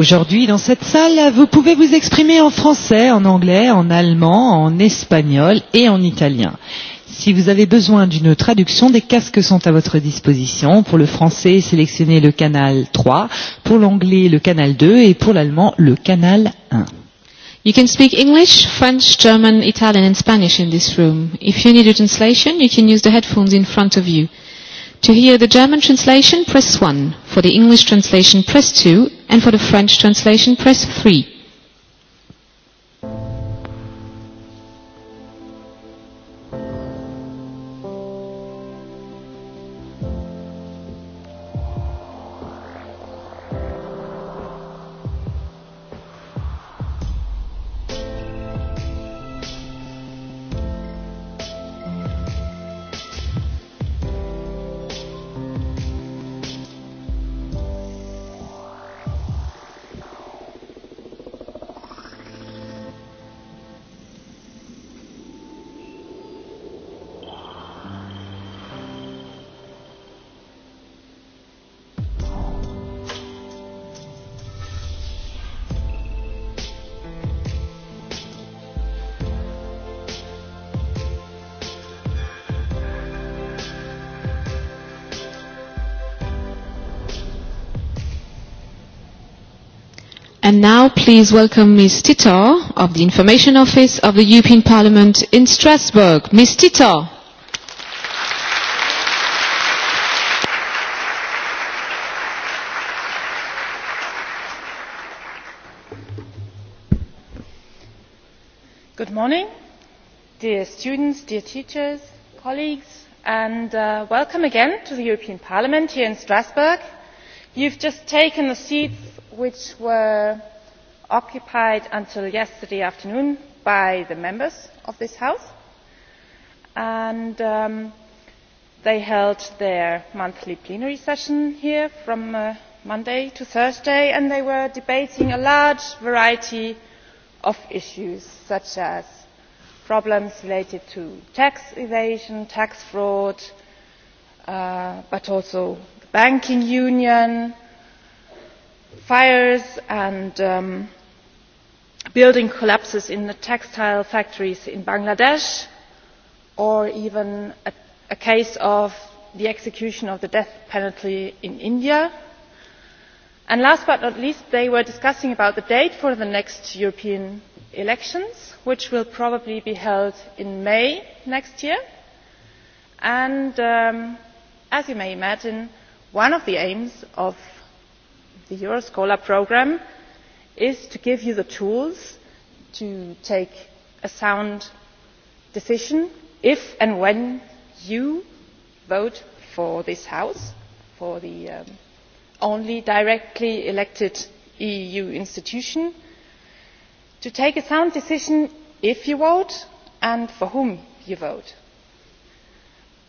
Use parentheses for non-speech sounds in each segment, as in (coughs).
Aujourd'hui, dans cette salle, vous pouvez vous exprimer en français, en anglais, en allemand, en espagnol et en italien. Si vous avez besoin d'une traduction, des casques sont à votre disposition. Pour le français, sélectionnez le canal 3, pour l'anglais, le canal 2 et pour l'allemand, le canal 1. You can speak English, French, German, Italian and Spanish in this room. If you need a translation, you can use the headphones in front of you. To hear the German translation, press 1. For the English translation, press 2 and for the French translation, press 3. now please welcome Ms. Tito of the Information Office of the European Parliament in Strasbourg. Ms. Tito. Good morning, dear students, dear teachers, colleagues, and uh, welcome again to the European Parliament here in Strasbourg. You've just taken the seats which were occupied until yesterday afternoon by the members of this house and um, they held their monthly plenary session here from uh, monday to thursday and they were debating a large variety of issues such as problems related to tax evasion tax fraud uh, but also the banking union and fires and um, building collapses in the textile factories in bangladesh or even a, case of the execution of the death penalty in india. And last but not least they were discussing the date for the next european elections which will probably be held in may next year and um, as you may imagine one of the aims of the Euroscola programme is to give you the tools to take a sound decision if and when you vote for this house for the um, only directly elected eu institution to take a sound decision if you vote and for whom you vote.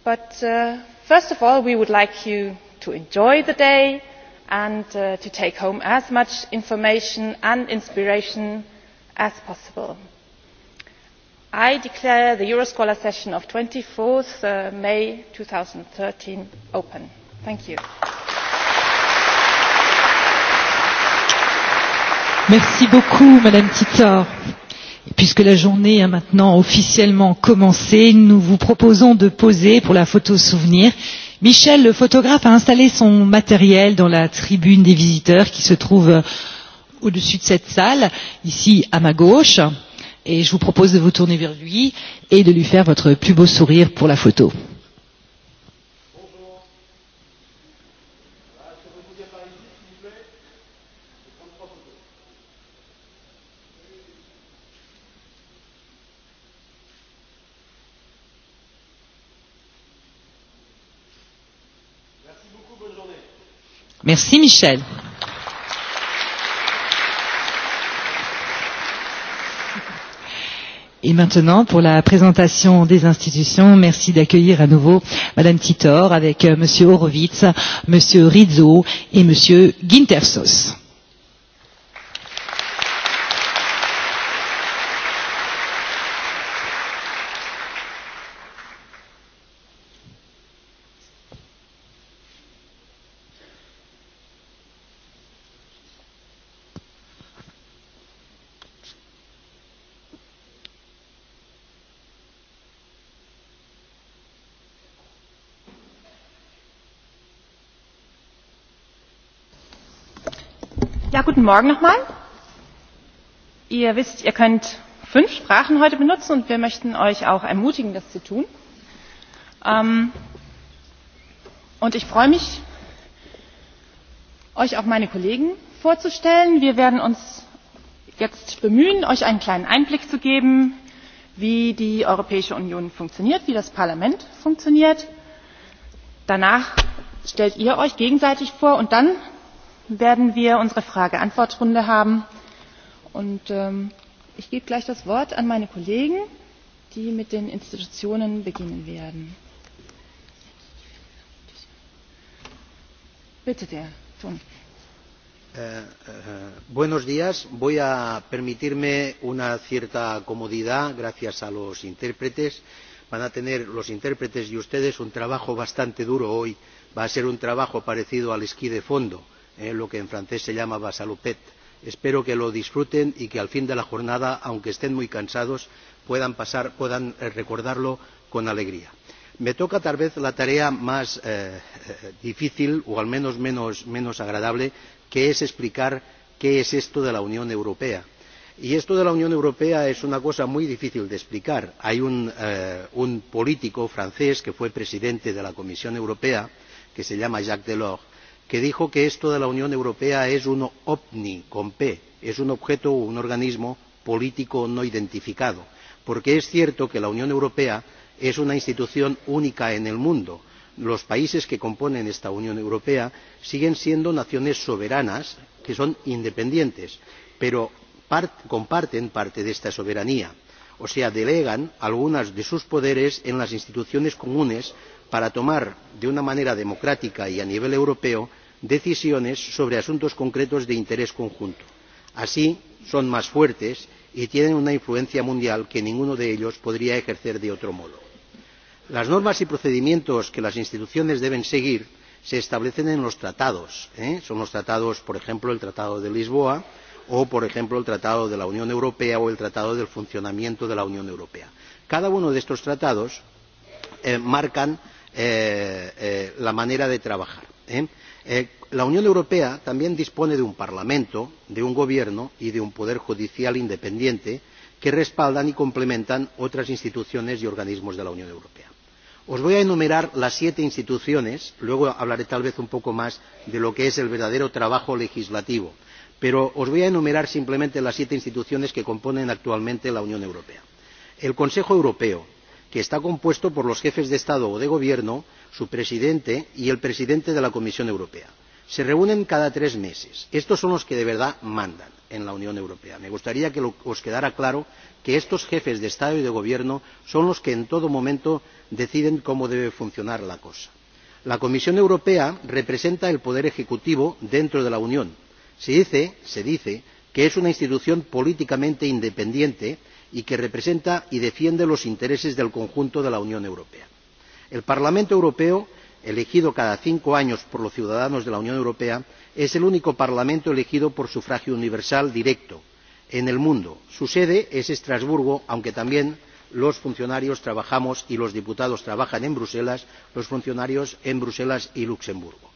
but uh, first of all we would like you to enjoy the day and uh, to take home as much information and inspiration as possible. i declare the euroscholar session of uh, twenty four may two thousand and thirteen open. thank you. Merci beaucoup, Madame Titor. Puisque la journée a maintenant officiellement commencé, nous vous proposons de poser pour la photo souvenir Michel, le photographe, a installé son matériel dans la tribune des visiteurs qui se trouve euh, au-dessus de cette salle, ici à ma gauche. Et je vous propose de vous tourner vers lui et de lui faire votre plus beau sourire pour la photo. Merci Michel. Et maintenant, pour la présentation des institutions, merci d'accueillir à nouveau Madame Titor avec euh, Monsieur Horowitz, Monsieur Rizzo et Monsieur Gintersos. guten morgen nochmal. ihr wisst ihr könnt fünf sprachen heute benutzen und wir möchten euch auch ermutigen das zu tun. Ähm, und ich freue mich euch auch meine kollegen vorzustellen. wir werden uns jetzt bemühen euch einen kleinen einblick zu geben wie die europäische union funktioniert wie das parlament funktioniert. danach stellt ihr euch gegenseitig vor und dann werden wir unsere frage antwort runde haben und ähm, ich gebe gleich das wort an meine kollegen die mit den institutionen beginnen werden. Bitte sehr, eh, eh, buenos días. Voy a permitirme una cierta comodidad gracias a los intérpretes. Van a tener los intérpretes y ustedes un trabajo bastante duro hoy. Va a ser un trabajo parecido al esquí de fondo lo que en francés se llama basalupet. Espero que lo disfruten y que al fin de la jornada, aunque estén muy cansados, puedan, pasar, puedan eh, recordarlo con alegría. Me toca tal vez la tarea más eh, eh, difícil o al menos, menos menos agradable, que es explicar qué es esto de la Unión Europea. Y esto de la Unión Europea es una cosa muy difícil de explicar. Hay un, eh, un político francés que fue presidente de la Comisión Europea, que se llama Jacques Delors, que dijo que esto de la unión europea es un ovni con p es un objeto o un organismo político no identificado porque es cierto que la unión europea es una institución única en el mundo los países que componen esta unión europea siguen siendo naciones soberanas que son independientes pero comparten parte de esta soberanía o sea delegan algunos de sus poderes en las instituciones comunes para tomar de una manera democrática y a nivel europeo decisiones sobre asuntos concretos de interés conjunto. así son más fuertes y tienen una influencia mundial que ninguno de ellos podría ejercer de otro modo. las normas y procedimientos que las instituciones deben seguir se establecen en los tratados ¿eh? son los tratados por ejemplo el tratado de lisboa o por ejemplo el tratado de la unión europea o el tratado del funcionamiento de la unión europea. cada uno de estos tratados eh, marca eh, la manera de trabajar. Eh, la Unión Europea también dispone de un Parlamento, de un Gobierno y de un Poder Judicial independiente que respaldan y complementan otras instituciones y organismos de la Unión Europea. Os voy a enumerar las siete instituciones, luego hablaré tal vez un poco más de lo que es el verdadero trabajo legislativo, pero os voy a enumerar simplemente las siete instituciones que componen actualmente la Unión Europea. El Consejo Europeo, que está compuesto por los jefes de Estado o de Gobierno su presidente y el presidente de la comisión europea. se reúnen cada tres meses. estos son los que de verdad mandan en la unión europea. me gustaría que os quedara claro que estos jefes de estado y de gobierno son los que en todo momento deciden cómo debe funcionar la cosa. la comisión europea representa el poder ejecutivo dentro de la unión. se dice que es una institución políticamente independiente y que representa y defiende los intereses del conjunto de la unión europea el parlamento europeo elegido cada cinco años por los ciudadanos de la unión europea es el único parlamento elegido por sufragio universal directo en el mundo. su sede es estrasburgo aunque también los funcionarios trabajamos y los diputados trabajan en bruselas los funcionarios en bruselas y luxemburgo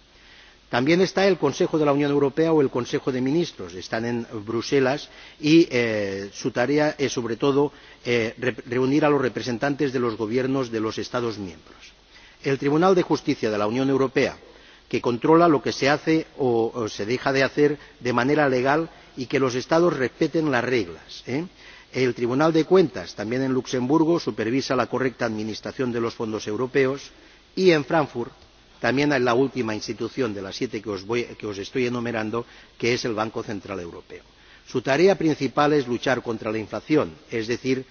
también está el consejo de la unión europea o el consejo de ministros están en bruselas y eh, su tarea es sobre todo eh, reunir a los representantes de los gobiernos de los estados miembros. el tribunal de justicia de la unión europea que controla lo que se hace o, se deja de hacer de manera legal y que los estados respeten las reglas. ¿eh? el tribunal de cuentas también en luxemburgo supervisa la correcta administración de los fondos europeos y en frankfurt también a la última institución de las siete que os, estoy enumerando que es el banco central europeo. su tarea principal es luchar contra la inflación es decir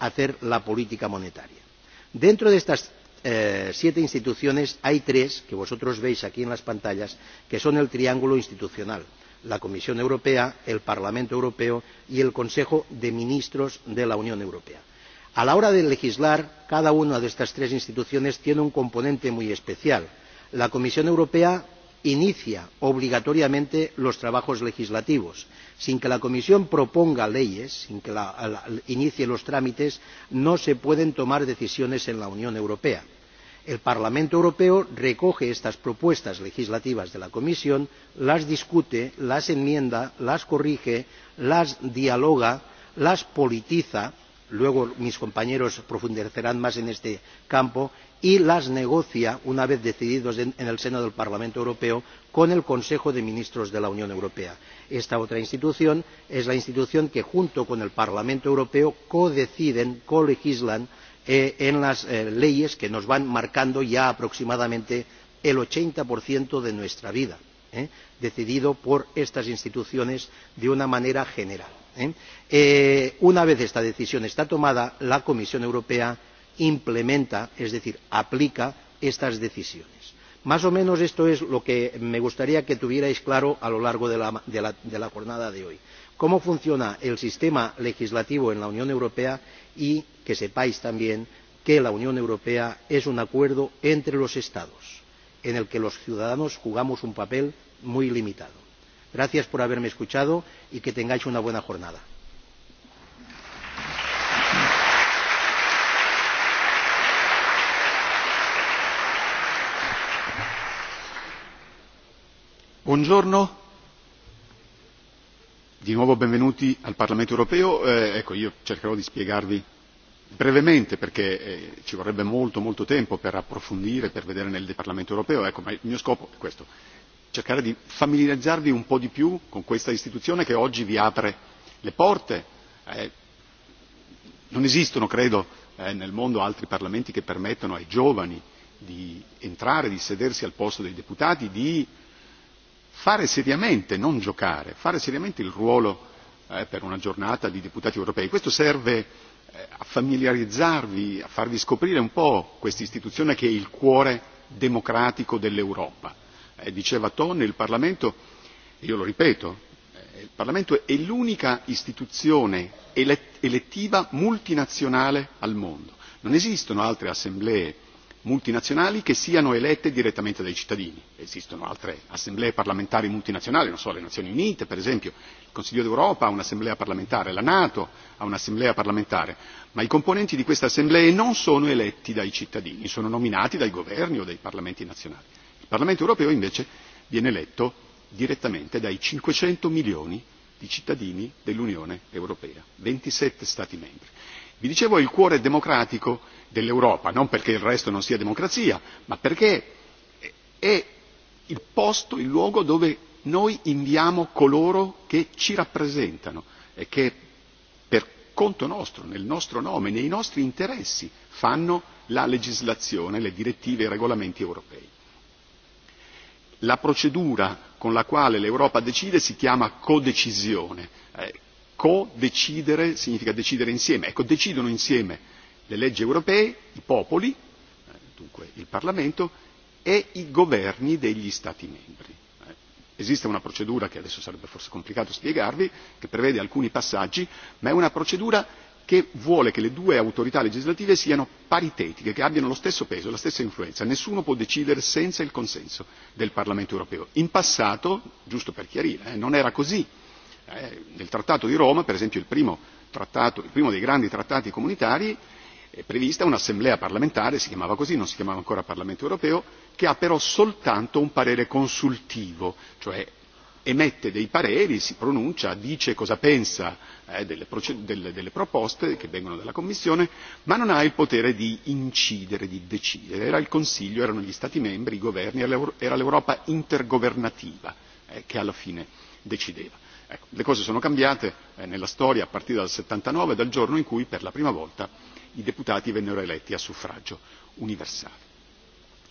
hacer la política monetaria. dentro de estas eh, siete instituciones hay tres que vosotros veis aquí en las pantallas que son el triángulo institucional la comisión europea el parlamento europeo y el consejo de ministros de la unión europea. a la hora de legislar cada una de estas tres instituciones tiene un componente muy especial la comisión europea inicia obligatoriamente los trabajos legislativos. sin que la comisión proponga leyes sin que inicie los trámites no se pueden tomar decisiones en la unión europea. el parlamento europeo recoge estas propuestas legislativas de la comisión las discute las enmienda las corrige las dialoga las politiza luego mis compañeros profundizarán más en este campo y las negocia una vez decididos en, el seno del parlamento europeo con el consejo de ministros de la unión europea. esta otra institución es la institución que junto con el parlamento europeo codecide colegisla eh, en las eh, leyes que nos van marcando ya aproximadamente el ochenta de nuestra vida ¿eh? decidido por estas instituciones de una manera general. Eh. una vez esta decisión está tomada la comisión europea implementa es decir aplica estas decisiones. más o menos esto es lo que me gustaría que tuvierais claro a lo largo de la, jornada de hoy cómo funciona el sistema legislativo en la unión europea y que sepáis también que la unión europea es un acuerdo entre los estados en el que los ciudadanos jugamos un papel muy limitado. gracias por haberme escuchado y que tengáis una buena jornada. Buongiorno, di nuovo benvenuti al Parlamento europeo. Eh, ecco, io cercherò di spiegarvi brevemente perché eh, ci vorrebbe molto molto tempo per approfondire, per vedere nel Parlamento europeo, ecco, ma il mio scopo è questo, cercare di familiarizzarvi un po' di più con questa istituzione che oggi vi apre le porte. Eh, non esistono, credo, eh, nel mondo altri parlamenti che permettano ai giovani di entrare, di sedersi al posto dei deputati, di fare seriamente, non giocare, fare seriamente il ruolo eh, per una giornata di deputati europei. Questo serve eh, a familiarizzarvi, a farvi scoprire un po' questa istituzione che è il cuore democratico dell'Europa. Eh, diceva Tonne, il Parlamento, e io lo ripeto, eh, il Parlamento è l'unica istituzione elet- elettiva multinazionale al mondo. Non esistono altre assemblee multinazionali che siano elette direttamente dai cittadini esistono altre assemblee parlamentari multinazionali non so le nazioni unite per esempio il consiglio d'europa ha un'assemblea parlamentare la nato ha un'assemblea parlamentare ma i componenti di queste assemblee non sono eletti dai cittadini sono nominati dai governi o dai parlamenti nazionali. il parlamento europeo invece viene eletto direttamente dai cinquecento milioni di cittadini dell'unione europea ventisette stati membri. vi dicevo il cuore democratico dell'Europa, non perché il resto non sia democrazia, ma perché è il posto, il luogo dove noi inviamo coloro che ci rappresentano e che per conto nostro, nel nostro nome, nei nostri interessi fanno la legislazione, le direttive e i regolamenti europei. La procedura con la quale l'Europa decide si chiama codecisione. Eh, codecidere significa decidere insieme. Ecco, decidono insieme le leggi europee, i popoli, eh, dunque il Parlamento, e i governi degli Stati membri. Eh, esiste una procedura che adesso sarebbe forse complicato spiegarvi, che prevede alcuni passaggi, ma è una procedura che vuole che le due autorità legislative siano paritetiche, che abbiano lo stesso peso, la stessa influenza. Nessuno può decidere senza il consenso del Parlamento europeo. In passato, giusto per chiarire, eh, non era così. Eh, nel Trattato di Roma, per esempio, il primo, trattato, il primo dei grandi trattati comunitari, È prevista un'assemblea parlamentare si chiamava così non si chiamava ancora parlamento europeo che ha però soltanto un parere consultivo cioè emette dei pareri si pronuncia dice cosa pensa eh, delle, delle, delle proposte che vengono dalla commissione ma non ha il potere di incidere di decidere era il consiglio erano gli stati membri i governi era l'europa intergovernativa eh, che alla fine decideva. Ecco, le cose sono cambiate eh, nella storia a partire dal settantanove dal giorno in cui per la prima volta i deputati vennero eletti a suffragio universale.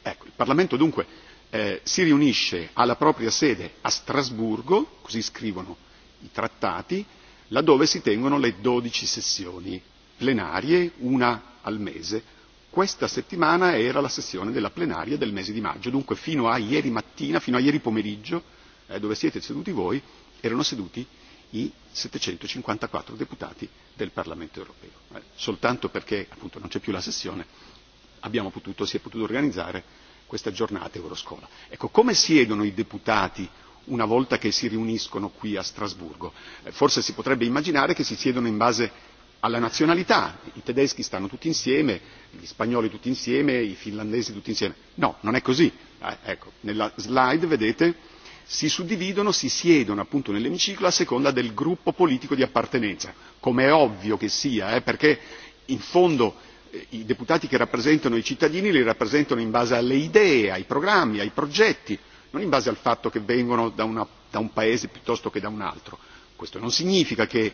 Ecco, il Parlamento dunque eh, si riunisce alla propria sede a Strasburgo, così scrivono i trattati, laddove si tengono le dodici sessioni plenarie, una al mese. Questa settimana era la sessione della plenaria del mese di maggio, dunque fino a ieri mattina, fino a ieri pomeriggio, eh, dove siete seduti voi, erano seduti i 754 deputati del Parlamento europeo. Eh, soltanto perché appunto non c'è più la sessione abbiamo potuto, si è potuto organizzare questa giornata Euroscola. Ecco, come siedono i deputati una volta che si riuniscono qui a Strasburgo? Eh, forse si potrebbe immaginare che si siedono in base alla nazionalità, i tedeschi stanno tutti insieme, gli spagnoli tutti insieme, i finlandesi tutti insieme. No, non è così. Eh, ecco, nella slide vedete si suddividono, si siedono appunto nell'emiciclo a seconda del gruppo politico di appartenenza, come è ovvio che sia, eh, perché in fondo eh, i deputati che rappresentano i cittadini li rappresentano in base alle idee, ai programmi, ai progetti, non in base al fatto che vengono da, una, da un paese piuttosto che da un altro. Questo non significa che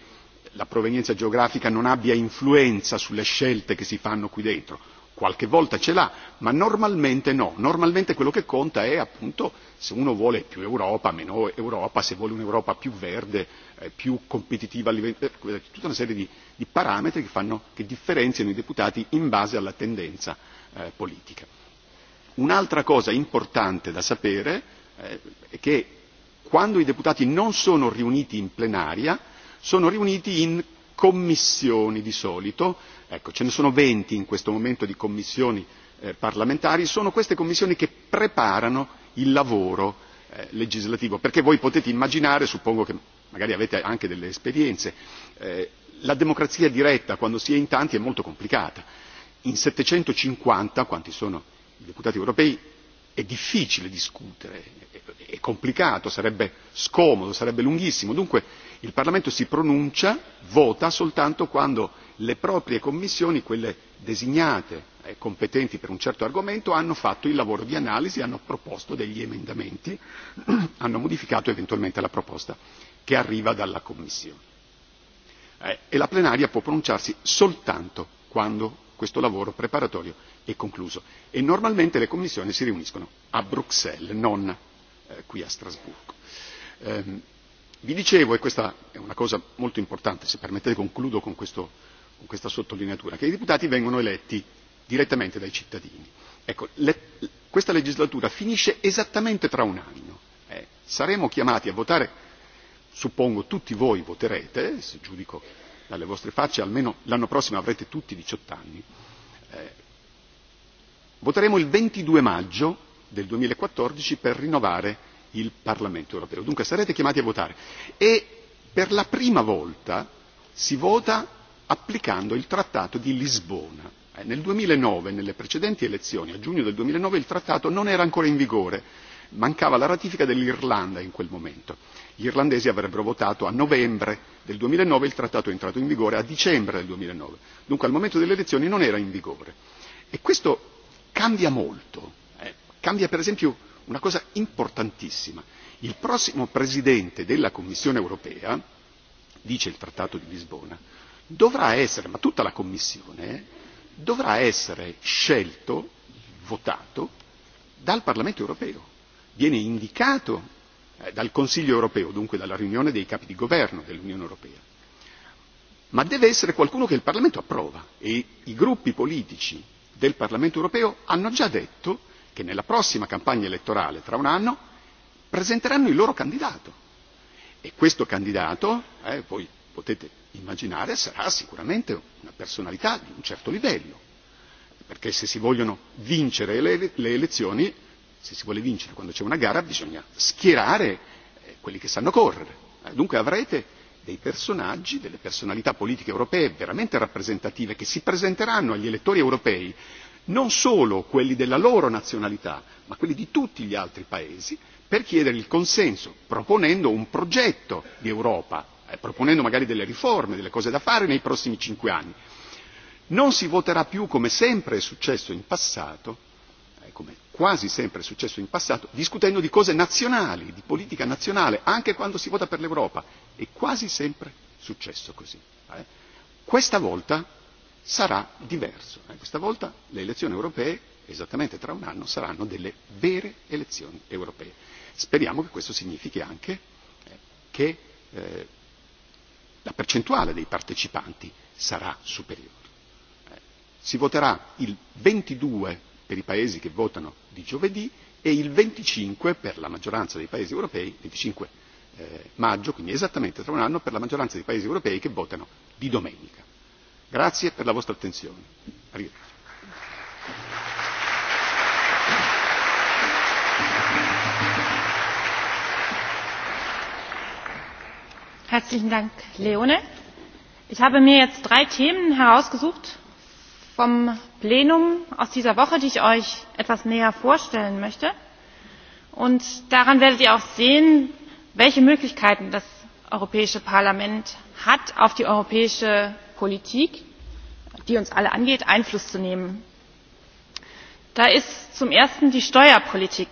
la provenienza geografica non abbia influenza sulle scelte che si fanno qui dentro qualche volta ce l'ha, ma normalmente no. Normalmente quello che conta è appunto se uno vuole più Europa, meno Europa, se vuole un'Europa più verde, eh, più competitiva, a livello, eh, tutta una serie di, di parametri che, fanno, che differenziano i deputati in base alla tendenza eh, politica. Un'altra cosa importante da sapere eh, è che quando i deputati non sono riuniti in plenaria, sono riuniti in commissioni di solito Ecco, ce ne sono venti in questo momento di commissioni eh, parlamentari, sono queste commissioni che preparano il lavoro eh, legislativo, perché voi potete immaginare, suppongo che magari avete anche delle esperienze, eh, la democrazia diretta quando si è in tanti è molto complicata. In 750, quanti sono i deputati europei, è difficile discutere, è, è complicato, sarebbe scomodo, sarebbe lunghissimo. Dunque il parlamento si pronuncia vota soltanto quando le proprie commissioni quelle designate e competenti per un certo argomento hanno fatto il lavoro di analisi hanno proposto degli emendamenti (clears throat) hanno modificato eventualmente la proposta che arriva dalla commissione eh, e la plenaria può pronunciarsi soltanto quando questo lavoro preparatorio è concluso e normalmente le commissioni si riuniscono a bruxelles non eh, qui a strasburgo. Ehm, vi dicevo e questa è una cosa molto importante se permettete concludo con, questo, con questa sottolineatura che i deputati vengono eletti direttamente dai cittadini. Ecco, le, questa legislatura finisce esattamente tra un anno. Eh, saremo chiamati a votare, suppongo tutti voi voterete, se giudico dalle vostre facce, almeno l'anno prossimo avrete tutti 18 anni. Eh, voteremo il 22 maggio del 2014 per rinnovare il Parlamento europeo. Dunque sarete chiamati a votare e per la prima volta si vota applicando il Trattato di Lisbona. Eh, nel 2009, nelle precedenti elezioni, a giugno del 2009, il Trattato non era ancora in vigore, mancava la ratifica dell'Irlanda in quel momento. Gli irlandesi avrebbero votato a novembre del 2009, il Trattato è entrato in vigore a dicembre del 2009, dunque al momento delle elezioni non era in vigore. E questo cambia molto, eh, cambia per esempio una cosa importantissima il prossimo presidente della commissione europea dice il trattato di lisbona dovrà essere ma tutta la commissione eh, dovrà essere scelto votato dal parlamento europeo viene indicato eh, dal consiglio europeo dunque dalla riunione dei capi di governo dell'unione europea ma deve essere qualcuno che il parlamento approva e i gruppi politici del parlamento europeo hanno già detto che nella prossima campagna elettorale, tra un anno, presenteranno il loro candidato. E questo candidato, eh, voi potete immaginare, sarà sicuramente una personalità di un certo livello, perché se si vogliono vincere le, le elezioni, se si vuole vincere quando c'è una gara, bisogna schierare eh, quelli che sanno correre. Eh, dunque avrete dei personaggi, delle personalità politiche europee veramente rappresentative che si presenteranno agli elettori europei non solo quelli della loro nazionalità, ma quelli di tutti gli altri paesi, per chiedere il consenso, proponendo un progetto di Europa, eh, proponendo magari delle riforme, delle cose da fare nei prossimi cinque anni. Non si voterà più, come sempre è successo in passato, eh, come quasi sempre è successo in passato, discutendo di cose nazionali, di politica nazionale, anche quando si vota per l'Europa. È quasi sempre successo così. Eh. Questa volta sarà diverso. Eh, questa volta le elezioni europee, esattamente tra un anno, saranno delle vere elezioni europee. Speriamo che questo significhi anche eh, che eh, la percentuale dei partecipanti sarà superiore. Eh, si voterà il 22 per i paesi che votano di giovedì e il 25 per la maggioranza dei paesi europei, 25 eh, maggio, quindi esattamente tra un anno, per la maggioranza dei paesi europei che votano di domenica grazie per la vostra attenzione. Herzlichen Dank, Leone. Ich habe mir jetzt drei Themen herausgesucht vom Plenum aus dieser Woche, die ich euch etwas näher vorstellen möchte. Und daran werdet ihr auch sehen, welche Möglichkeiten das Europäische Parlament hat, auf die europäische politik die uns alle angeht einfluss zu nehmen. da ist zum ersten die steuerpolitik.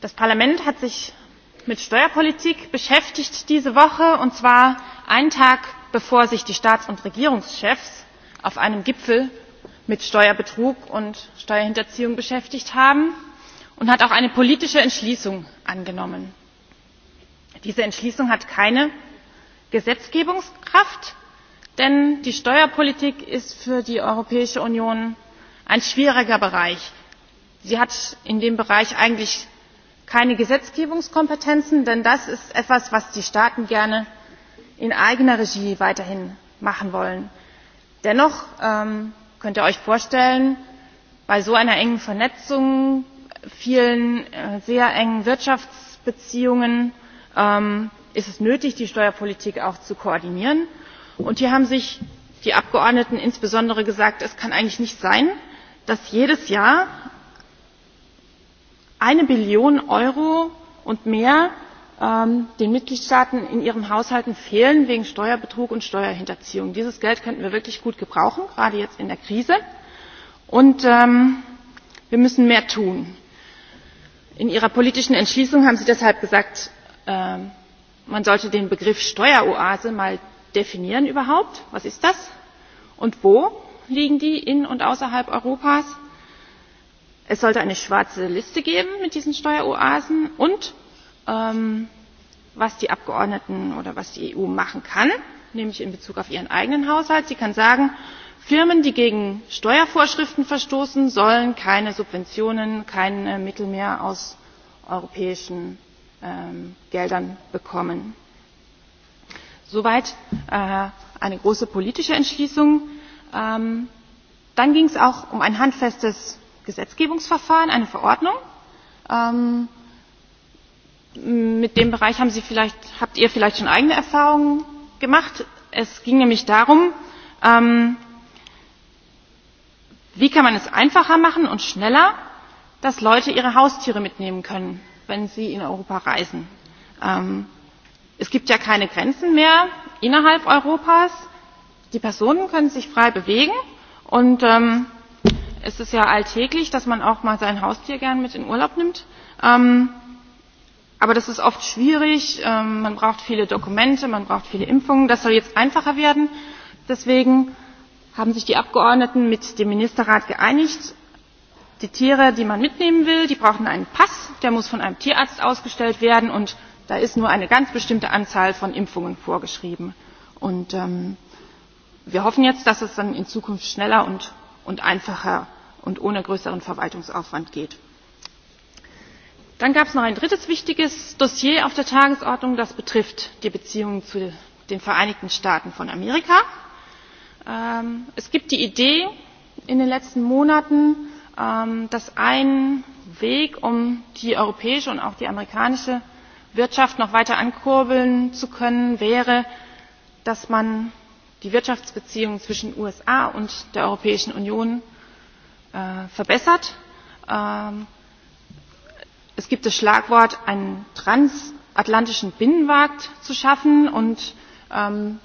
das parlament hat sich mit steuerpolitik beschäftigt diese woche und zwar einen tag bevor sich die staats und regierungschefs auf einem gipfel mit steuerbetrug und steuerhinterziehung beschäftigt haben und hat auch eine politische entschließung angenommen. diese entschließung hat keine gesetzgebungskraft denn die steuerpolitik ist für die europäische union ein schwieriger bereich. sie hat in dem bereich eigentlich keine gesetzgebungskompetenzen denn das ist etwas was die staaten gerne in eigener regie weiterhin machen wollen. dennoch ähm, könnt ihr euch vorstellen bei so einer engen vernetzung vielen äh, sehr engen wirtschaftsbeziehungen ähm, ist es nötig die steuerpolitik auch zu koordinieren und hier haben sich die abgeordneten insbesondere gesagt es kann eigentlich nicht sein dass jedes jahr eine billion euro und mehr ähm, den mitgliedstaaten in ihren haushalten fehlen wegen steuerbetrug und steuerhinterziehung. dieses geld könnten wir wirklich gut gebrauchen gerade jetzt in der krise und ähm, wir müssen mehr tun. in ihrer politischen entschließung haben sie deshalb gesagt ähm, man sollte den begriff steueroase mal definieren überhaupt? Was ist das? Und wo liegen die in und außerhalb Europas? Es sollte eine schwarze Liste geben mit diesen Steueroasen und ähm, was die Abgeordneten oder was die EU machen kann, nämlich in Bezug auf ihren eigenen Haushalt. Sie kann sagen, Firmen, die gegen Steuervorschriften verstoßen, sollen keine Subventionen, keine Mittel mehr aus europäischen ähm, Geldern bekommen soweit äh, eine große politische entschließung. Ähm, dann ging es auch um ein handfestes gesetzgebungsverfahren eine verordnung. Ähm, mit dem bereich haben Sie vielleicht, habt ihr vielleicht schon eigene erfahrungen gemacht. es ging nämlich darum ähm, wie kann man es einfacher machen und schneller dass leute ihre haustiere mitnehmen können wenn sie in europa reisen? es gibt ja keine grenzen mehr innerhalb europas die personen können sich frei bewegen und ähm, es ist ja alltäglich dass man auch mal sein haustier gern mit in urlaub nimmt ähm, aber das ist oft schwierig ähm, man braucht viele dokumente man braucht viele impfungen das soll jetzt einfacher werden deswegen haben sich die abgeordneten mit dem ministerrat geeinigt die tiere die man mitnehmen will die brauchen einen pass der muss von einem tierarzt ausgestellt werden und da ist nur eine ganz bestimmte anzahl von impfungen vorgeschrieben. Und, ähm, wir hoffen jetzt dass es dann in zukunft schneller und, und einfacher und ohne größeren verwaltungsaufwand geht. dann gab es noch ein drittes wichtiges dossier auf der tagesordnung das betrifft die beziehungen zu den vereinigten staaten von amerika. Ähm, es gibt die idee in den letzten monaten ähm, dass ein weg um die europäische und auch die amerikanische wirtschaft noch weiter ankurbeln zu können wäre dass man die wirtschaftsbeziehungen zwischen den usa und der europäischen union äh, verbessert. Ähm, es gibt das schlagwort einen transatlantischen binnenmarkt zu schaffen und ähm,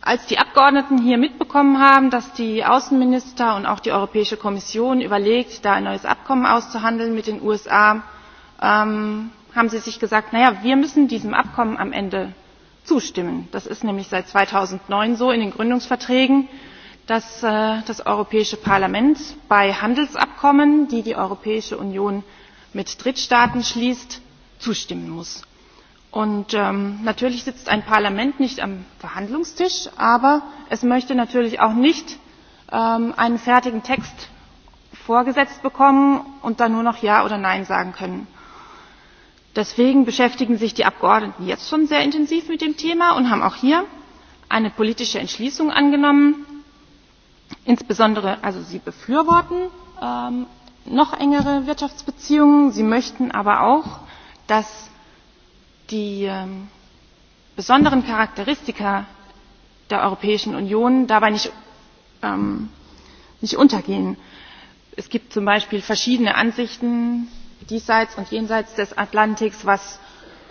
als die abgeordneten hier mitbekommen haben dass die außenminister und auch die europäische kommission überlegen da ein neues abkommen auszuhandeln mit den usa ähm, haben sie sich gesagt na ja wir müssen diesem abkommen am ende zustimmen. das ist nämlich seit zweitausendneun so in den gründungsverträgen dass äh, das europäische parlament bei handelsabkommen die die europäische union mit drittstaaten schließt zustimmen muss. Und ähm, natürlich sitzt ein Parlament nicht am Verhandlungstisch, aber es möchte natürlich auch nicht ähm, einen fertigen Text vorgesetzt bekommen und dann nur noch Ja oder Nein sagen können deswegen beschäftigen sich die abgeordneten jetzt schon sehr intensiv mit dem thema und haben auch hier eine politische entschließung angenommen insbesondere also sie befürworten ähm, noch engere wirtschaftsbeziehungen sie möchten aber auch dass die ähm, besonderen charakteristika der europäischen union dabei nicht, ähm, nicht untergehen. es gibt zum beispiel verschiedene ansichten diesseits und jenseits des atlantiks was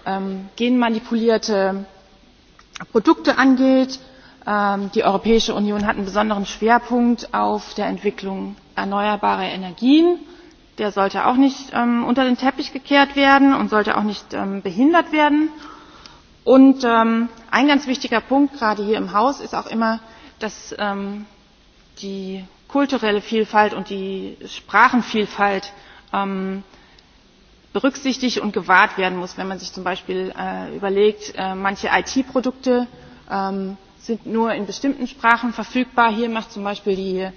ähm, genmanipulierte produkte angeht. Ähm, die europäische union hat einen besonderen schwerpunkt auf der entwicklung erneuerbarer energien. der sollte auch nicht ähm, unter den teppich gekehrt werden und sollte auch nicht ähm, behindert werden. und ähm, ein ganz wichtiger punkt gerade hier im haus ist auch immer dass ähm, die kulturelle vielfalt und die sprachenvielfalt ähm, berücksichtigt und gewahrt werden muss. Wenn man sich zum Beispiel äh, überlegt, äh, manche IT-Produkte ähm, sind nur in bestimmten Sprachen verfügbar. Hier macht zum Beispiel die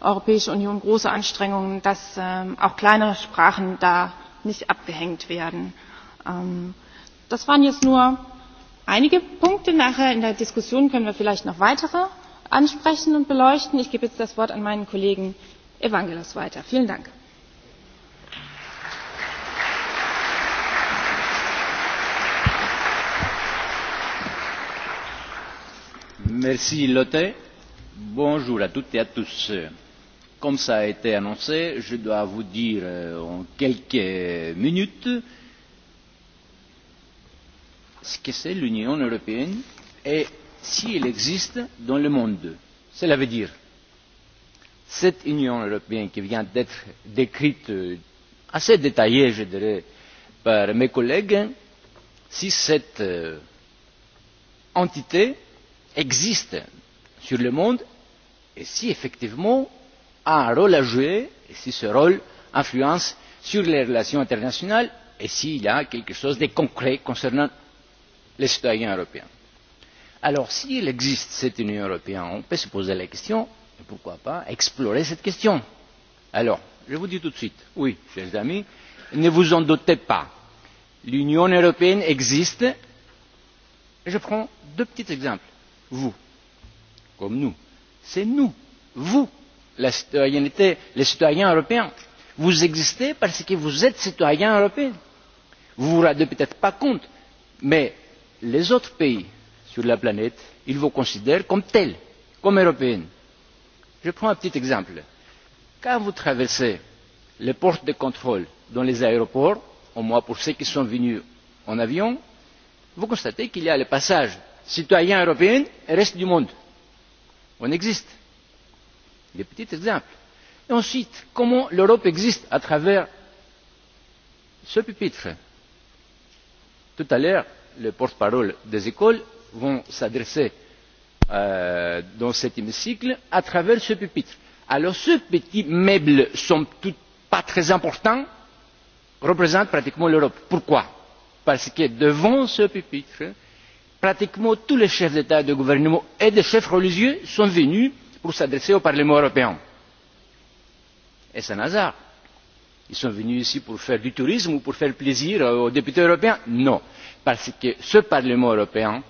Europäische Union große Anstrengungen, dass ähm, auch kleinere Sprachen da nicht abgehängt werden. Ähm, das waren jetzt nur einige Punkte. Nachher in der Diskussion können wir vielleicht noch weitere ansprechen und beleuchten. Ich gebe jetzt das Wort an meinen Kollegen Evangelos weiter. Vielen Dank. Merci Lotte. Bonjour à toutes et à tous. Comme cela a été annoncé, je dois vous dire euh, en quelques minutes ce que c'est l'Union européenne et si elle existe dans le monde. Cela veut dire cette Union européenne qui vient d'être décrite euh, assez détaillée, je dirais, par mes collègues, si cette euh, entité existe sur le monde et si effectivement a un rôle à jouer et si ce rôle influence sur les relations internationales et s'il y a quelque chose de concret concernant les citoyens européens. alors s'il existe cette union européenne on peut se poser la question et pourquoi pas explorer cette question. alors je vous dis tout de suite oui chers amis ne vous en doutez pas l'union européenne existe. je prends deux petits exemples vous comme nous. C'est nous, vous, la citoyenneté, les citoyens européens. Vous existez parce que vous êtes citoyens européens. Vous ne vous rendez peut-être pas compte, mais les autres pays sur la planète, ils vous considèrent comme tels, comme européens. Je prends un petit exemple. Quand vous traversez les portes de contrôle dans les aéroports, au moins pour ceux qui sont venus en avion, vous constatez qu'il y a le passage citoyens européens et reste du monde. On existe. Des petits exemples. Et ensuite, comment l'Europe existe à travers ce pupitre Tout à l'heure, les porte-parole des écoles vont s'adresser euh, dans cet hémicycle à travers ce pupitre. Alors ce petit meuble, somme toute pas très important, représente pratiquement l'Europe. Pourquoi Parce que devant ce pupitre, pratiquement tous les chefs d'état et de gouvernement et les chefs religieux sont venus pour s'adresser au parlement européen. et c'est un hasard? ils sont venus ici pour faire du tourisme ou pour faire plaisir aux députés européens? non parce que ce parlement européen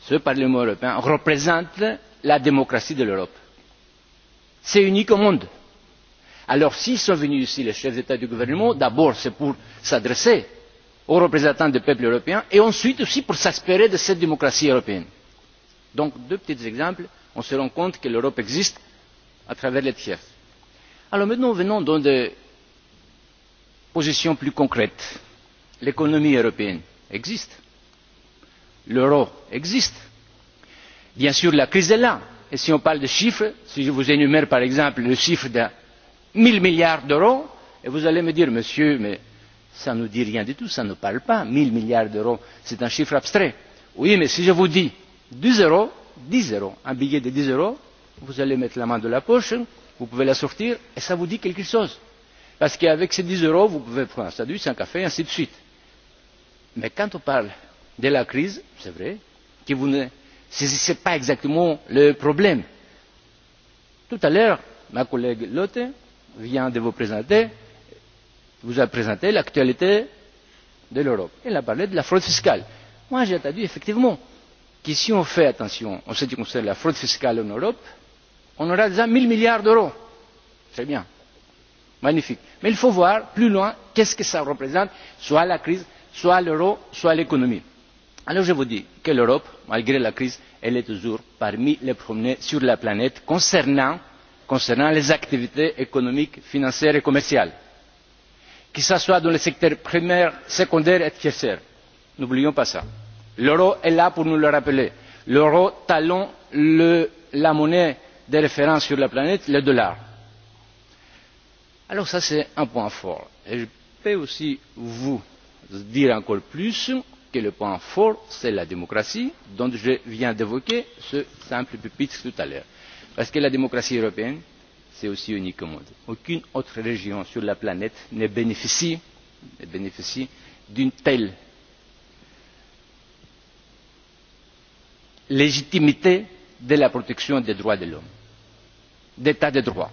ce parlement européen représente la démocratie de l'europe. c'est unique au monde. alors s'ils sont venus ici les chefs d'état et de gouvernement d'abord c'est pour s'adresser aux représentants des peuples européens et ensuite aussi pour s'inspirer de cette démocratie européenne. donc deux petits exemples on se rend compte que l'europe existe à travers les tiers. alors maintenant venons dans des positions plus concrètes. l'économie européenne existe. l'euro existe. bien sûr la crise est là et si on parle de chiffres si je vous énumère par exemple le chiffre de un zéro milliards d'euros vous allez me dire monsieur ça ne nous dit rien du tout, ça ne parle pas. mille milliards d'euros, c'est un chiffre abstrait. Oui, mais si je vous dis deux euros, dix euros, un billet de dix euros, vous allez mettre la main dans la poche, vous pouvez la sortir, et ça vous dit quelque chose. Parce qu'avec ces dix euros, vous pouvez prendre un sandwich, un café, ainsi de suite. Mais quand on parle de la crise, c'est vrai, que vous ne saisissez pas exactement le problème. Tout à l'heure, ma collègue Lotte vient de vous présenter vous a présenté l'actualité de l'europe. il a parlé de la fraude fiscale. moi j'ai entendu effectivement que si on fait attention en ce qui concerne la fraude fiscale en europe on aura déjà un zéro milliards d'euros. c'est bien magnifique. mais il faut voir plus loin qu'est ce que ça représente soit la crise soit l'euro soit l'économie. alors je vous dis que l'europe malgré la crise elle est toujours parmi les premiers sur la planète concernant, concernant les activités économiques financières et commerciales que ce soit dans les secteurs primaire secondaire et tertiaire. n'oublions pas cela. l'euro est là pour nous le rappeler. l'euro talon la monnaie de référence sur la planète le dollar. alors ça c'est un point fort. et je peux aussi vous dire encore plus que le point fort c'est la démocratie dont je viens d'évoquer ce simple pupitre tout à l'heure. parce que la démocratie européenne c'est aussi unique au monde. Aucune autre région sur la planète ne bénéficie, ne bénéficie d'une telle légitimité de la protection des droits de l'homme, d'état de droit,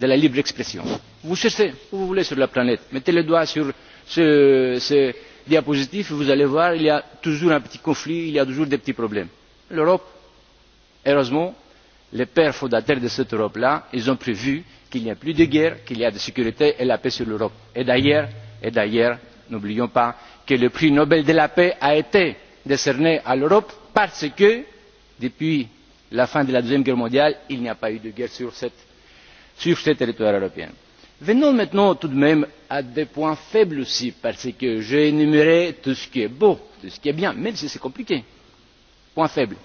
de la libre expression. Vous cherchez où vous voulez sur la planète, mettez le doigt sur ce, ce et vous allez voir, il y a toujours un petit conflit, il y a toujours des petits problèmes. L'Europe, heureusement, les pères fondateurs de cette europe là ils ont prévu qu'il n'y ait plus de guerre qu'il y a de la sécurité et la paix sur l'europe. et d'ailleurs n'oublions pas que le prix nobel de la paix a été décerné à l'europe parce que depuis la fin de la deuxième guerre mondiale il n'y a pas eu de guerre sur ce territoire européen. venons maintenant tout de même à des points faibles aussi parce que j'ai énuméré tout ce qui est beau tout ce qui est bien même si c'est compliqué. point faible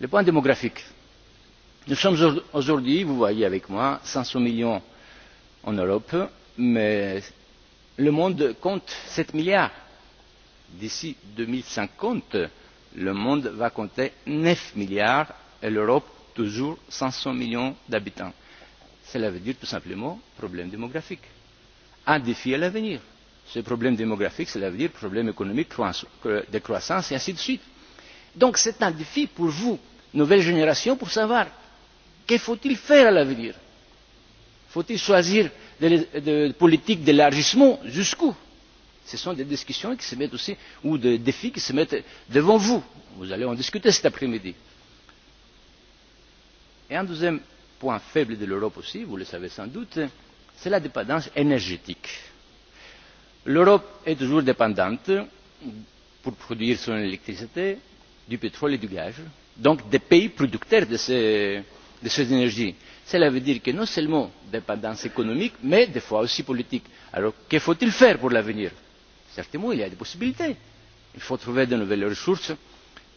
le point démographique nous sommes aujourd'hui vous voyez avec moi cinq cents millions en europe mais le monde compte sept milliards. d'ici deux mille cinquante le monde va compter neuf milliards et l'europe toujours cinq cents millions d'habitants. cela veut dire tout simplement problème démographique un défi à l'avenir. ce problème démographique cela veut dire problème économique de croissance euh, et ainsi de suite. donc c'est un défi pour vous nouvelle génération pour savoir Que faut-il faire à l'avenir Faut-il choisir des, politiques d'élargissement jusqu'où Ce sont des discussions qui se mettent aussi, ou des défis qui se mettent devant vous. Vous allez en discuter cet après-midi. Et un deuxième point faible de l'Europe aussi, vous le savez sans doute, c'est la dépendance énergétique. L'Europe est toujours dépendante, pour produire son électricité, du pétrole et du gaz, donc des pays producteurs de ces de ces énergies. cela veut dire que non seulement dépendance économique mais des fois aussi politique. alors que faut il faire pour l'avenir? certainement il y a des possibilités. il faut trouver de nouvelles ressources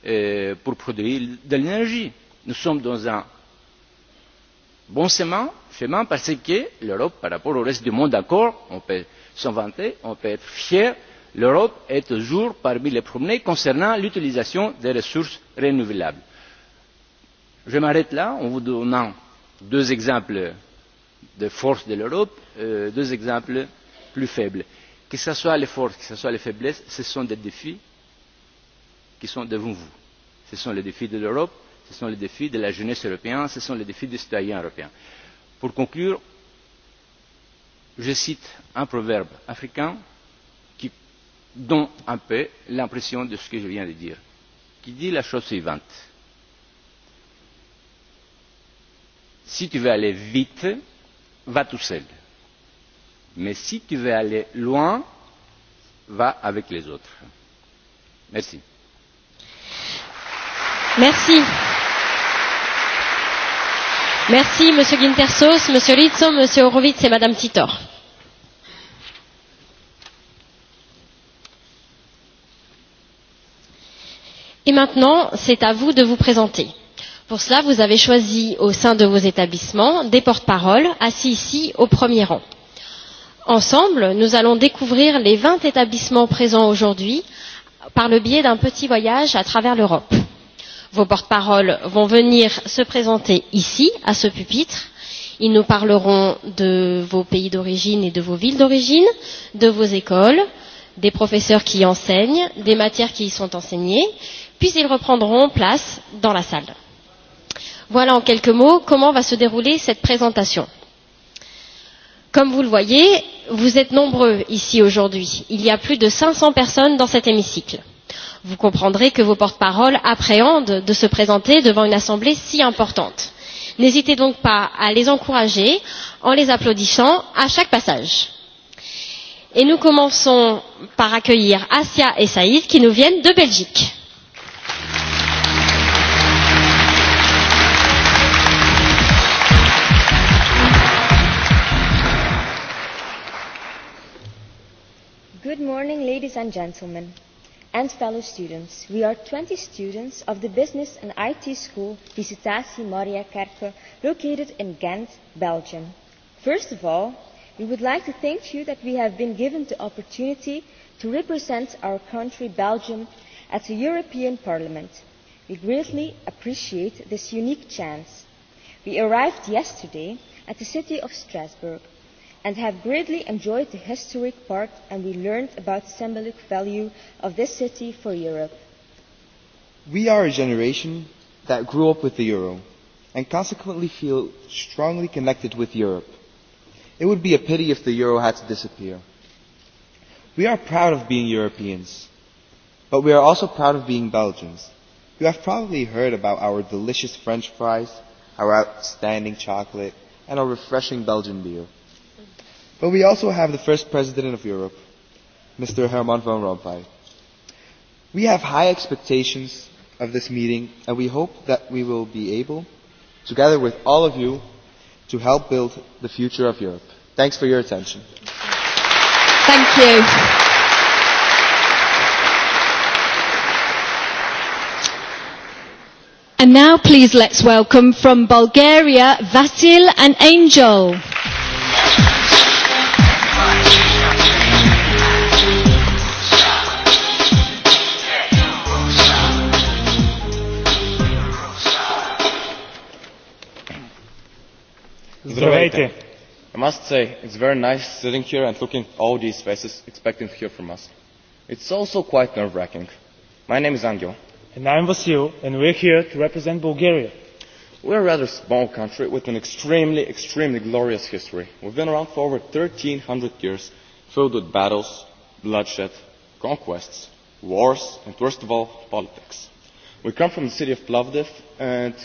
euh, pour produire de l'énergie. nous sommes dans un bon chemin, chemin parce que l'Europe, par rapport au reste du monde encore, on peut s'en vanter, on peut être fier, l'Europe est toujours parmi les premiers concernant l'utilisation des ressources renouvelables je m'arrête là en vous donnant deux exemples de forces de l'europe euh, deux exemples plus faibles. que ce soit les forces que ce soit les faiblesses ce sont des défis qui sont devant vous. ce sont les défis de l'europe ce sont les défis de la jeunesse européenne ce sont les défis des citoyens européens. pour conclure je cite un proverbe africain qui donne un peu l'impression de ce que je viens de dire qui dit la chose suivante si tu veux aller vite va tout seul mais si tu veux aller loin va avec les autres. merci. merci. Merci Monsieur Gintersos, Monsieur Rizzo, Monsieur Horowitz et Madame Titor. Et maintenant, c'est à vous de vous présenter. Pour cela, vous avez choisi au sein de vos établissements des porte-paroles assis ici au premier rang. Ensemble, nous allons découvrir les 20 établissements présents aujourd'hui par le biais d'un petit voyage à travers l'Europe. Vos porte-paroles vont venir se présenter ici, à ce pupitre. Ils nous parleront de vos pays d'origine et de vos villes d'origine, de vos écoles, des professeurs qui y enseignent, des matières qui y sont enseignées, puis ils reprendront place dans la salle. Voilà en quelques mots comment va se dérouler cette présentation. Comme vous le voyez, vous êtes nombreux ici aujourd'hui. Il y a plus de 500 personnes dans cet hémicycle. Vous comprendrez que vos porte-paroles appréhendent de se présenter devant une assemblée si importante. N'hésitez donc pas à les encourager en les applaudissant à chaque passage. Et nous commençons par accueillir Asia et Saïd qui nous viennent de Belgique. Applaudissements Good morning, ladies and gentlemen, and fellow students. We are 20 students of the Business and IT School Visitatie Kerke, located in Ghent, Belgium. First of all, we would like to thank you that we have been given the opportunity to represent our country, Belgium, at the European Parliament. We greatly appreciate this unique chance. We arrived yesterday at the city of Strasbourg and have greatly enjoyed the historic part and we learned about the symbolic value of this city for Europe. We are a generation that grew up with the euro and consequently feel strongly connected with Europe. It would be a pity if the euro had to disappear. We are proud of being Europeans, but we are also proud of being Belgians. You have probably heard about our delicious French fries, our outstanding chocolate, and our refreshing Belgian beer. But we also have the first president of Europe, Mr. Herman Van Rompuy. We have high expectations of this meeting, and we hope that we will be able, together with all of you, to help build the future of Europe. Thanks for your attention. Thank you. And now please let's welcome from Bulgaria, Vasil and Angel. Здравейте. I must say, it's very nice sitting here and looking at all these faces expecting to hear from us. It's also quite nerve-wracking. My name is Angel. And I'm Vasil, and we're here to represent Bulgaria. We're a rather small country with an extremely, extremely glorious history. We've been around for over 1,300 years, filled with battles, bloodshed, conquests, wars, and worst of all, politics. We come from the city of Plovdiv, and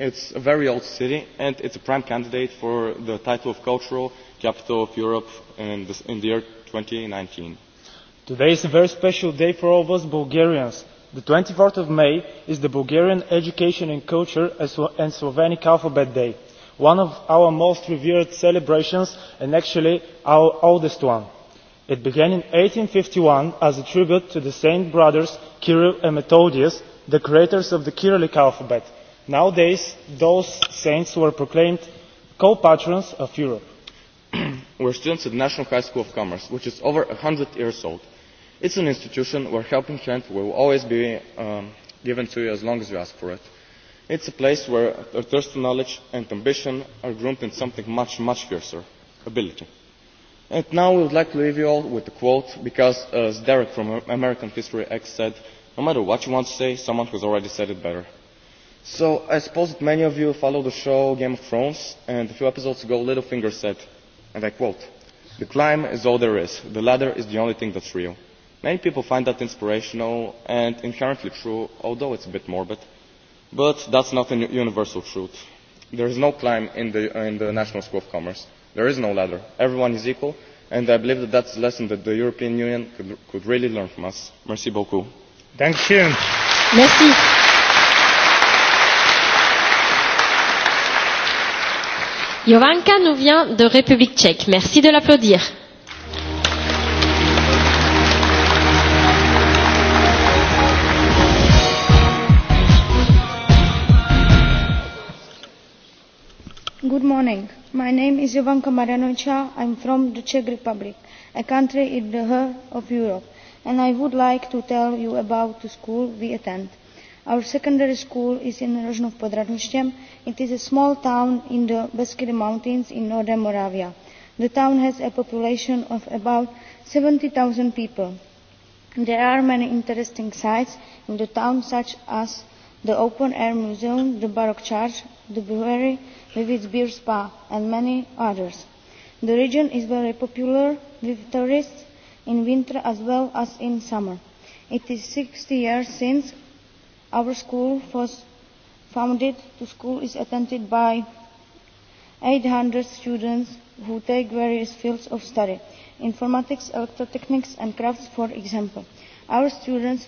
It's a very old city, and it's a prime candidate for the title of cultural capital of Europe in, this, in the year 2019. Today is a very special day for all of us Bulgarians. The 24th of May is the Bulgarian Education and Culture and Slovenic Alphabet Day, one of our most revered celebrations and actually our oldest one. It began in 1851 as a tribute to the Saint Brothers Kirill and Methodius, the creators of the Kyrillic alphabet – nowadays those saints were proclaimed co patrons of europe. (clears throat) we're students at the national high school of commerce which is over a hundred years old. it's an institution where helping hand will always be um, given to you as long as you ask for it. It's a place where a thirst for knowledge and ambition are groomed in something much, much fiercer, ability. And now we would like to leave you all with a quote, because as Derek from American History X said, no matter what you want to say, someone has already said it better. So I suppose that many of you follow the show Game of Thrones, and a few episodes ago, Littlefinger said, and I quote, "The climb is all there is. The ladder is the only thing that's real." Many people find that inspirational and inherently true, although it's a bit morbid. But that's not a universal truth. There is no climb in the, uh, in the National School of Commerce. There is no ladder. Everyone is equal, and I believe that that's a lesson that the European Union could, could really learn from us. Merci beaucoup. Thank you. Merci. Jovanka nous vient de République tchèque. Merci de l'applaudir. Good morning. My name is Jovanka Marjanovica. I'm from the Czech Republic, a country in the heart of Europe, and I would like to tell you about the school we attend. Our secondary school is in Rožnov pod Radničtem. It is a small town in the Beskid Mountains in northern Moravia. The town has a population of about 70,000 people. There are many interesting sites in the town such as the open air museum, the baroque church, the brewery with its beer spa and many others. The region is very popular with tourists in winter as well as in summer. It is 60 years since Our school was founded. The school is attended by 800 students who take various fields of study, informatics, electrotechnics and crafts, for example. Our students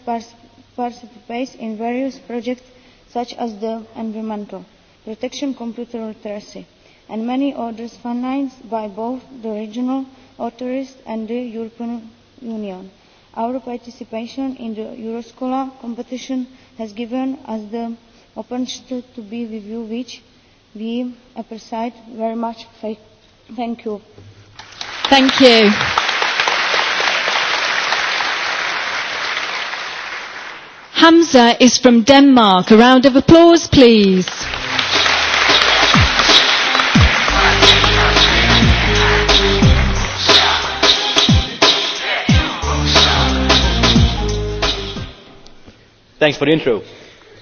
participate in various projects such as the environmental protection computer literacy and many others financed by both the regional authorities and the European Union. Our participation in the Euroscola competition has given us the opportunity to be with you, which we appreciate very much. Thank you. Thank you. Hamza is from Denmark. A round of applause, please. Thanks for the intro.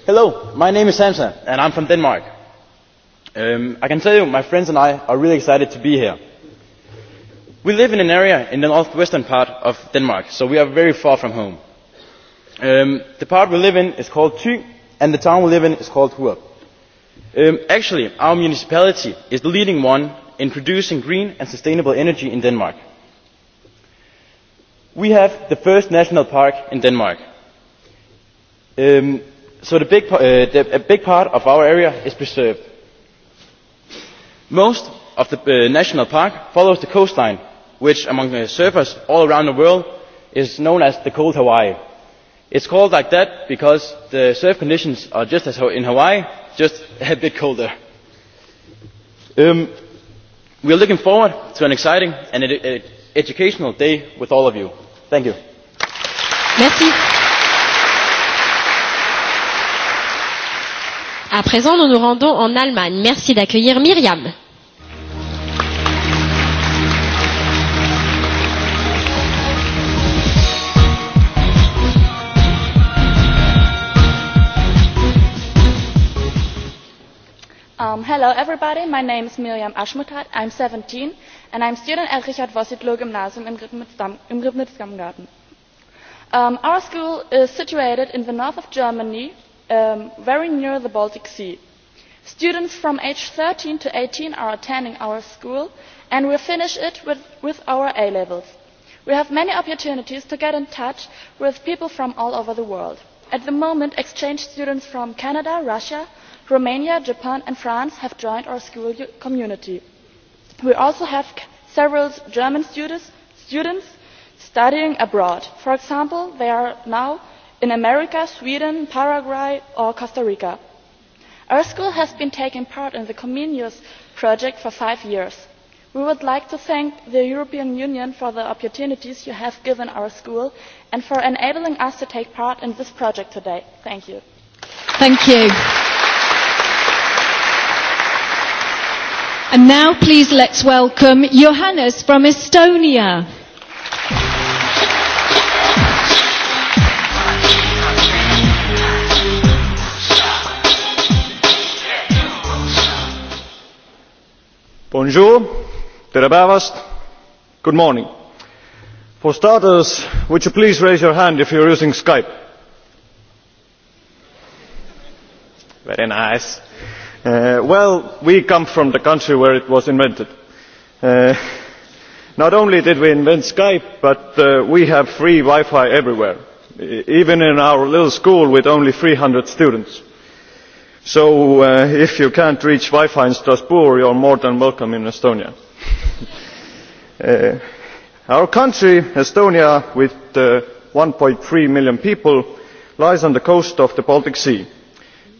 Hello, my name is Samsa and I'm from Denmark. Um, I can tell you, my friends and I are really excited to be here. We live in an area in the northwestern part of Denmark, so we are very far from home. Um, the part we live in is called Thy, and the town we live in is called Huop. Um, actually, our municipality is the leading one in producing green and sustainable energy in Denmark. We have the first national park in Denmark Um, so the big, uh, the, a big part of our area is preserved. Most of the uh, national park follows the coastline, which among the surfers all around the world is known as the cold Hawaii. It's called like that because the surf conditions are just as in Hawaii, just (laughs) a bit colder. Um, we are looking forward to an exciting and ed ed educational day with all of you. Thank you. Merci. À présent, nous nous rendons en Allemagne. Merci d'accueillir Myriam. Um, hello everybody, my name is Miriam Aschmuthat, I'm 17 and I'm student at Richard Vossitlo Gymnasium in Ribnitz-Gamgarten. Um, our school is situated in the north of Germany Um, very near the Baltic Sea. Students from age thirteen to eighteen are attending our school and we finish it with, with our A levels. We have many opportunities to get in touch with people from all over the world. At the moment, exchange students from Canada, Russia, Romania, Japan and France have joined our school community. We also have several German students, students studying abroad. For example, they are now in america sweden paraguay or costa rica. our school has been taking part in the comenius project for five years. we would like to thank the european union for the opportunities you have given our school and for enabling us to take part in this project today. thank you. Thank you. And now please let's welcome Johannes from Estonia. bonjour terabavast good morning. for starters would you please raise your hand if you are using skype? very nice. Uh, well we come from the country where it was invented. Uh, not only did we invent skype but uh, we have free wi fi everywhere e, even in our little school with only three hundred students so uh, if you can't reach wi-fi in strasbourg you are more than welcome in estonia. (laughs) Uh, our country estonia with uh, one three million people lies on the coast of the baltic sea.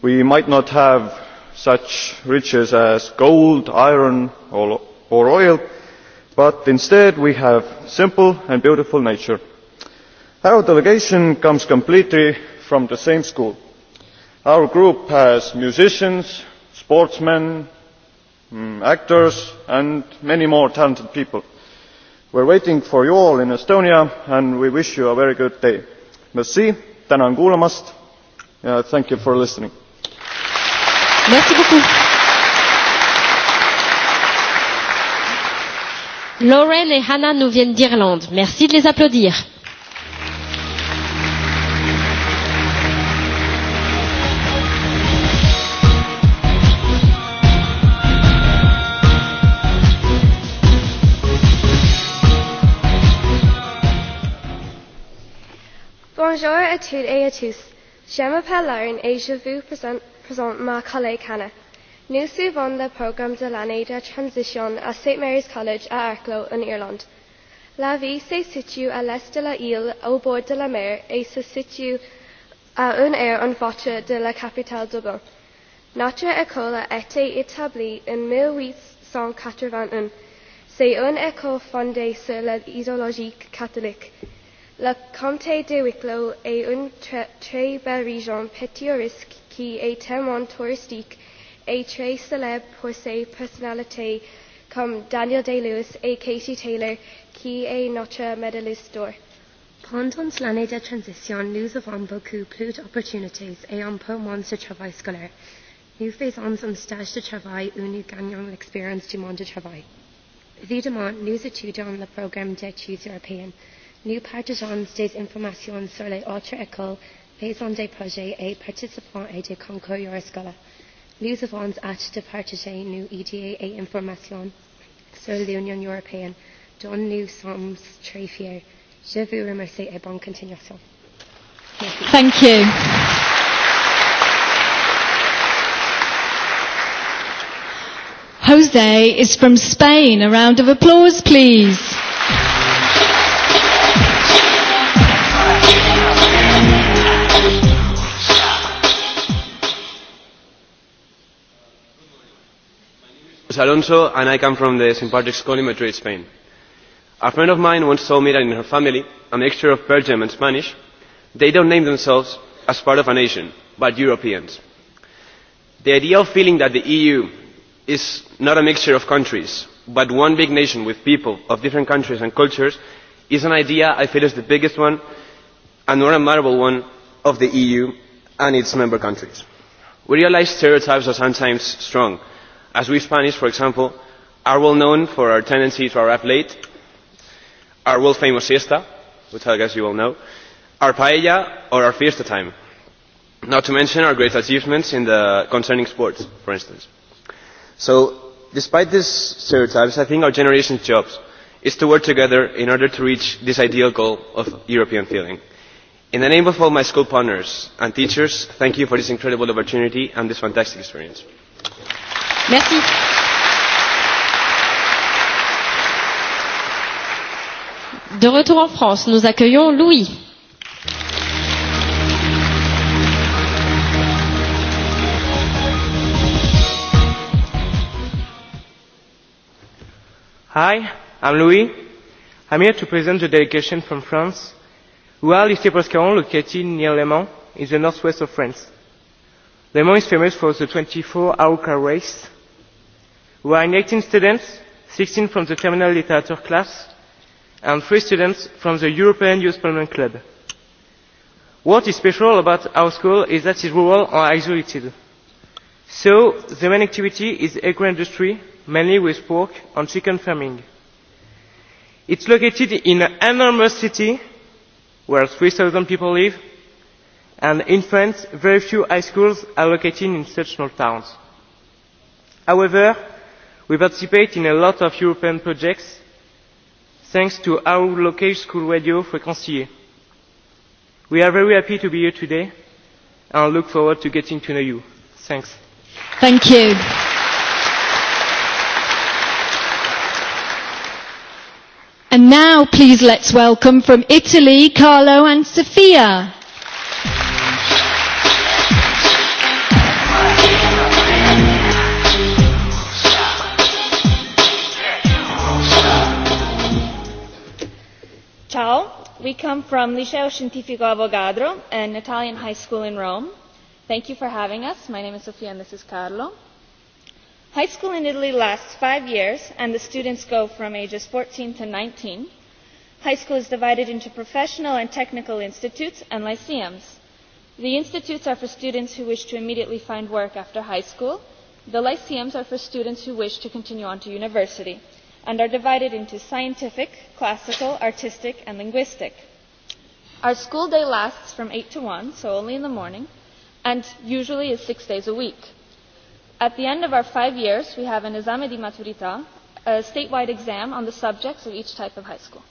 we might not have such riches as gold iron or oil but instead we have simple and beautiful nature. our delegation comes completely from the same school our group has musicians sportsmen mm, actors and many more talented people. we are waiting for you all in estonia and we wish you a very good day. merci tänan kuulamast ja uh, thank you for listening. Merci beaucoup. Lauren et Hannah nous viennent d'Irlande. Merci de les applaudir. atud túd é a tús, Seamapá len é se bhú present má cholé cena. Nusú bhán le program de lenaid a transition a St Mary's College a Airclo in Ireland. La vi sé situ a les de la íl ó bord de la mer é sa situ a un air an bhaite de la capitale Dublin. Natra a cola été établi in 1881. C'est un eco fondée sur l'idéologie catholique. Le comté de Wicklow est une très, très belle région pittoresque qui est tellement touristique et très célèbre pour ses personnalités comme Daniel Day-Lewis et Katie Taylor, qui est notre médailliste d'or. Pendant l'année de transition, nous avons beaucoup plus d'opportunités et un peu moins de travail scolaire. Nous faisons un stage de travail où nous gagnons l'expérience du monde du travail. Évidemment, nous étudions le programme d'études européennes New partageons des informations sur les autres écoles, faisons des projets et participants à des concours Euroscola. Nous avons hâte de partager nos idées e et informations sur l'Union européenne, dont nous sommes très fiers. Je vous remercie et bonne continuation. Merci. Thank you. Jose is from Spain. A round of applause, please. is Alonso, and I come from the St. Patrick's School in Madrid, Spain. A friend of mine once told me that in her family, a mixture of Belgium and Spanish, they don't name themselves as part of a nation, but Europeans. The idea of feeling that the EU is not a mixture of countries, but one big nation with people of different countries and cultures is an idea I feel is the biggest one and more admirable one of the EU and its member countries. We realise stereotypes are sometimes strong, as we spanish for example are well known for our tendency to arrive late our world famous siesta which i guess you all know our paella or our fiesta time not to mention our great achievements in the concerning sports for instance so despite these stereotypes i think our generation's job is to work together in order to reach this ideal goal of european feeling in the name of all my school partners and teachers thank you for this incredible opportunity and this fantastic experience. Merci. De retour en France, nous accueillons Louis. Hi, I'm Louis. I'm here to present the delegation from France. Well, Proscaron, located near Le Mans, in the northwest of France. Le Mans is famous for the 24-hour car race we are eighteen students sixteen from the terminal literature class and three students from the european youth parliament club. what is special about our school is that it is rural and isolated so the main activity is agro industry mainly with pork and chicken farming. it is located in an enormous city where three thousand people live and in france very few high schools are located in such small towns. however we participate in a lot of european projects thanks to our local school radio frequencier. we are very happy to be here today and look forward to getting to know you. thanks. thank you. and now please let's welcome from italy carlo and sofia. Ciao, we come from Liceo Scientifico Avogadro, an Italian high school in Rome. Thank you for having us. My name is Sofia and this is Carlo. High school in Italy lasts five years, and the students go from ages 14 to 19. High school is divided into professional and technical institutes and lyceums. The institutes are for students who wish to immediately find work after high school. The lyceums are for students who wish to continue on to university and are divided into scientific classical artistic and linguistic. our school day lasts from eight to one so only in the morning and usually is six days a week. at the end of our five years we have an esame di maturita a statewide exam on the subjects of each type of high school.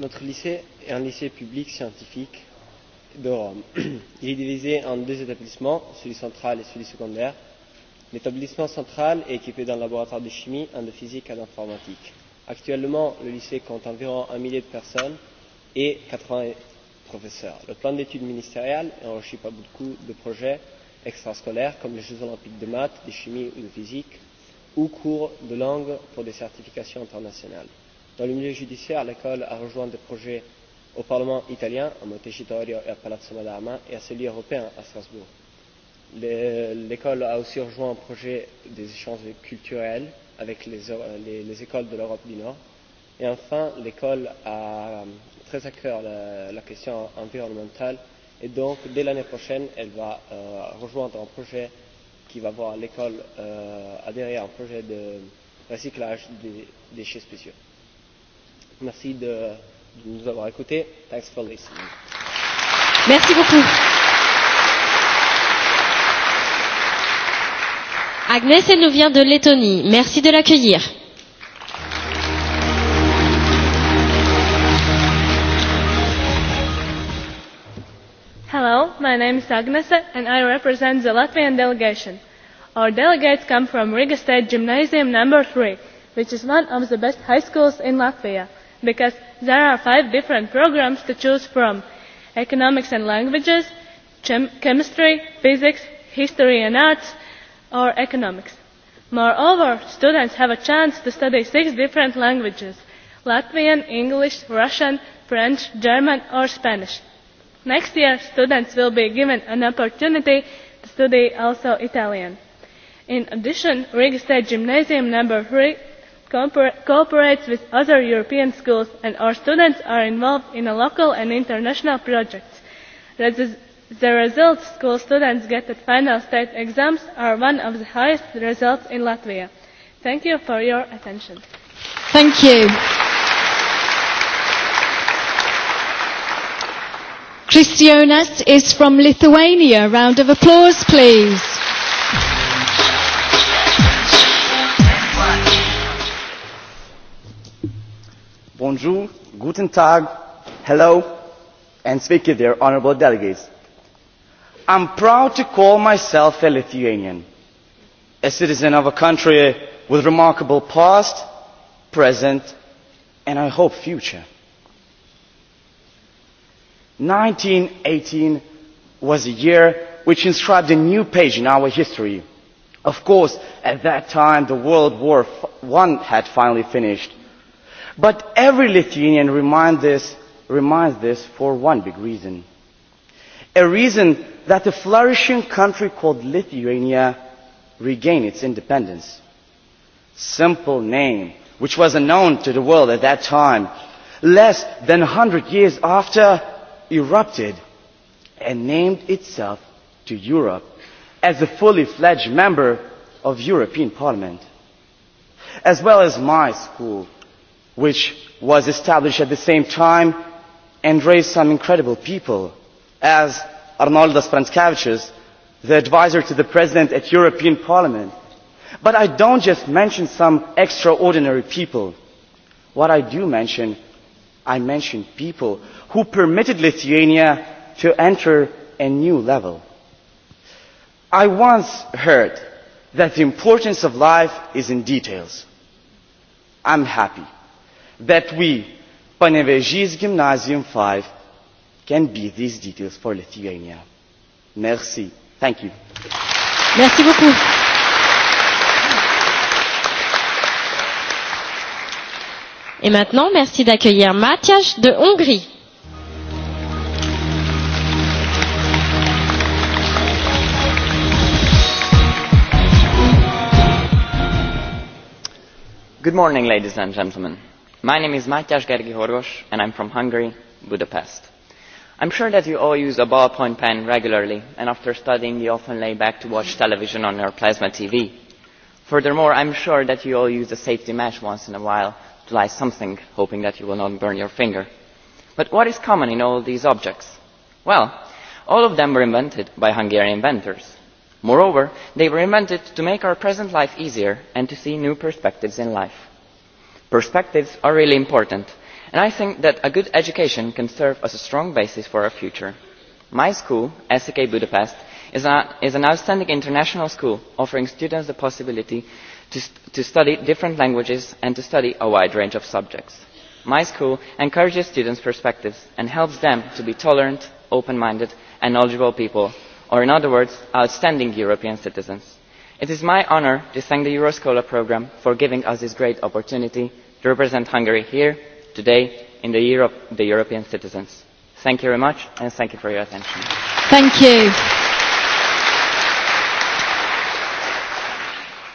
Notre lycée est un lycée public scientifique de Rome. (clears throat) Il est divisé en deux établissements, celui central et celui secondaire l'établissement central est équipé d'un laboratoire de chimie un de physique et un d'informatique. actuellement le lycée compte environ un millier de personnes et quatre professeurs. le plan d'études ministériel est enrichi par beaucoup de projets extrascolaires comme les jeux olympiques de maths de chimie ou de physique ou cours de langue pour des certifications internationales. dans le milieu judiciaire l'école a rejoint des projets au parlement italien à montecitorio et à palazzo madama et à celui européen à strasbourg l'école a aussi rejoint un projet des échanges culturels avec les, les, les écoles de l'Europe du Nord. Et enfin, l'école a très à cœur la, la question environnementale et donc dès l'année prochaine, elle va euh, rejoindre un projet qui va voir l'école euh, adhérer à un projet de recyclage des déchets spéciaux. Merci de, de nous avoir écoutés. Thanks for listening. Merci beaucoup. Agnes, elle nous vient de Lettonie. Merci de l'accueillir. Hello, my name is Agnes and I represent the Latvian delegation. Our delegates come from Riga State Gymnasium number 3, which is one of the best high schools in Latvia, because there are five different programs to choose from economics and languages, chem chemistry, physics, history and arts, or economics. Moreover, students have a chance to study six different languages Latvian, English, Russian, French, German or Spanish. Next year, students will be given an opportunity to study also Italian. In addition, Riga State Gymnasium number 3 cooperates with other European schools and our students are involved in a local and international projects the results school students get at final state exams are one of the highest results in latvia. thank you for your attention. thank you. Christianas is from Lithuania. Round of applause, please. Bonjour, guten tag, hello, and speaker dear honorable delegates i am proud to call myself a Lithuanian, a citizen of a country with remarkable past, present, and I hope future. 1918 was a year which inscribed a new page in our history. Of course, at that time, the World War I had finally finished. But every Lithuanian reminds this, reminds this for one big reason. A reason that a flourishing country called Lithuania regain its independence. Simple name, which was unknown to the world at that time, less than a hundred years after erupted and named itself to Europe as a fully fledged member of European Parliament, as well as my school, which was established at the same time and raised some incredible people as arnoldas pranckavičius the adviser to the president at european parliament but i don't just mention some extraordinary people what i do mention i mention people who permitted lithuania to enter a new level. i once heard that the importance of life is in details. I'm happy that we Panevėžys Gymnasium 5 can be these details for Lithuania? Merci. Thank you. Merci beaucoup. Et maintenant, merci d'accueillir Matias de Hongrie. Good morning, ladies and gentlemen. My name is Matyas Gergi Horgos, and I'm from Hungary, Budapest i am sure that you all use a ballpoint pen regularly and after studying you often lay back to watch television on your plasma tv. furthermore i am sure that you all use a safety match once in a while to light something hoping that you will not burn your finger. but what is common in all these objects? well all of them were invented by hungarian inventors. moreover they were invented to make our present life easier and to see new perspectives in life. perspectives are really important and i think that a good education can serve as a strong basis for our future. my school sek budapest is, an outstanding international school offering students the possibility to, to study different languages and to study a wide range of subjects. my school encourages students' perspectives and helps them to be tolerant open minded and knowledgeable people or in other words outstanding european citizens. it is my honour to thank the euroscola programme for giving us this great opportunity to represent hungary here today in the year of the european citizens. thank you very much and thank you for your attention. thank you.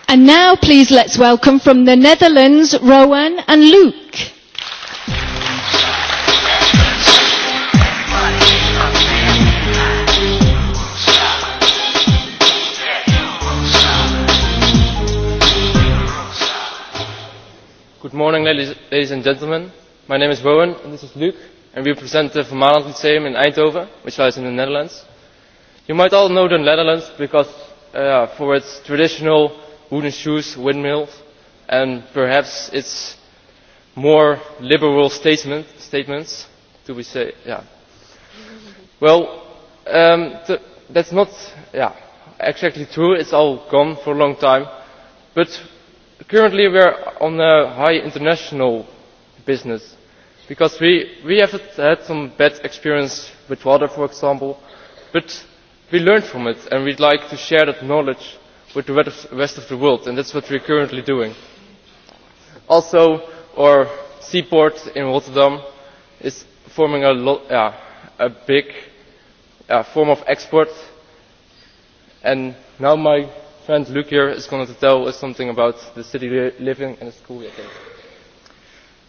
and now please let's welcome from the netherlands rowan and Luke. Good morning, ladies, ladies and gentlemen. My name is Rowan, and this is Luc, and we represent the Vermaland Lyceum in Eindhoven, which lies in the Netherlands. You might all know the Netherlands because uh, for its traditional wooden shoes, windmills, and perhaps its more liberal statement, statements, to we say? Yeah. Well, um, th that's not yeah, exactly true. It's all gone for a long time. But currently we are on a high international business because we, we have had some bad experience with water, for example, but we learned from it and we'd like to share that knowledge with the rest of the world, and that's what we're currently doing. Also, our seaport in Rotterdam is forming a, lot, uh, a big uh, form of export, and now my friend Luke here is going to tell us something about the city we live in and the school we attend.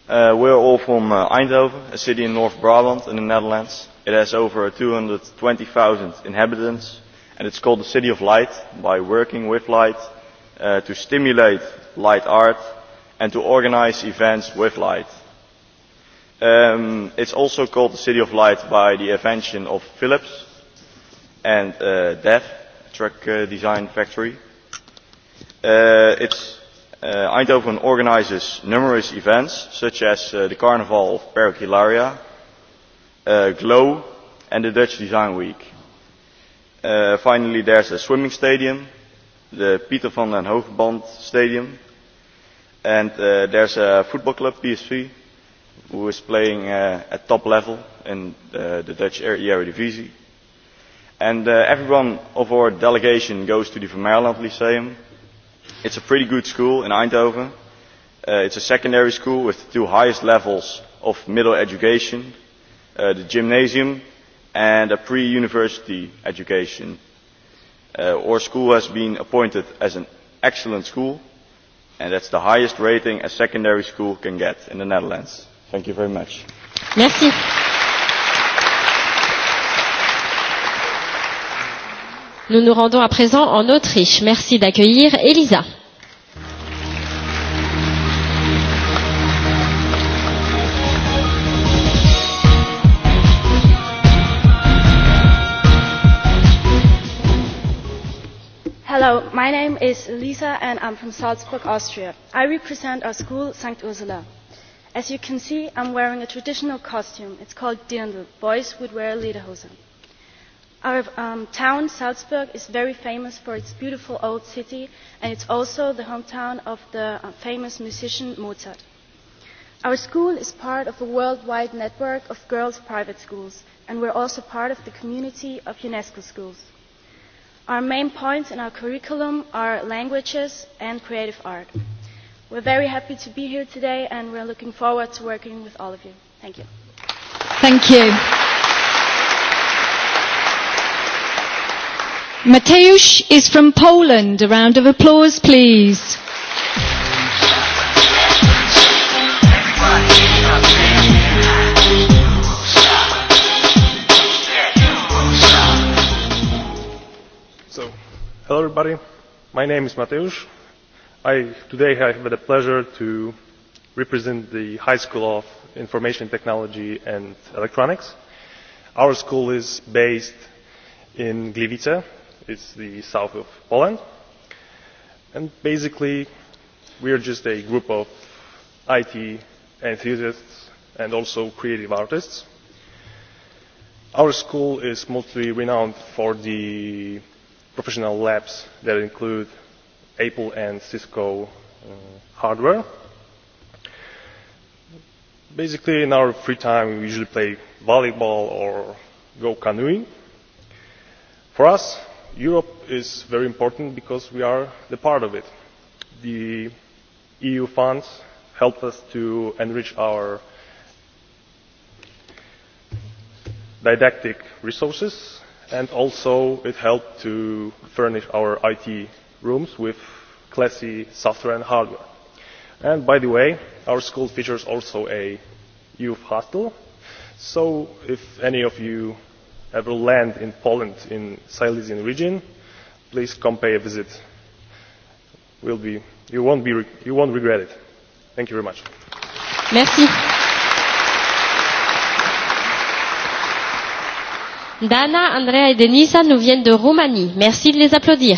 Uh, we're all from uh, Eindhoven, a city in North Brabant in the Netherlands. It has over 220,000 inhabitants and it's called the City of Light by working with light uh, to stimulate light art and to organize events with light. Um, it's also called the City of Light by the invention of Philips and uh, DEF, a truck uh, design factory. Uh, it's, uh, Eindhoven organises numerous events such as uh, the Carnival of Perkilaria, uh, GLOW and the Dutch Design Week. Uh, finally, there's a swimming stadium, the Pieter van den Hoogband Stadium, and uh, there's a football club, PSV, who is playing uh, at top level in uh, the Dutch e-, Eredivisie. And uh, everyone of our delegation goes to the Vermeerland Lyceum It's a pretty good school in Eindhoven. Uh, it's a secondary school with the two highest levels of middle education, uh, the gymnasium and a pre-university education. Uh, our school has been appointed as an excellent school and that's the highest rating a secondary school can get in the Netherlands. Thank you very much. Merci. Nous nous rendons à présent en Autriche. Merci d'accueillir Elisa. Hello, my name is Lisa and I'm from Salzburg, Austria. I represent our school, St. Ursula. As you can see, I'm wearing a traditional costume. It's called Dirndl. Boys would wear lederhosen. Our um, town, Salzburg, is very famous for its beautiful old city, and it's also the hometown of the uh, famous musician Mozart. Our school is part of a worldwide network of girls' private schools, and we're also part of the community of UNESCO schools. Our main points in our curriculum are languages and creative art. We're very happy to be here today, and we're looking forward to working with all of you. Thank you. Thank you. Mateusz is from Poland. A round of applause, please. So, hello everybody. My name is Mateusz. I, today I have the pleasure to represent the High School of Information Technology and Electronics. Our school is based in Gliwice, It's the south of Poland. And basically, we are just a group of IT enthusiasts and also creative artists. Our school is mostly renowned for the professional labs that include Apple and Cisco uh, hardware. Basically, in our free time, we usually play volleyball or go canoeing. For us, europe is very important because we are part of it. the eu funds help us to enrich our didactic resources and also it helps to furnish our IT rooms with classy software and hardware. And by the way, our school features also a youth e hostel. So if any of you ever land in Poland, in Silesian region, please come pay a visit. We'll be, you, won't be, you won't regret it. Thank you very much. Merci. Dana, Andrea et Denisa nous viennent de Roumanie. Merci de les applaudir.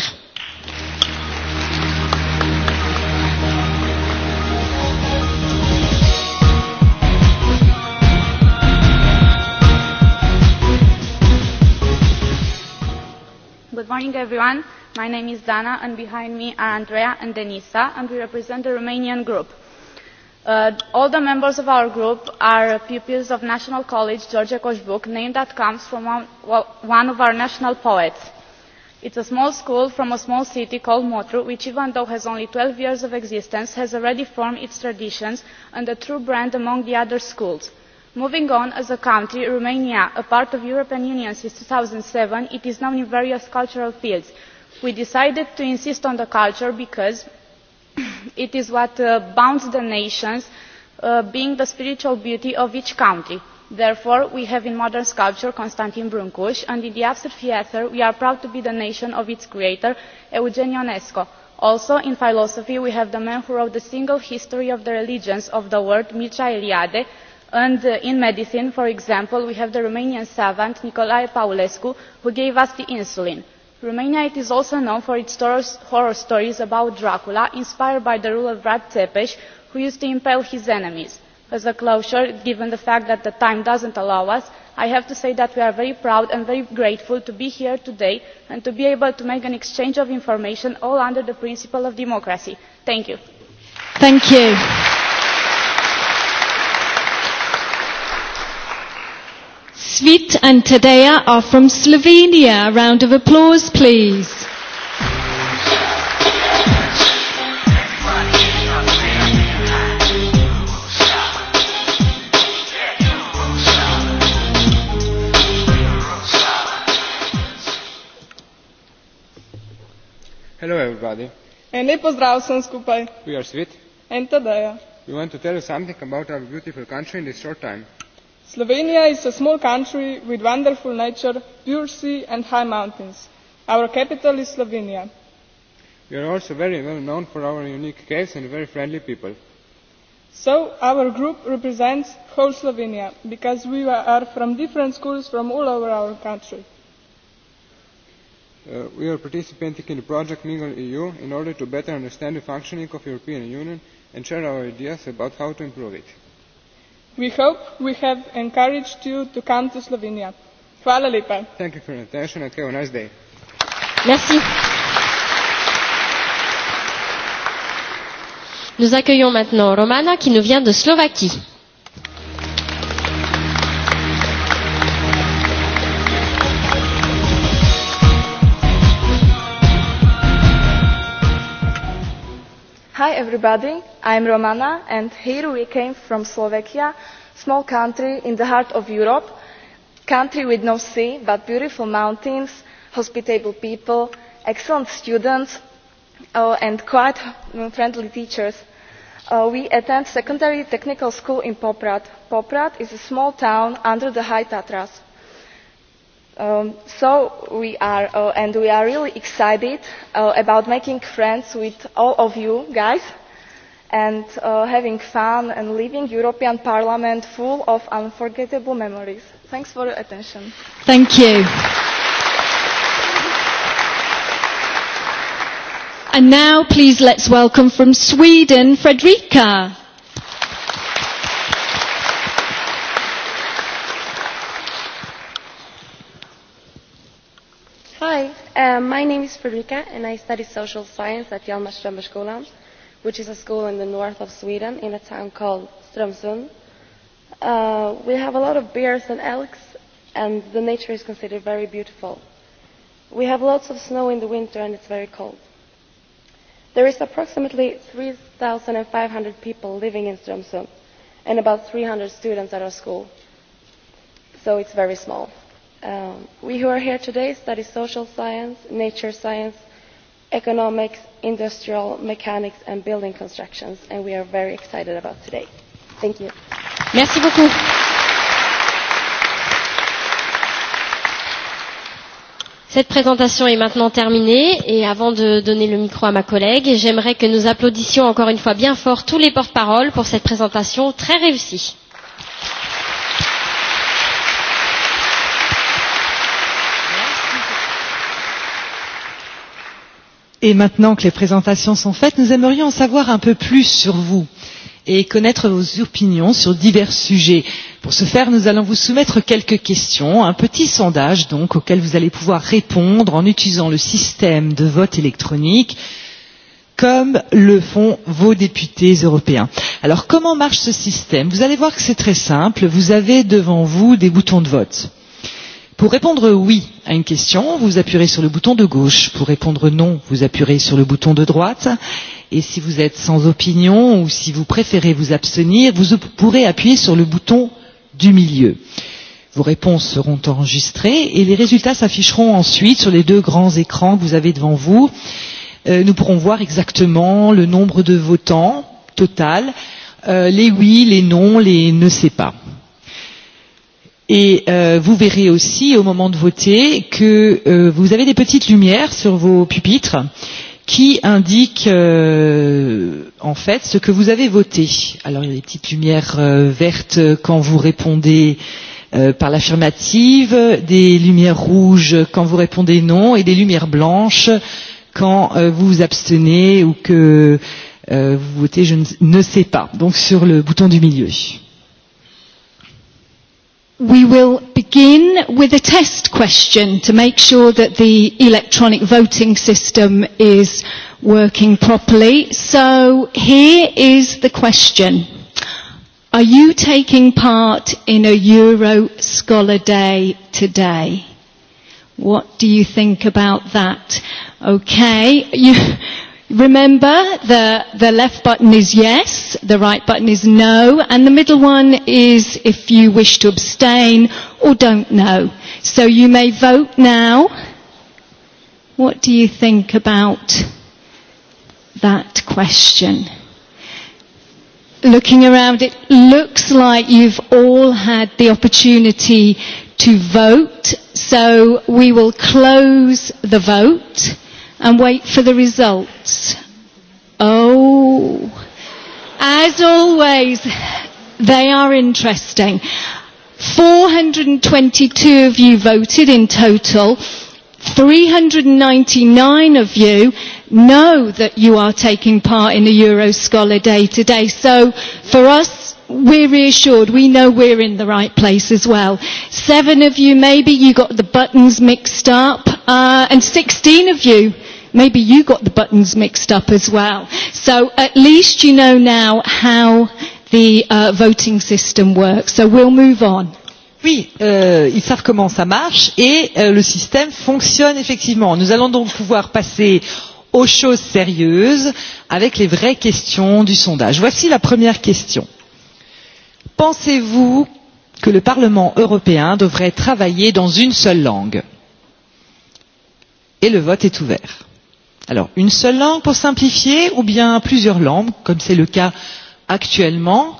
morning, everyone. My name is Dana, and behind me are Andrea and Denisa, and we represent the Romanian group. Uh, all the members of our group are pupils of National College George Coșbuc, name that comes from one, one of our national poets. It's a small school from a small city called Motru, which even though has only 12 years of existence, has already formed its traditions and a true brand among the other schools moving on as a country romania a part of the european union since two thousand and seven it is known in various cultural fields. we decided to insist on the culture because (coughs) it is what uh, bonds the nations uh, being the spiritual beauty of each country. therefore we have in modern sculpture constantin brâncuș and in the abstract theatre we are proud to be the nation of its creator eugen ionesco. also in philosophy we have the man who wrote the single history of the religions of the world mircea eliade and uh, in medicine for example we have the romanian savant nicolae paulescu who gave us the insulin. romania is also known for its horror stories about dracula inspired by the rule of vlad tepe who used to impale his enemies. as a closure given the fact that the time does not allow us i have to say that we are very proud and very grateful to be here today and to be able to make an exchange of information all under the principle of democracy. thank you. Thank you. Svit and Tadeja are from Slovenia. A round of applause, please. Hello, everybody. And lep pozdrav sem skupaj. We are Svit. And Tadeja. We want to tell you something about our beautiful country in this short time slovenia is a small country with wonderful nature pure sea and high mountains. our capital is slovenia. we are also very well known for our unique caves and very friendly people. so our group represents whole slovenia because we are from different schools from all over our country. Uh, we are participating in the project Mingle EU in order to better understand the functioning of the European Union and share our ideas about how to improve it we hope we have encouraged you to come to slovenia. hvala lepa. thank you for your attention and have a nice day. Merci. Nous accueillons maintenant Romana qui nous vient de Slovaquie. Hi everybody, I'm Romana and here we came from Slovakia, small country in the heart of Europe, country with no sea but beautiful mountains, hospitable people, excellent students uh, and quite friendly teachers. Uh, we attend secondary technical school in Poprad. Poprad is a small town under the High Tatras Um, so we are uh, and we are really excited uh, about making friends with all of you guys and uh, having fun and leaving European Parliament full of unforgettable memories. Thanks for your attention. Thank you. And now please let's welcome from Sweden, Um, my name is Frederica and I study social science at Hjalmar Strömberskolan, which is a school in the north of Sweden in a town called Strömsund. Uh, we have a lot of bears and elks and the nature is considered very beautiful. We have lots of snow in the winter and it's very cold. There is approximately 3,500 people living in Strömsund and about 300 students at our school, so it's very small. Um, we who are here today study social science, nature science, economics, industrial mechanics and building constructions, and we are very excited about today. Thank you. Merci beaucoup. Cette présentation est maintenant terminée et avant de donner le micro à ma collègue, j'aimerais que nous applaudissions encore une fois bien fort tous les porte-paroles pour cette présentation très réussie. Et maintenant que les présentations sont faites, nous aimerions en savoir un peu plus sur vous et connaître vos opinions sur divers sujets. Pour ce faire, nous allons vous soumettre quelques questions, un petit sondage donc auquel vous allez pouvoir répondre en utilisant le système de vote électronique comme le font vos députés européens. Alors comment marche ce système Vous allez voir que c'est très simple, vous avez devant vous des boutons de vote Pour répondre oui à une question, vous appuierez sur le bouton de gauche. Pour répondre non, vous appuierez sur le bouton de droite. Et si vous êtes sans opinion ou si vous préférez vous abstenir, vous pourrez appuyer sur le bouton du milieu. Vos réponses seront enregistrées et les résultats s'afficheront ensuite sur les deux grands écrans que vous avez devant vous. Euh, nous pourrons voir exactement le nombre de votants total, euh, les oui, les non, les ne sais pas. Et euh, vous verrez aussi au moment de voter que euh, vous avez des petites lumières sur vos pupitres qui indiquent euh, en fait ce que vous avez voté. Alors il y a des petites lumières euh, vertes quand vous répondez euh, par l'affirmative, des lumières rouges quand vous répondez non et des lumières blanches quand euh, vous vous abstenez ou que euh, vous votez je ne, sais pas. Donc sur le bouton du milieu. Euh, We will begin with a test question to make sure that the electronic voting system is working properly. So here is the question. Are you taking part in a Euro Scholar Day today? What do you think about that? Okay, (laughs) you, Remember, the, the left button is yes, the right button is no, and the middle one is if you wish to abstain or don't know. So you may vote now. What do you think about that question? Looking around, it looks like you've all had the opportunity to vote, so we will close the vote and wait for the results. Oh, as always, they are interesting. 422 of you voted in total. 399 of you know that you are taking part in a Euro Scholar Day today. So for us, we're reassured. We know we're in the right place as well. Seven of you, maybe you got the buttons mixed up, uh, and 16 of you maybe you got the buttons mixed up as well. So at least you know now how the uh, voting system works. So we'll move on. Oui, euh, ils savent comment ça marche et euh, le système fonctionne effectivement. Nous allons donc pouvoir passer aux choses sérieuses avec les vraies questions du sondage. Voici la première question. Pensez-vous que le Parlement européen devrait travailler dans une seule langue Et le vote est ouvert. Alors, une seule langue pour simplifier ou bien plusieurs langues, comme c'est le cas actuellement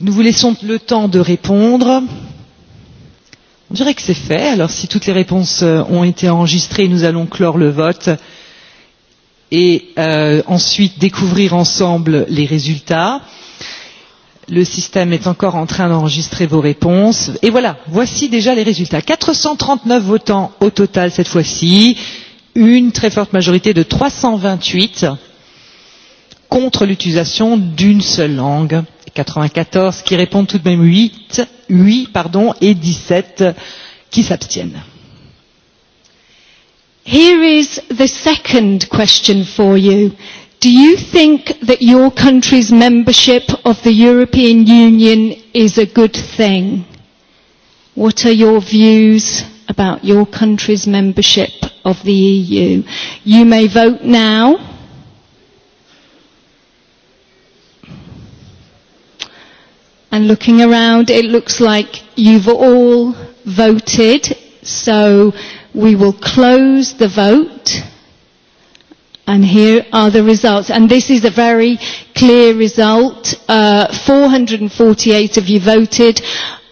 Nous vous laissons le temps de répondre. On dirait que c'est fait. Alors, si toutes les réponses euh, ont été enregistrées, nous allons clore le vote et euh, ensuite découvrir ensemble les résultats. Le système est encore en train d'enregistrer vos réponses. Et voilà, voici déjà les résultats. 439 votants au total cette fois-ci une très forte majorité de 328 contre l'utilisation d'une seule langue. 94 qui répondent tout de même 8, 8 pardon, et 17 qui s'abstiennent. Here is the second question for you. Do you think that your country's membership of the European Union is a good thing? What are your views about your country's membership of the EU. You may vote now. And looking around, it looks like you've all voted. So we will close the vote. And here are the results. And this is a very clear result. Uh, 448 of you voted.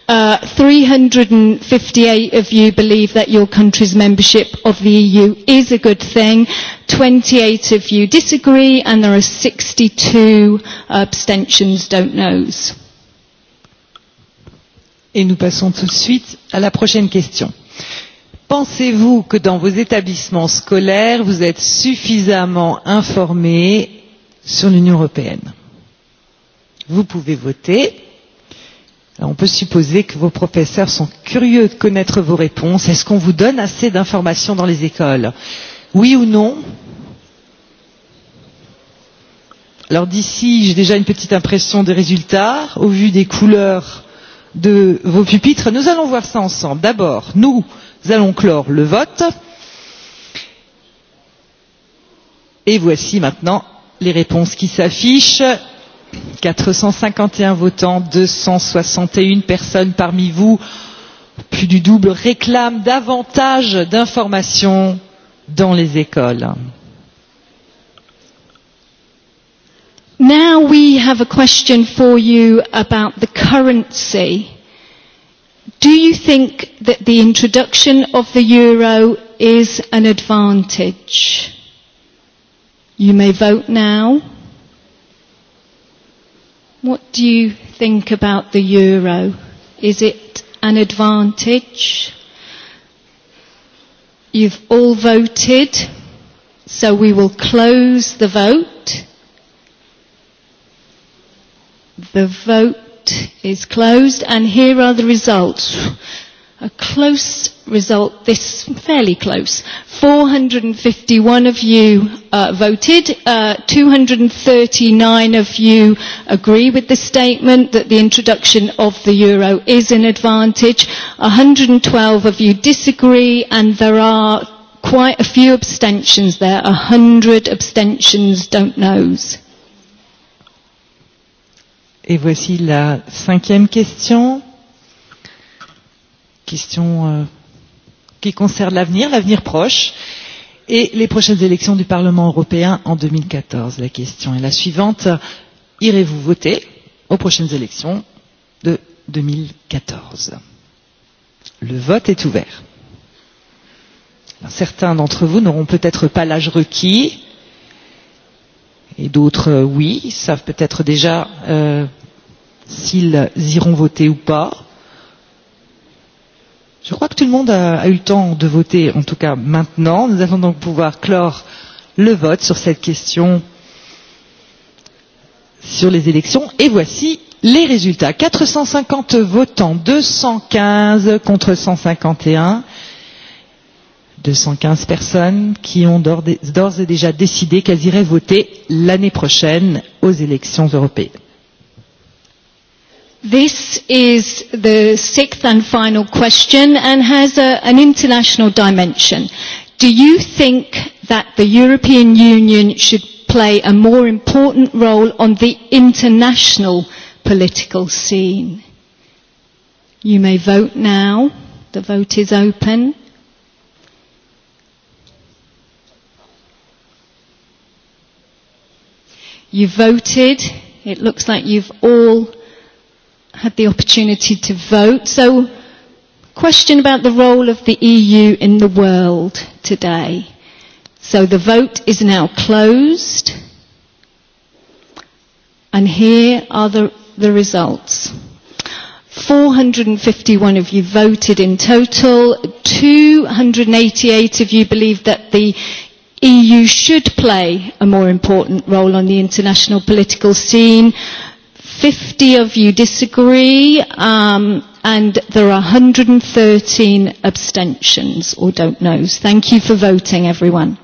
358 uh, of you believe that your country's membership of the EU is a good thing. 28 of you disagree, and there are 62 abstentions, don't knows. Et nous passons tout de suite à la prochaine question. Pensez-vous que dans vos établissements scolaires, vous êtes suffisamment informés sur l'Union européenne Vous pouvez voter. On peut supposer que vos professeurs sont curieux de connaître vos réponses. Est-ce qu'on vous donne assez d'informations dans les écoles Oui ou non Alors d'ici, j'ai déjà une petite impression des résultats au vu des couleurs de vos pupitres. Nous allons voir ça ensemble. D'abord, nous allons clore le vote. Et voici maintenant les réponses qui s'affichent. 451 votants, 261 personnes parmi vous, plus du double, réclament davantage d'informations dans les écoles. Now we have a question for you about the currency. Do you think that the introduction of the euro is an advantage? You may vote now. What do you think about the euro? Is it an advantage? You've all voted, so we will close the vote. The vote is closed, and here are the results a close result, this fairly close. 451 of you uh, voted, uh, 239 of you agree with the statement that the introduction of the euro is an advantage, 112 of you disagree, and there are quite a few abstentions there, 100 abstentions, don't knows. Et voici la cinquième question. Question euh, qui concerne l'avenir, l'avenir proche, et les prochaines élections du Parlement européen en 2014. La question est la suivante. Irez-vous voter aux prochaines élections de 2014 Le vote est ouvert. Alors, certains d'entre vous n'auront peut-être pas l'âge requis, et d'autres, euh, oui, savent peut-être déjà euh, s'ils iront voter ou pas. Je crois que tout le monde a, a eu le temps de voter, en tout cas maintenant. Nous allons donc pouvoir clore le vote sur cette question sur les élections. Et voici les résultats. 450 votants, 215 contre 151. 215 personnes qui ont d'ores et déjà décidé qu'elles iraient voter l'année prochaine aux élections européennes. This is the sixth and final question and has a, an international dimension. Do you think that the European Union should play a more important role on the international political scene? You may vote now. The vote is open. You voted. It looks like you've all had the opportunity to vote. So, question about the role of the EU in the world today. So the vote is now closed. And here are the, the results. 451 of you voted in total. 288 of you believe that the EU should play a more important role on the international political scene. 50 of you disagree, um, and there are 113 abstentions or don't knows. Thank you for voting, everyone.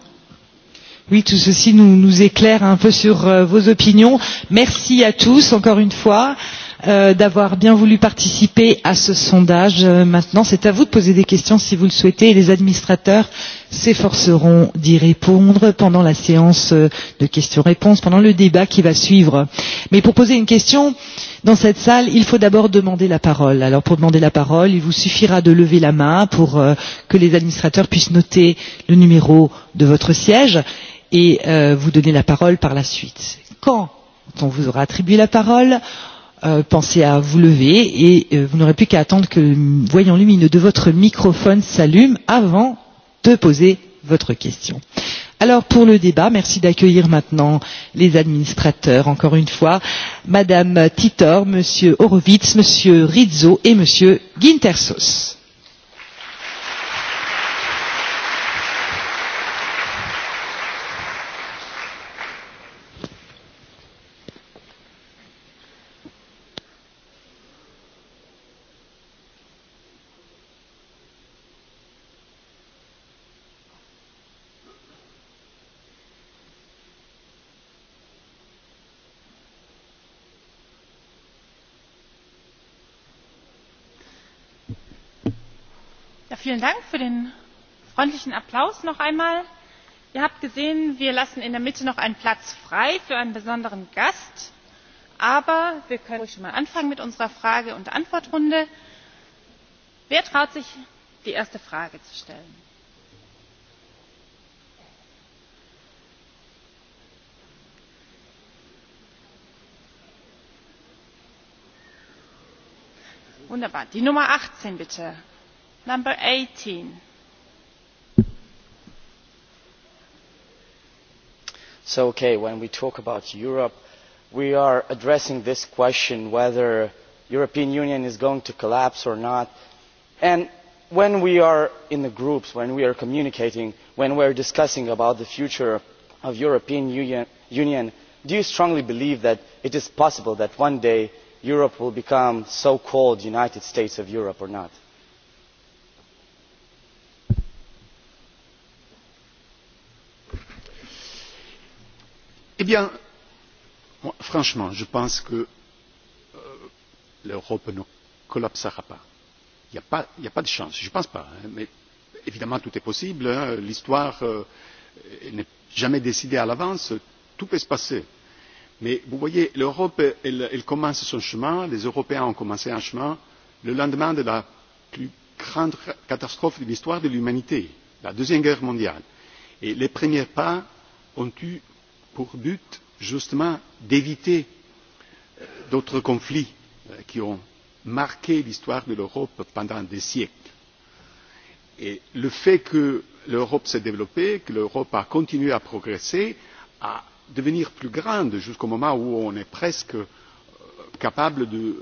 Oui, tout ceci nous, nous éclaire un peu sur euh, vos opinions. Merci à tous encore une fois. Euh, d'avoir bien voulu participer à ce sondage. Euh, maintenant, c'est à vous de poser des questions si vous le souhaitez et les administrateurs s'efforceront d'y répondre pendant la séance euh, de questions-réponses, pendant le débat qui va suivre. Mais pour poser une question dans cette salle, il faut d'abord demander la parole. Alors pour demander la parole, il vous suffira de lever la main pour euh, que les administrateurs puissent noter le numéro de votre siège et euh, vous donner la parole par la suite. Quand on vous aura attribué la parole, euh, pensez à vous lever et euh, vous n'aurez plus qu'à attendre que le voyant lumineux de votre microphone s'allume avant de poser votre question. Alors pour le débat, merci d'accueillir maintenant les administrateurs, encore une fois, Madame Titor, Monsieur Horowitz, Monsieur Rizzo et Monsieur Gintersos. vielen Dank für den freundlichen Applaus noch einmal. Ihr habt gesehen, wir lassen in der Mitte noch einen Platz frei für einen besonderen Gast. Aber wir können ruhig schon mal anfangen mit unserer Frage- und Antwortrunde. Wer traut sich, die erste Frage zu stellen? Wunderbar. Die Nummer 18 bitte so okay when we talk about europe we are addressing this question whether the european union is going to collapse or not and when we are in the groups when we are communicating when we are discussing about the future of the european union do you strongly believe that it is possible that one day europe will become the so called united states of europe or not? eh bien moi, franchement je pense que euh, l'europe ne collapsera pas. il n'y a, a pas de chance je ne pense pas hein, mais évidemment tout est possible hein, l'histoire euh, n'est jamais décidée à l'avance tout peut se passer. mais vous voyez l'europe elle, elle commence son chemin les européens ont commencé un chemin le lendemain de la plus grande catastrophe de l'histoire de l'humanité la deuxième guerre mondiale et les premiers pas ont eu pour but justement d'éviter d'autres conflits euh, qui ont marqué l'histoire de l'europe pendant des siècles. le fait que l'europe s'est développée que l'europe a continué à progresser à devenir plus grande jusqu'au moment où on est presque euh, capable de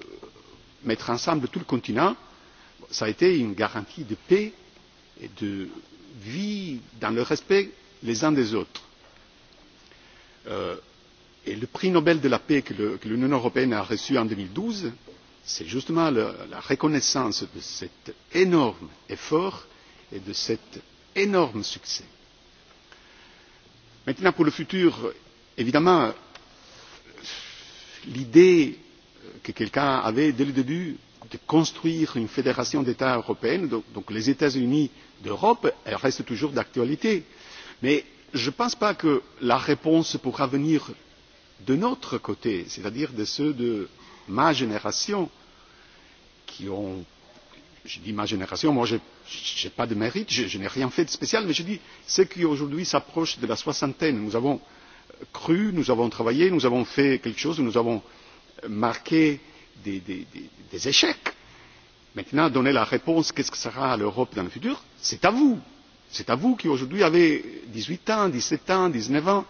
mettre ensemble tout le continent a été une garantie de paix et de vie dans le respect les uns des autres. Euh, et le prix nobel de la paix que l'union européenne a reçu en deux mille douze c'est justement la, reconnaissance de cet énorme effort et de cet énorme succès. maintenant pour le futur évidemment l'idée que quelqu'un avait dès le début de construire une fédération d'états européens donc les états unis d'europe reste toujours d'actualité mais je ne pense pas que la réponse pourra venir de notre côté, c'est-à-dire de ceux de ma génération qui ont je dis ma génération, moi je n'ai pas de mérite, je, je n'ai rien fait de spécial, mais je dis ceux qui aujourd'hui s'approchent de la soixantaine, nous avons euh, cru, nous avons travaillé, nous avons fait quelque chose, nous avons euh, marqué des, des, des, des échecs. Maintenant, donner la réponse, qu'est-ce que sera l'Europe dans le futur, c'est à vous, c'est à vous qui aujourd'hui avez dix huit ans dix sept ans dix neuf ans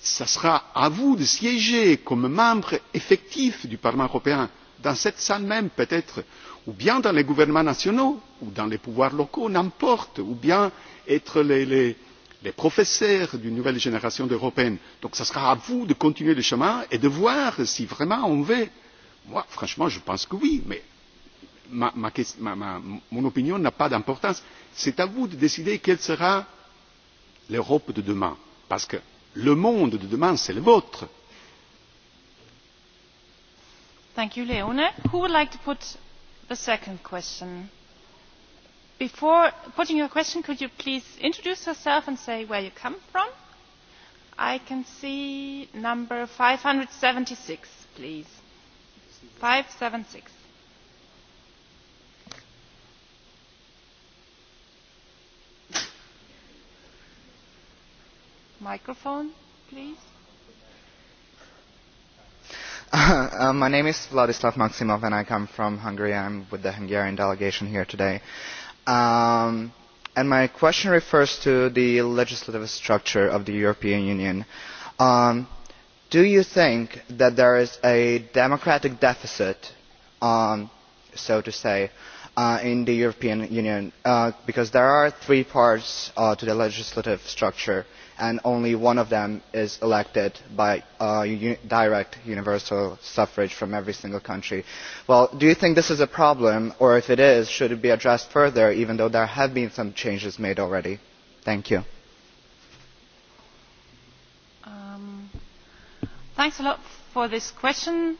ce sera à vous de siéger comme membre effectif du parlement européen dans cette salle même peut être ou bien dans les gouvernements nationaux ou dans les pouvoirs locaux n'importe ou bien être les, les, les professeurs d'une nouvelle génération d'européens. donc ce sera à vous de continuer le chemin et de voir si vraiment on veut. moi franchement je pense que oui mais ma, ma, ma, mon opinion n'a pas d'importance. C'est à vous de décider quelle sera l'Europe de demain. Parce que le monde de demain, c'est le vôtre. Thank you, Leone. Who would like to put the second question? Before putting your question, could you please introduce yourself and say where you come from? I can see number 576, please. 576. Microphone, please. (laughs) Uh, my name is Vladislav Maximov, and I come from Hungary. I'm with the Hungarian delegation here today. Um, and my question refers to the legislative structure of the European Union. Um, do you think that there is a democratic deficit, um, so to say, uh, in the European Union? Uh, because there are three parts uh, to the legislative structure and only one of them is elected by uh, direct universal suffrage from every single country. Well, do you think this is a problem, or if it is, should it be addressed further, even though there have been some changes made already? Thank you. Um, thanks a lot for this question,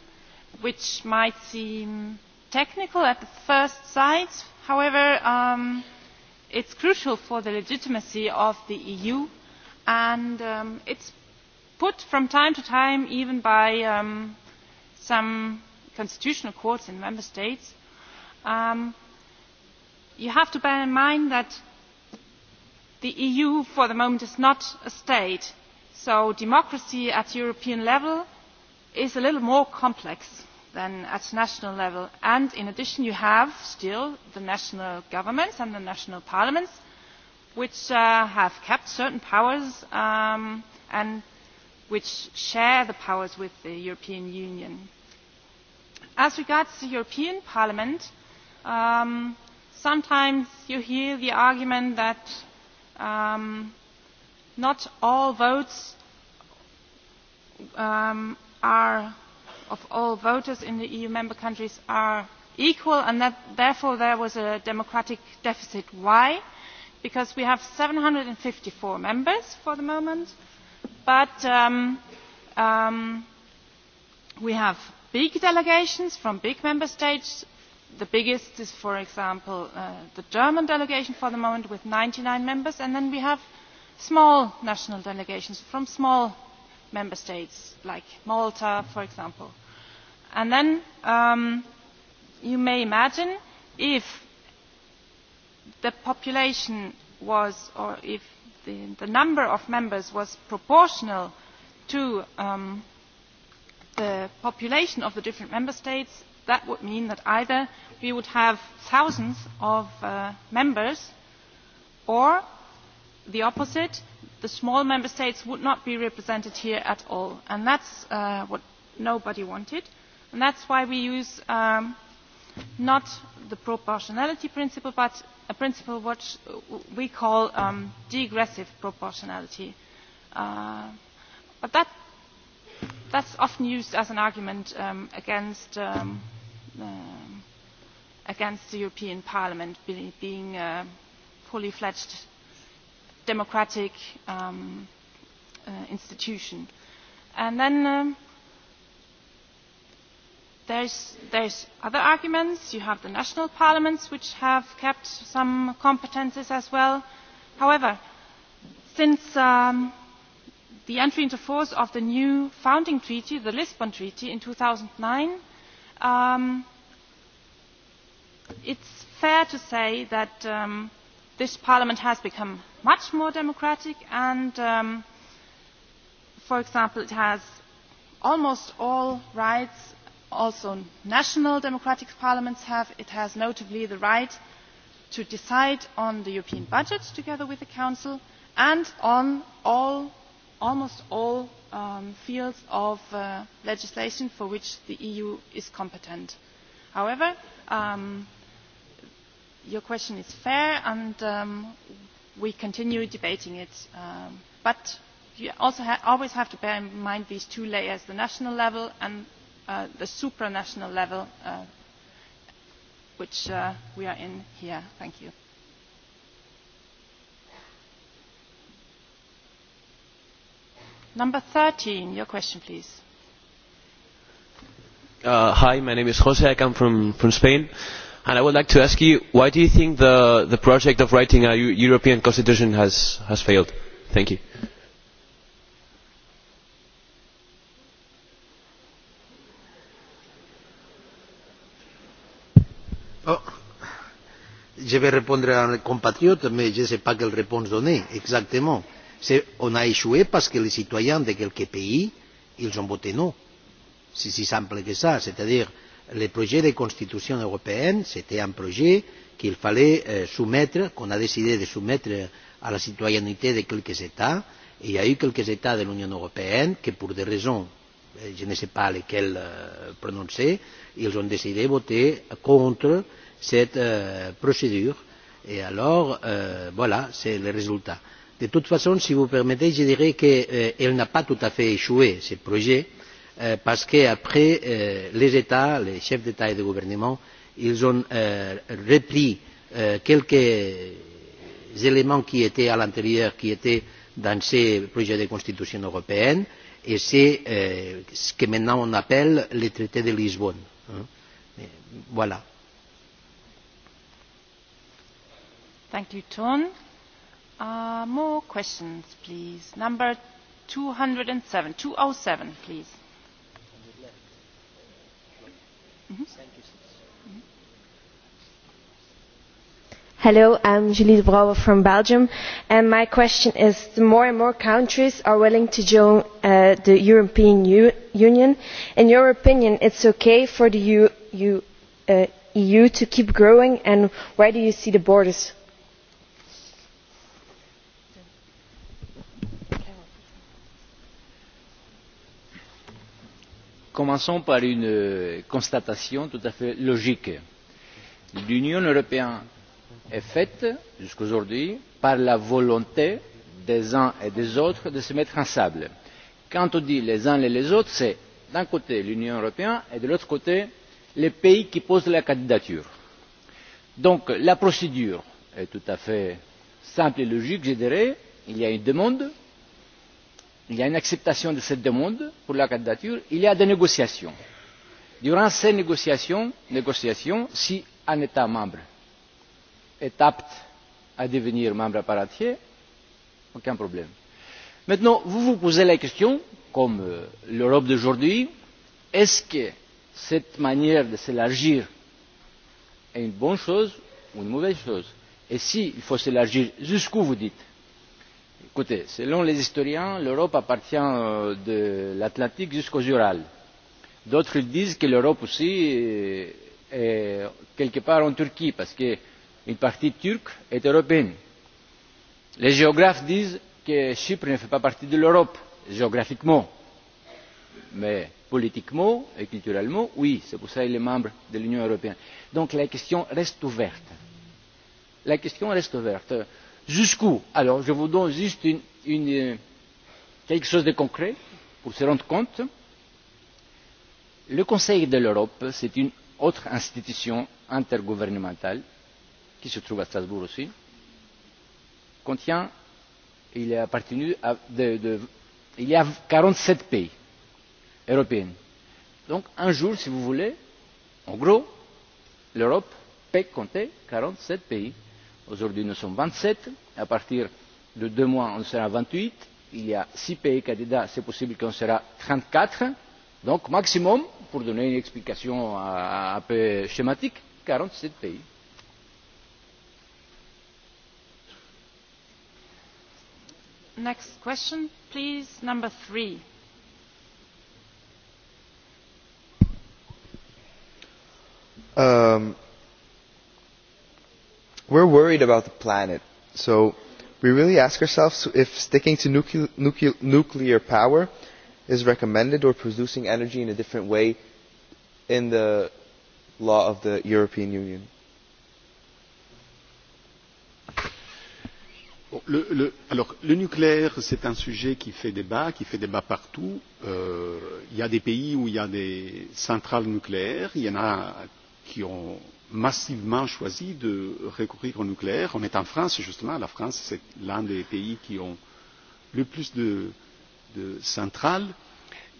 which might seem technical at the first sight. However, um, it's crucial for the legitimacy of the EU and um, it's put from time to time even by um, some constitutional courts in member states. Um, you have to bear in mind that the EU for the moment is not a state, so democracy at European level is a little more complex than at national level. And in addition, you have still the national governments and the national parliaments which uh, have kept certain powers um, and which share the powers with the European Union. As regards the European Parliament, um, sometimes you hear the argument that um, not all votes um, are of all voters in the EU member countries are equal and that therefore there was a democratic deficit. Why? because we have seven hundred and fifty four members for the moment but um, um, we have big delegations from big member states the biggest is for example uh, the german delegation for the moment with ninety nine members and then we have small national delegations from small member states like malta for example. and then um, you may imagine if the population was or if the, the number of members was proportional to um, the population of the different member states that would mean that either we would have thousands of uh, members or the opposite the small member states would not be represented here at all and that's uh, what nobody wanted and that's why we use um, not the proportionality principle but a principle which we call um, degressive proportionality. Uh, but that that's often used as an argument um, against um, um, against the European Parliament be, being a uh, fully fledged democratic um, uh, institution. And then um, there there's other arguments. You have the national parliaments, which have kept some competences as well. However, since um, the entry into force of the new founding treaty, the Lisbon Treaty, in two thousand nine, um, it is fair to say that um, this parliament has become much more democratic and, for example, it has almost all rights also national democratic parliaments have. It has notably the right to decide on the European budget together with the Council and on all, almost all um, fields of uh, legislation for which the EU is competent. However, um, your question is fair and um, we continue debating it. but you also always have to bear in mind these two layers, the national level and uh, the supranational level uh, which uh, we are in here. Thank you. Number 13, your question please. Uh, hi, my name is Jose. I come from, from Spain. And I would like to ask you, why do you think the, the project of writing a U European constitution has, has failed? Thank you. je vais répondre à un compatriote mais je ne sais pas quelle réponse donner exactement. on a échoué parce que les citoyens de quelques pays ont voté non. c'est si simple que cela. c'est à dire que le projet de constitution européenne c'était un projet qu'il fallait euh, soumettre qu'on a décidé de soumettre euh, à la citoyenneté de quelques états et il y a eu quelques états de l'union européenne qui pour des raisons euh, je ne sais pas lesquelles prononcer ont décidé de voter contre cette euh, procédure. Et alors, euh, voilà, c'est le résultat. De toute façon, si vous permettez, je dirais qu'elle euh, n'a pas tout à fait échoué, ce projet, euh, parce qu'après, euh, les États, les chefs d'État et de gouvernement, ils ont euh, repris euh, quelques éléments qui étaient à l'intérieur, qui étaient dans ces projets de constitution européenne, et c'est euh, ce que maintenant on appelle le traité de Lisbonne. Hein. Voilà Thank you, Ton. Uh, more questions, please. Number 207, 207, please. Mm -hmm. Hello, I'm Julie de Brouwer from Belgium, and my question is: the more and more countries are willing to join uh, the European U Union. In your opinion, it's okay for the U, U, uh, EU to keep growing, and where do you see the borders? commençons par une euh, constatation tout à fait logique l'union européenne est faite jusqu'à aujourd'hui par la volonté des uns et des autres de se mettre ensemble. quand on dit les uns et les autres c'est d'un côté l'union européenne et de l'autre côté les pays qui posent leur candidature. donc la procédure est tout à fait simple et logique je dirais il y a une demande il y a une acceptation de cette demande pour la candidature il y a des négociations. durant ces négociations, négociations si un état membre est apte à devenir membre à part entière aucun problème. maintenant vous vous posez la question comme euh, l'europe d'aujourd'hui est ce que cette manière de s'élargir est une bonne chose ou une mauvaise chose? et s'il faut s'élargir jusqu'où vous dites? Écoutez, selon les historiens, l'Europe appartient euh, de l'Atlantique jusqu'aux Urals. D'autres disent que l'Europe aussi est quelque part en Turquie, parce qu'une partie turque est européenne. Les géographes disent que Chypre ne fait pas partie de l'Europe, géographiquement. Mais politiquement et culturellement, oui, c'est pour cela qu'il est membre de l'Union européenne. Donc la question reste ouverte. La question reste ouverte jusqu'où? alors je vous donne juste une, une, euh, quelque chose de concret pour se rendre compte. le conseil de l'europe c'est une autre institution intergouvernementale qui se trouve à strasbourg aussi contient il est appartenu à de, de, il y a quarante sept pays européens. donc un jour si vous voulez en gros l'europe peut compter quarante sept pays aujourd'hui nous sommes vingt sept à partir de deux mois on sera vingt huit il y a six pays candidats c'est possible qu'on sera trente quatre donc maximum pour donner une explication un peu schématique quarante sept pays we're worried about the planet so we really ask ourselves if sticking to nucle nucle nuclear power is recommended or producing energy in a different way in the law of the European Union. Le, le, alors, le nucléaire, c'est un sujet qui fait débat, qui fait débat partout. Euh, il y a des pays où il y a des centrales nucléaires, il y en a qui ont massivement choisi de recourir au nucléaire. On est en France, justement. La France, c'est l'un des pays qui ont le plus de, de centrales.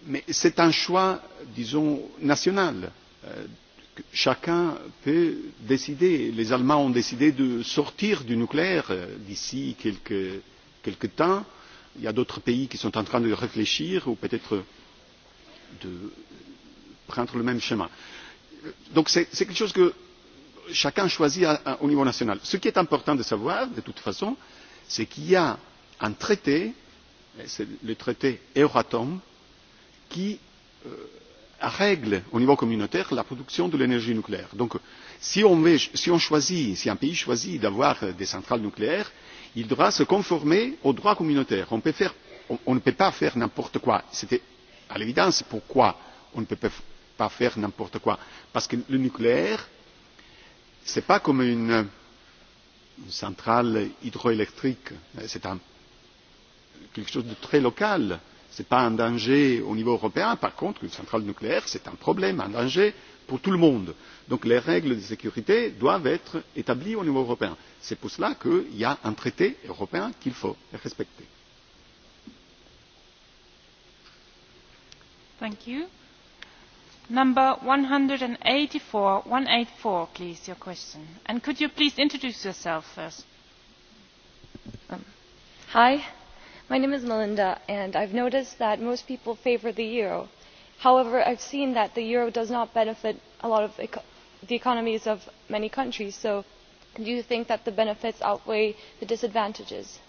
Mais c'est un choix, disons, national. Euh, chacun peut décider. Les Allemands ont décidé de sortir du nucléaire euh, d'ici quelques, quelques temps. Il y a d'autres pays qui sont en train de réfléchir ou peut-être de prendre le même chemin. Euh, donc c'est quelque chose que chacun choisit au niveau national. ce qui est important de savoir de toute façon c'est qu'il y a un traité c'est le traité euratom qui euh, règle au niveau communautaire la production de l'énergie nucléaire. donc si on, veut, si on choisit si un pays choisit d'avoir des centrales nucléaires il devra se conformer au droit communautaire. on, peut faire, on, on ne peut pas faire n'importe quoi. c'était à l'évidence pourquoi on ne peut pas faire n'importe quoi parce que le nucléaire ce n'est pas comme une, centrale hydroélectrique c'est quelque chose de très local ce n'est pas un danger au niveau européen par contre une centrale nucléaire c'est un problème un danger pour tout le monde. donc les règles de sécurité doivent être établies au niveau européen. c'est pour cela qu'il y a un traité européen qu'il faut respecter number one hundred and eighty four one eight four please your question and could you please introduce yourself first um, hi my name is melinda and i've noticed that most people favor the euro however i've seen that the euro does not benefit a lot of eco the economies of many countries so do you think that the benefits outweigh the disadvantages?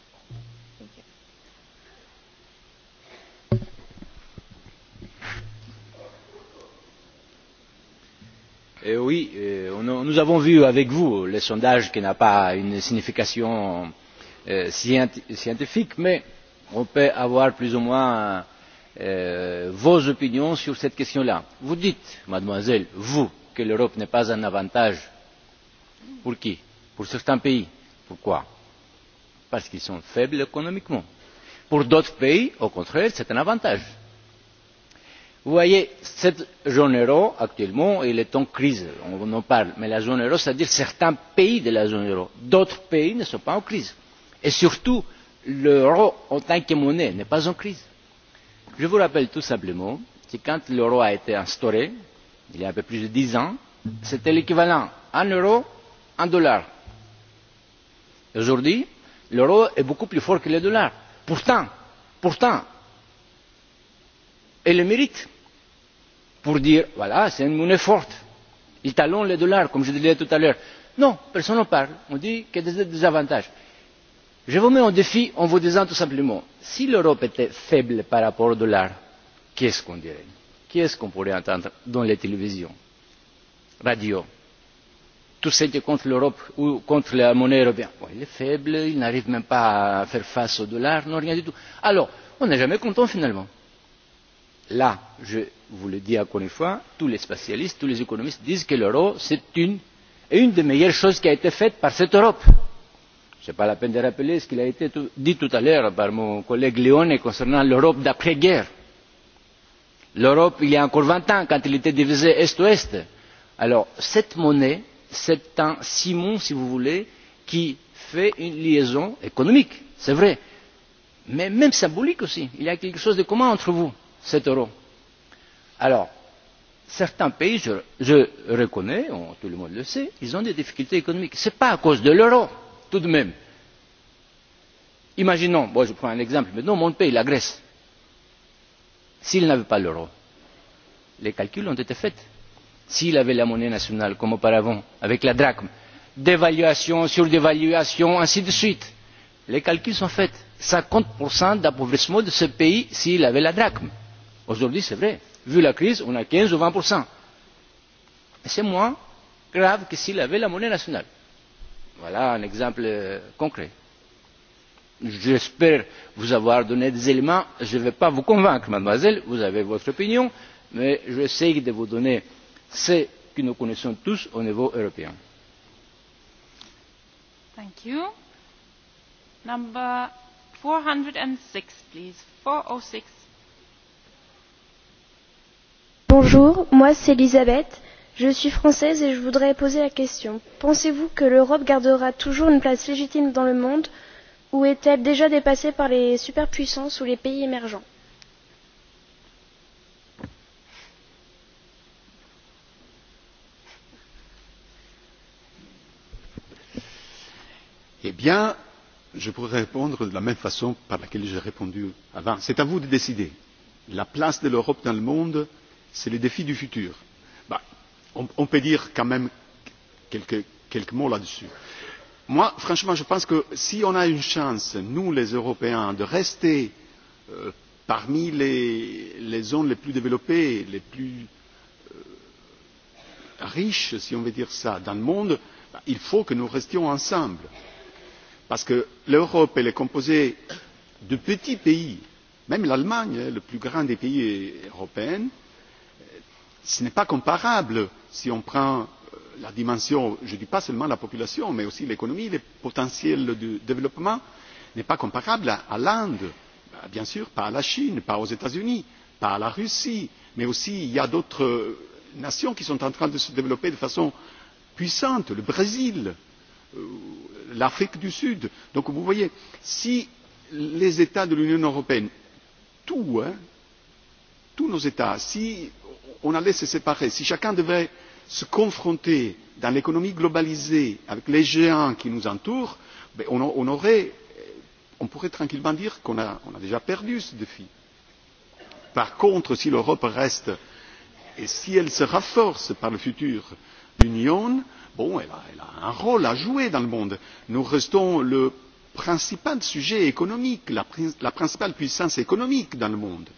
Eh oui, eh, nous avons vu avec vous le sondage qui n'a pas une signification eh, scientifique, mais on peut avoir plus ou moins vos opinions sur cette question là. Vous dites, mademoiselle, vous, que l'Europe n'est pas un avantage. Pour qui Pour certains pays. Pourquoi Parce qu'ils sont faibles économiquement. Pour d'autres pays, au contraire, c'est un avantage Vous voyez, cette zone euro, actuellement, elle est en crise, on en parle, mais la zone euro, c'est-à-dire certains pays de la zone euro. D'autres pays ne sont pas en crise. Et surtout, l'euro en tant que monnaie n'est pas en crise. Je vous rappelle tout simplement que quand l'euro a été instauré, il y a un peu plus de dix ans, c'était l'équivalent en euro, en dollar. Aujourd'hui, l'euro est beaucoup plus fort que le dollar. Pourtant, pourtant, et le mérite pour dire voilà, c'est une monnaie forte. Il talonne le dollar, comme je disais tout à l'heure. Non, personne n'en parle. On dit qu'il y a des désavantages. Je vous mets en défi en vous disant tout simplement, si l'Europe était faible par rapport au dollar, qu'est-ce qu'on dirait Qu'est-ce qu'on pourrait entendre dans les télévisions, radio Tout ce qui est contre l'Europe ou contre la monnaie européenne. Bon, il est faible, il n'arrive même pas à faire face au dollar, non, rien du tout. Alors, on n'est jamais content finalement là je vous le dis encore une fois tous les spécialistes tous les économistes disent que l'euro c'est une, des meilleures choses qui a été faite par cette europe. ce n'est pas la peine de rappeler ce qui a été dit tout à l'heure par mon collègue leone concernant l'europe d'après guerre. l'europe il y a encore vingt ans quand elle était divisée est ouest alors cette monnaie c'est un ciment si vous voulez qui fait une liaison économique c'est vrai mais même symbolique aussi il y a quelque chose de commun entre vous cet euro. alors certains pays je, je reconnais on, tout le monde le sait ils ont des difficultés économiques. ce n'est pas à cause de l'euro tout de même. imaginons moi je prends un exemple maintenant mon pays la grèce s'il n'avait pas l'euro les calculs ont été faits s'il avait la monnaie nationale comme auparavant avec la drachme dévaluation sur dévaluation ainsi de suite les calculs sont faits cinquante d'appauvrissement de ce pays s'il avait la drachme. Aujourd'hui, c'est vrai. Vu la crise, on a 15 ou 20%. Mais c'est moins grave que s'il avait la monnaie nationale. Voilà un exemple euh, concret. J'espère vous avoir donné des éléments. Je ne vais pas vous convaincre, mademoiselle. Vous avez votre opinion. Mais j'essaie de vous donner ce que nous connaissons tous au niveau européen. Thank you. Number 406, please. 406. Bonjour, moi c'est Elisabeth. Je suis française et je voudrais poser la question. Pensez-vous que l'Europe gardera toujours une place légitime dans le monde ou est-elle déjà dépassée par les superpuissances ou les pays émergents Eh bien, je pourrais répondre de la même façon par laquelle j'ai répondu avant. C'est à vous de décider. La place de l'Europe dans le monde, c'est le défi du futur. on, peut dire quand même quelques, mots là-dessus. Moi, franchement, je pense que si on a une chance, nous les Européens, de rester euh, parmi les, zones les plus développées, les plus euh, riches, si on veut dire cela, dans le monde, il faut que nous restions ensemble. Parce que l'Europe, est composée de petits pays. Même l'Allemagne, le plus grand des pays européens, ce n'est pas comparable si on prend euh, la dimension je ne dis pas seulement la population mais aussi l'économie le potentiel de développement n'est pas comparable à l'inde bien sûr pas à la chine pas aux états unis pas à la russie mais aussi il y a d'autres euh, nations qui sont en train de se développer de façon puissante le brésil euh, l'afrique du sud. donc vous voyez si les états de l'union européenne tous tous nos états si on allait se séparer. Si chacun devait se confronter dans l'économie globalisée avec les géants qui nous entourent, on, on, aurait, on pourrait tranquillement dire qu'on a, on a déjà perdu ce défi. Par contre, si l'Europe reste et si elle se renforce par le futur l'Union, bon, elle a, elle a un rôle à jouer dans le monde. Nous restons le principal sujet économique, la, la principale puissance économique dans le monde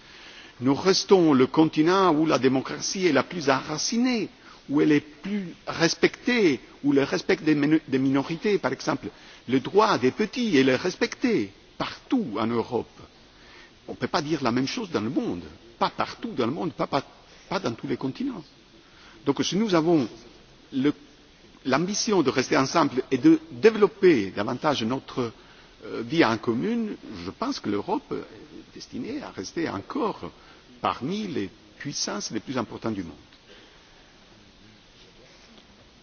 nous restons le continent où la démocratie est la plus enracinée où elle est plus respectée où le respect des, minorités par exemple le droit des petits est respecté partout en europe. on ne peut pas dire la même chose dans le monde pas partout dans le monde pas, pas, pas dans tous les continents. donc si nous avons l'ambition de rester ensemble et de développer davantage notre euh, vie en commune je pense que l'europe est destinée à rester encore parmi les puissances les plus importantes du monde.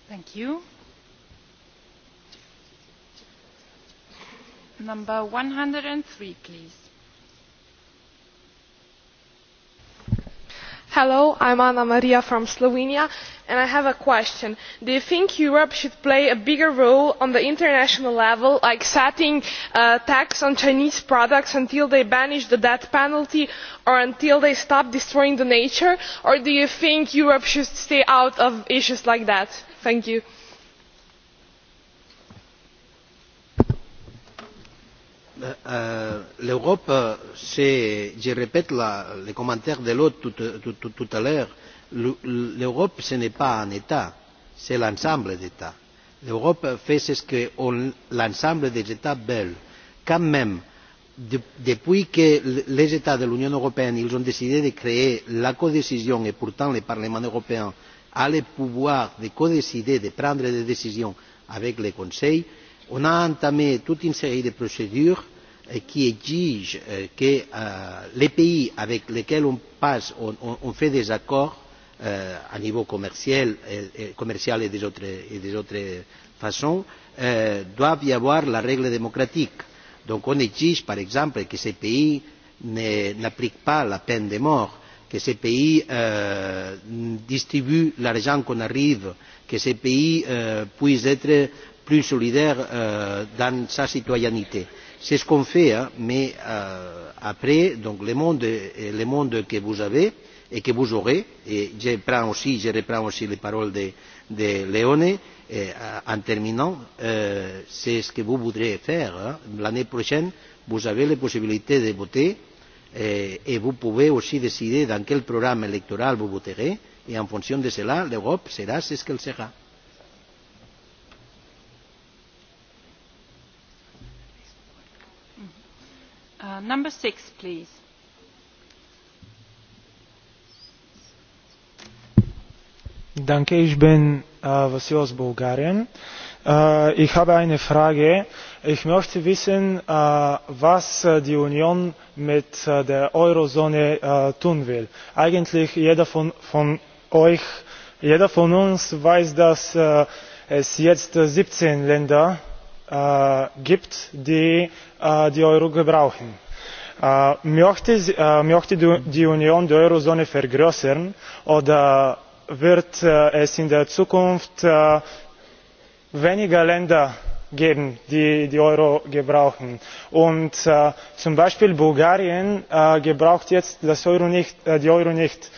Thank you. Number 103, please. hello i am anna maria from slovenia and i have a question do you think europe should play a bigger role at international level like setting a uh, tax on chinese products until they banish the death penalty or until they stop destroying nature or do you think europe should stay out of issues like that? thank you. Euh, euh, l'Europe, c'est, je répète le les commentaires de l'autre tout, à l'heure, l'Europe, ce n'est pas un État, c'est l'ensemble d'États. L'Europe fait ce que l'ensemble des États veulent. Quand même, depuis que les États de l'Union européenne ont décidé de créer la codécision et pourtant le Parlement européen a le pouvoir de codécider, de prendre des décisions avec le Conseil, on a entamé toute une série de procédures euh, qui exigent euh, que euh, les pays avec lesquels on, passe, on, on fait des accords à niveau commercial, et, d'autres façons doivent y avoir la règle démocratique. Donc on exige par exemple que ces pays n'appliquent pas la peine de mort, que ces pays distribuent l'argent qu'on arrive, que ces pays puissent être plus solidaire euh, dans sa citoyenneté. C'est ce qu'on fait, hein, mais euh, après, donc, le, monde, le monde que vous avez et que vous aurez, et je, prends aussi, je reprends aussi les paroles de, de euh, en terminant, euh, c'est ce que vous voudrez faire. Hein. L'année prochaine, vous avez les possibilités de voter et, et vous pouvez aussi décider dans quel programme électoral vous voterez et en fonction de cela, l'Europe sera ce qu'elle sera. Uh, Danke, ich bin äh, Vasil aus Bulgarien. Äh, ich habe eine Frage. Ich möchte wissen, äh, was äh, die Union mit äh, der Eurozone äh, tun will. Eigentlich jeder von, von euch, jeder von uns weiß, dass äh, es jetzt 17 Länder äh, gibt, die äh, die Euro gebrauchen möchte die union die eurozone vergrößern oder wird es in der zukunft weniger länder geben die den euro gebrauchen? und zum beispiel bulgarien gebraucht jetzt den euro nicht.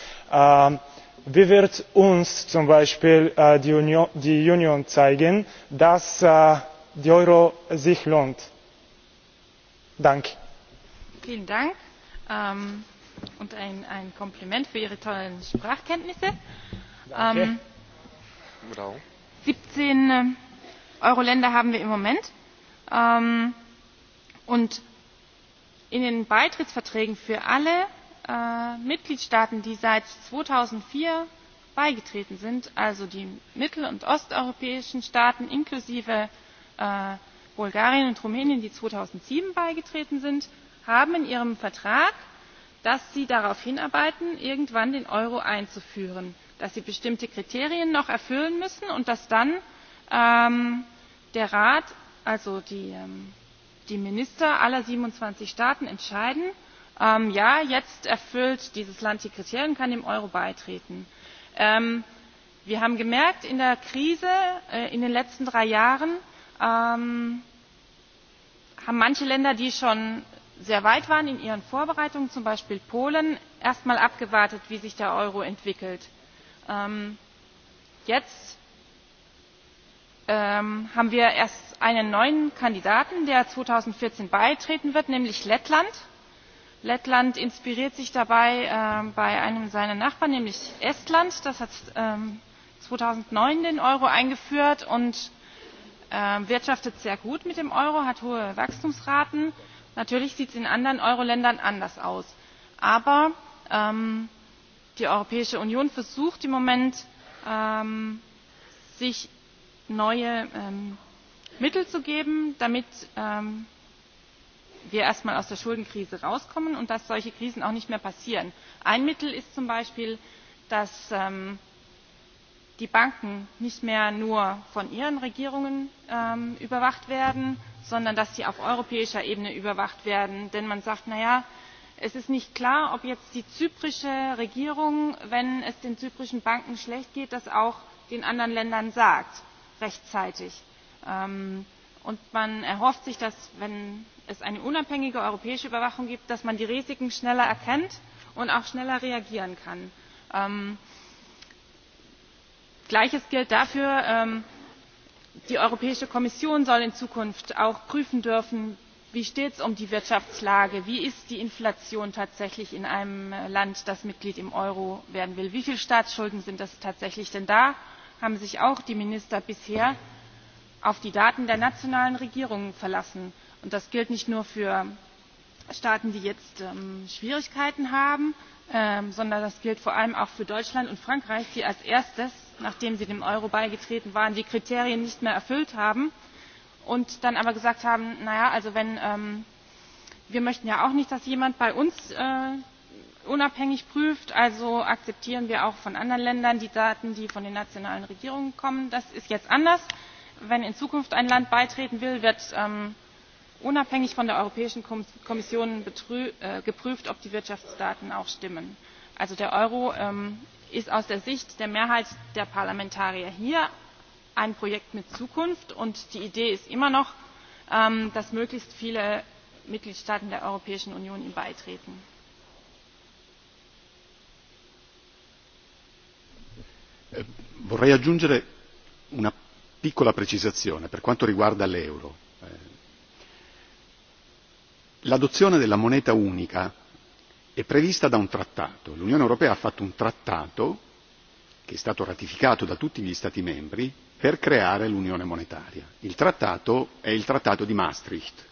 wie wird uns zum beispiel die union zeigen dass der euro sich lohnt? danke! vielen Dank ähm, und ein, ein Kompliment für Ihre tollen Sprachkenntnisse. Ähm, 17 äh, Euro-Länder haben wir im Moment. Ähm, und in den Beitrittsverträgen für alle äh, Mitgliedstaaten, die seit 2004 beigetreten sind, also die mittel- und osteuropäischen Staaten inklusive äh, Bulgarien und Rumänien, die 2007 beigetreten sind, haben in ihrem vertrag dass sie darauf hinarbeiten irgendwann den euro einzuführen dass sie bestimmte kriterien noch erfüllen müssen und dass dann ähm, der rat also ähm, die, minister aller siebenundzwanzig staaten entscheiden ähm, ja jetzt erfüllt dieses land die kriterien und kann dem euro beitreten. wir haben gemerkt in der krise äh, in den letzten drei jahren haben manche länder die schon sehr weit waren in ihren vorbereitungen zum beispiel polen erst einmal abgewartet wie sich der euro entwickelt. Ähm, jetzt ähm, haben wir erst einen neuen kandidaten der zweitausendvierzehn beitreten wird nämlich lettland. lettland inspiriert sich dabei ähm, bei einem seiner nachbarn nämlich estland das hat zweitausendneun den euro eingeführt und wirtschaftet sehr gut mit dem euro hat hohe wachstumsraten natürlich sieht es in anderen euro ländern anders aus aber ähm, die europäische union versucht im moment ähm, sich neue ähm, mittel zu geben damit wir erst einmal aus der schuldenkrise herauskommen und dass solche krisen auch nicht mehr passieren. ein mittel ist zum beispiel dass die banken nicht mehr nur von ihren regierungen ähm, überwacht werden sondern dass sie auf europäischer ebene überwacht werden denn man sagt na ja es ist nicht klar ob jetzt die zyprische regierung wenn es den zyprischen banken schlecht geht das auch den anderen ländern sagt rechtzeitig. sagt. Ähm, und man erhofft sich dass wenn es eine unabhängige europäische überwachung gibt dass man die risiken schneller erkennt und auch schneller reagieren kann. Ähm, gleiches gilt dafür ähm, die europäische kommission soll in zukunft auch prüfen dürfen wie steht es um die wirtschaftslage wie ist die inflation tatsächlich in einem äh, land das mitglied im euro werden will wie viele staatsschulden sind das tatsächlich denn da haben sich auch die minister bisher auf die daten der nationalen regierungen verlassen und das gilt nicht nur für staaten die jetzt ähm, schwierigkeiten haben ähm, sondern das gilt vor allem auch für deutschland und frankreich die als erstes nachdem sie dem euro beigetreten waren die kriterien nicht mehr erfüllt haben und dann aber gesagt haben na ja also wenn ähm, wir möchten ja auch nicht dass jemand bei uns äh, unabhängig prüft also akzeptieren wir auch von anderen ländern die daten die von den nationalen regierungen kommen. das ist jetzt anders. wenn in zukunft ein land beitreten will wird ähm, unabhängig von der europäischen kommission äh, geprüft ob die wirtschaftsdaten auch stimmen. also der euro ähm, ist aus der sicht der mehrheit der parlamentarier hier ein projekt mit zukunft und die idee ist immer noch ähm, dass möglichst viele mitgliedstaaten der europäischen union ihm beitreten. Äh, vorrei aggiungere una piccola precisazione per quanto riguarda l'euro. Eh, l'adozione della moneta unica è prevista da un trattato. L'Unione Europea ha fatto un trattato che è stato ratificato da tutti gli Stati membri per creare l'unione monetaria. Il trattato è il trattato di Maastricht.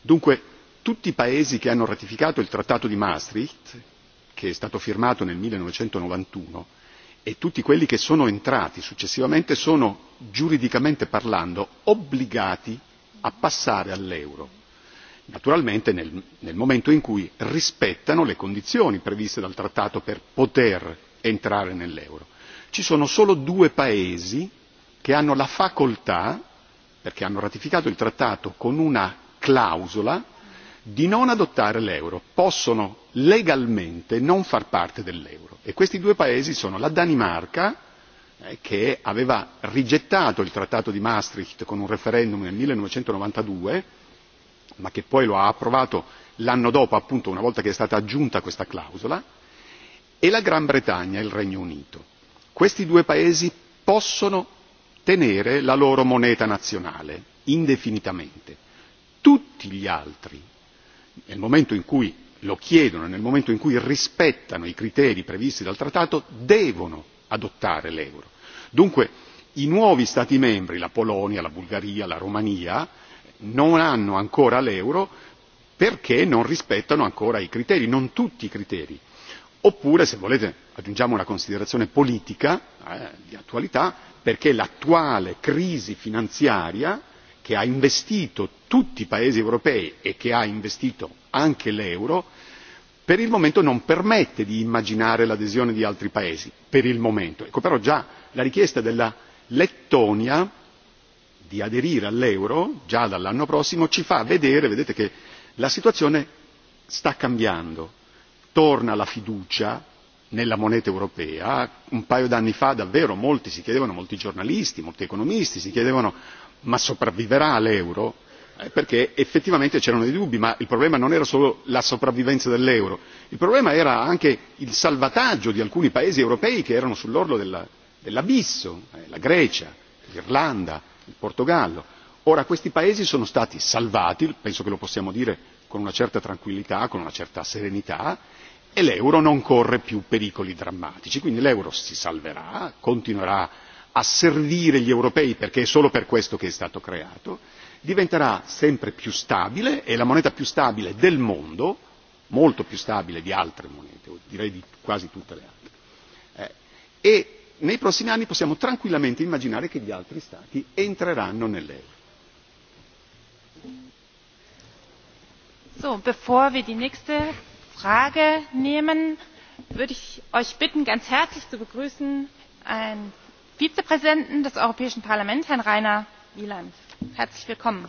Dunque tutti i paesi che hanno ratificato il trattato di Maastricht, che è stato firmato nel 1991, e tutti quelli che sono entrati successivamente sono giuridicamente parlando obbligati a passare all'euro naturalmente nel, momento in cui rispettano le condizioni previste dal trattato per poter entrare nell'euro. Ci sono solo due paesi che hanno la facoltà, perché hanno ratificato il trattato con una clausola, di non adottare l'euro. Possono legalmente non far parte dell'euro e questi due paesi sono la Danimarca, eh, che aveva rigettato il trattato di Maastricht con un referendum nel millenovecentonovantadue ma che poi lo ha approvato l'anno dopo appunto una volta che è stata aggiunta questa clausola e la gran bretagna e il regno unito. questi due paesi possono tenere la loro moneta nazionale indefinitamente. tutti gli altri nel momento in cui lo chiedono e nel momento in cui rispettano i criteri previsti dal trattato devono adottare l'euro. dunque i nuovi stati membri la polonia la bulgaria la romania non hanno ancora l'euro perché non rispettano ancora i criteri non tutti i criteri oppure se volete aggiungiamo una considerazione politica eh, di attualità perché l'attuale crisi finanziaria che ha investito tutti i paesi europei e che ha investito anche l'euro per il momento non permette di immaginare l'adesione di altri paesi per il momento. ecco però già la richiesta della lettonia di aderire all'euro già dall'anno prossimo ci fa vedere vedete che la situazione sta cambiando torna la fiducia nella moneta europea un paio d'anni fa davvero molti si chiedevano molti giornalisti molti economisti si chiedevano ma sopravviverà l'euro eh, perché effettivamente c'erano dei dubbi ma il problema non era solo la sopravvivenza dell'euro il problema era anche il salvataggio di alcuni paesi europei che erano sull'orlo della, dell'abisso eh, la grecia l'irlanda il Portogallo. Ora questi paesi sono stati salvati, penso che lo possiamo dire con una certa tranquillità, con una certa serenità, e l'euro non corre più pericoli drammatici. Quindi l'euro si salverà, continuerà a servire gli europei perché è solo per questo che è stato creato, diventerà sempre più stabile, è e la moneta più stabile del mondo, molto più stabile di altre monete, direi di quasi tutte le altre. Eh, e nei prossimi anni possiamo tranquillamente immaginare che gli altri Stati entreranno nell'euro. So, bevor wir die nächste Frage nehmen, würde ich euch bitten, ganz herzlich zu begrüßen einen Vizepräsidenten des Europäischen Parlaments, Herrn Rainer Wieland. Herzlich willkommen.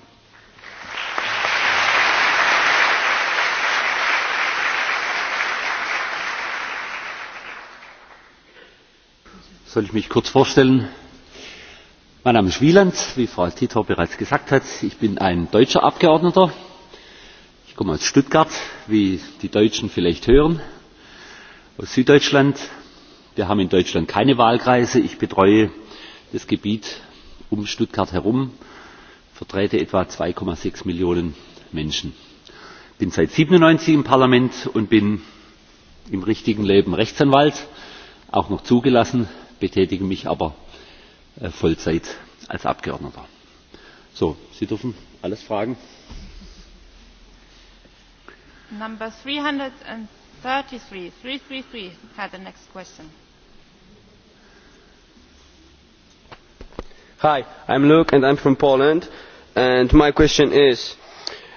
soll ich mich kurz vorstellen. Mein Name ist Wieland, wie Frau Titor bereits gesagt hat. Ich bin ein deutscher Abgeordneter. Ich komme aus Stuttgart, wie die Deutschen vielleicht hören, aus Süddeutschland. Wir haben in Deutschland keine Wahlkreise. Ich betreue das Gebiet um Stuttgart herum, vertrete etwa 2,6 Millionen Menschen. Bin seit 97 im Parlament und bin im richtigen Leben Rechtsanwalt, auch noch zugelassen betätige mich aber äh, Vollzeit als Abgeordneter. So, Sie dürfen alles fragen. Number 333, 333 had the next question. Hi, I'm Luke and I'm from Poland. And my question is,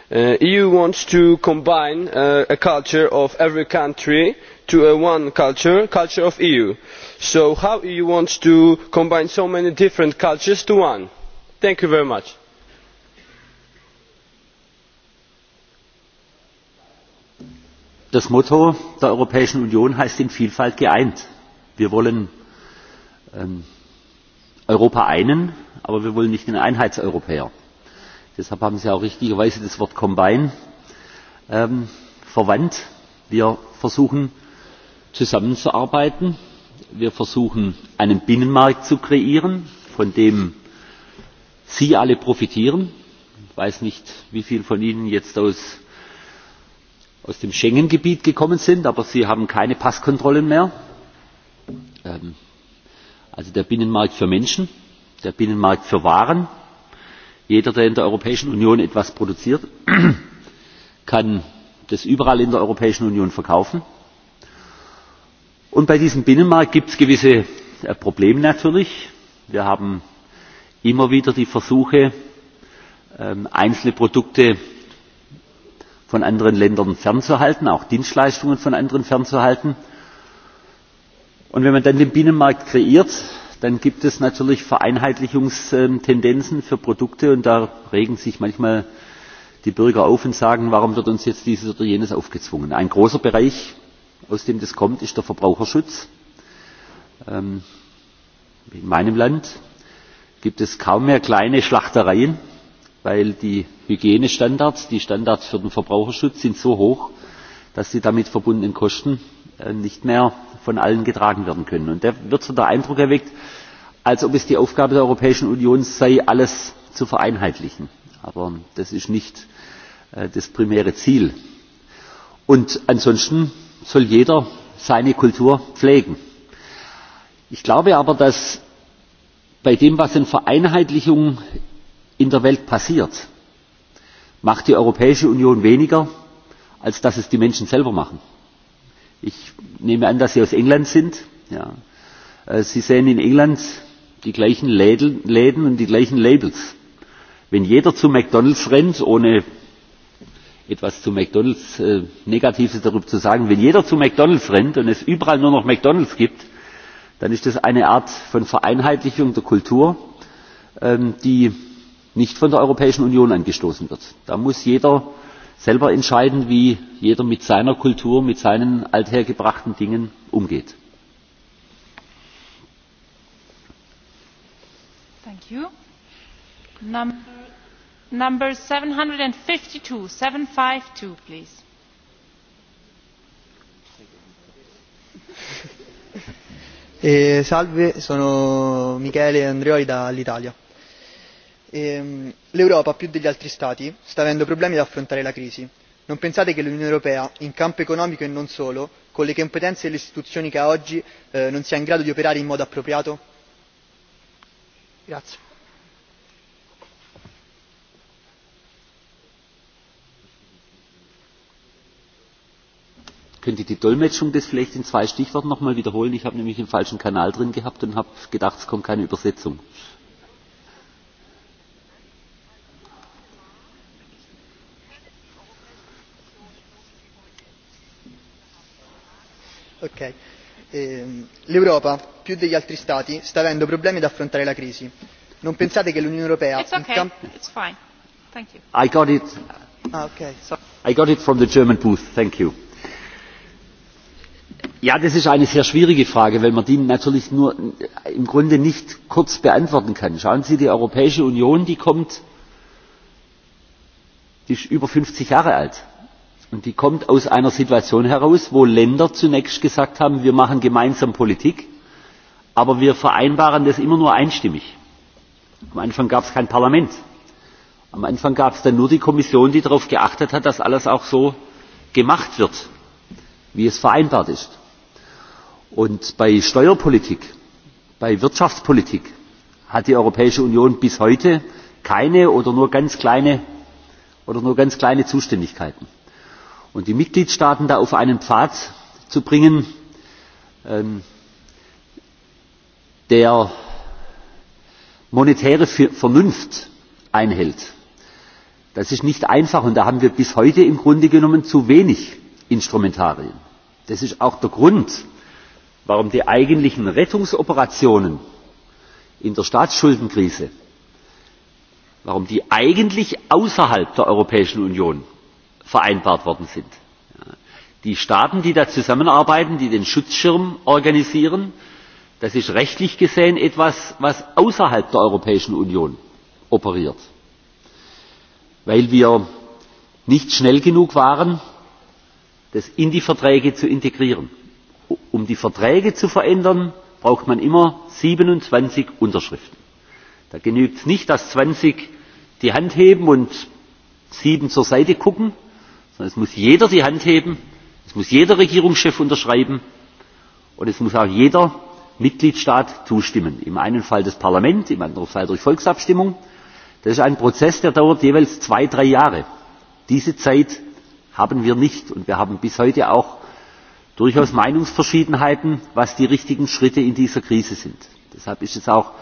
the uh, EU wants to combine uh, a culture of every country to a uh, one culture, culture of EU so how do you want to combine so many different cultures into one? thank you very much. das motto der europäischen union heißt in vielfalt geeint. wir wollen ähm, europa einen aber wir wollen nicht den einheitseuropäer. deshalb haben sie auch richtigerweise das wort combine ähm, verwandt. wir versuchen zusammenzuarbeiten wir versuchen einen binnenmarkt zu kreieren von dem sie alle profitieren. ich weiß nicht wie viele von ihnen jetzt aus, dem schengen gebiet gekommen sind aber sie haben keine passkontrollen mehr. Ähm, also der binnenmarkt für menschen der binnenmarkt für waren jeder der in der europäischen union etwas produziert (clears throat) kann das überall in der europäischen union verkaufen und bei diesem binnenmarkt gibt es gewisse äh, probleme natürlich. wir haben immer wieder die versuche ähm, einzelne produkte von anderen ländern fernzuhalten auch dienstleistungen von anderen fernzuhalten. und wenn man dann den binnenmarkt kreiert dann gibt es natürlich vereinheitlichungstendenzen für produkte und da regen sich manchmal die bürger auf und sagen warum wird uns jetzt dieses oder jenes aufgezwungen? ein großer bereich aus dem das kommt, ist der Verbraucherschutz. Ähm, in meinem Land gibt es kaum mehr kleine Schlachtereien, weil die Hygienestandards, die Standards für den Verbraucherschutz sind so hoch, dass die damit verbundenen Kosten äh, nicht mehr von allen getragen werden können. Und da wird so der Eindruck erweckt, als ob es die Aufgabe der Europäischen Union sei, alles zu vereinheitlichen. Aber das ist nicht äh, das primäre Ziel. Und ansonsten soll jeder seine Kultur pflegen. Ich glaube aber, dass bei dem, was in Vereinheitlichung in der Welt passiert, macht die Europäische Union weniger, als dass es die Menschen selber machen. Ich nehme an, dass Sie aus England sind. Ja. Äh, Sie sehen in England die gleichen Läden und die gleichen Labels. Wenn jeder zu McDonalds rennt, ohne etwas zu McDonalds äh, Negatives darüber zu sagen. Wenn jeder zu McDonalds rennt und es überall nur noch McDonalds gibt, dann ist das eine Art von Vereinheitlichung der Kultur, ähm, die nicht von der Europäischen Union angestoßen wird. Da muss jeder selber entscheiden, wie jeder mit seiner Kultur, mit seinen althergebrachten Dingen umgeht. Thank you. (laughs) Eh, salve sono Michele e Andreoli dall'Italia ehm, l'Europa più degli altri stati sta avendo problemi ad affrontare la crisi non pensate che l'Unione Europea in campo economico e non solo con le competenze e le istituzioni che ha oggi eh, non sia in grado di operare in modo appropriato? Grazie. ihr die Dolmetschung des vielleicht in zwei Stichworten nochmal wiederholen? Ich habe nämlich den falschen Kanal drin gehabt und habe gedacht, es kommt keine Übersetzung. Okay. Ehm, L'Europa, più degli altri Stati, sta avendo problemi ad affrontare la crisi. Non pensate che l'Unione Europea... It's okay. It's fine. Thank you. I got it. Ah, okay. I got it from the German booth. Thank you ja, das ist eine sehr schwierige Frage, weil man die natürlich nur äh, im Grunde nicht kurz beantworten kann. Schauen Sie, die Europäische Union, die kommt, die ist über 50 Jahre alt. Und die kommt aus einer Situation heraus, wo Länder zunächst gesagt haben, wir machen gemeinsam Politik, aber wir vereinbaren das immer nur einstimmig. Am Anfang gab es kein Parlament. Am Anfang gab es dann nur die Kommission, die darauf geachtet hat, dass alles auch so gemacht wird, wie es vereinbart ist und bei steuerpolitik bei wirtschaftspolitik hat die europäische union bis heute keine oder nur ganz kleine oder nur ganz kleine zuständigkeiten. und die mitgliedstaaten da auf einen pfad zu bringen ähm, der monetäre vernunft einhält das ist nicht einfach und da haben wir bis heute im grunde genommen zu wenig instrumentarien. das ist auch der grund warum die eigentlichen rettungsoperationen in der staatsschuldenkrise warum die eigentlich außerhalb der europäischen union vereinbart worden sind. die staaten die da zusammenarbeiten die den schutzschirm organisieren das ist rechtlich gesehen etwas was außerhalb der europäischen union operiert. weil wir nicht schnell genug waren das in die verträge zu integrieren um die Verträge zu verändern, braucht man immer siebenundzwanzig Unterschriften. Da genügt es nicht, dass zwanzig die Hand heben und sieben zur Seite gucken, sondern es muss jeder die Hand heben, es muss jeder Regierungschef unterschreiben und es muss auch jeder Mitgliedstaat zustimmen. Im einen Fall das Parlament, im anderen Fall durch Volksabstimmung. Das ist ein Prozess, der dauert jeweils zwei, drei Jahre. Diese Zeit haben wir nicht und wir haben bis heute auch durchaus Meinungsverschiedenheiten, was die richtigen Schritte in dieser Krise sind. Deshalb ist es auch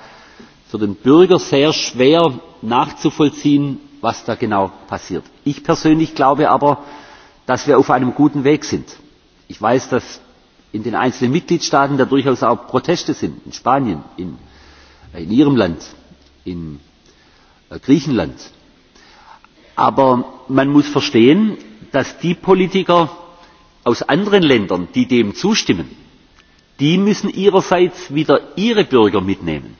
für den Bürger sehr schwer nachzuvollziehen, was da genau passiert. Ich persönlich glaube aber, dass wir auf einem guten Weg sind. Ich weiß, dass in den einzelnen Mitgliedstaaten da durchaus auch Proteste sind, in Spanien, in, äh, in Ihrem Land, in äh, Griechenland. Aber man muss verstehen, dass die Politiker aus anderen ländern die dem zustimmen die müssen ihrerseits wieder ihre bürger mitnehmen.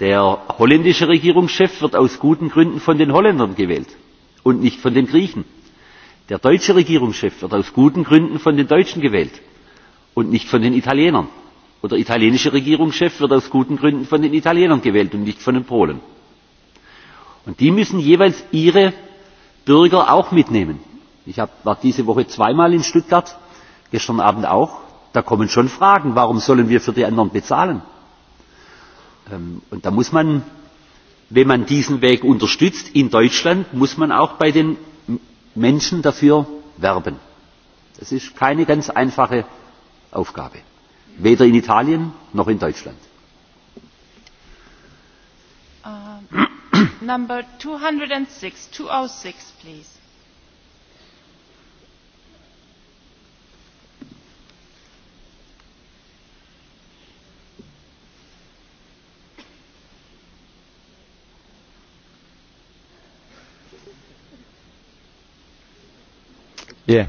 der holländische regierungschef wird aus guten gründen von den holländern gewählt und nicht von den griechen. der deutsche regierungschef wird aus guten gründen von den deutschen gewählt und nicht von den italienern. und der italienische regierungschef wird aus guten gründen von den italienern gewählt und nicht von den polen. und die müssen jeweils ihre bürger auch mitnehmen. Ich war diese Woche zweimal in Stuttgart, gestern Abend auch. Da kommen schon Fragen, warum sollen wir für die anderen bezahlen? Ähm, und da muss man, wenn man diesen Weg unterstützt, in Deutschland, muss man auch bei den Menschen dafür werben. Das ist keine ganz einfache Aufgabe. Weder in Italien noch in Deutschland. Uh, (coughs) number 206, 206, please. Yeah.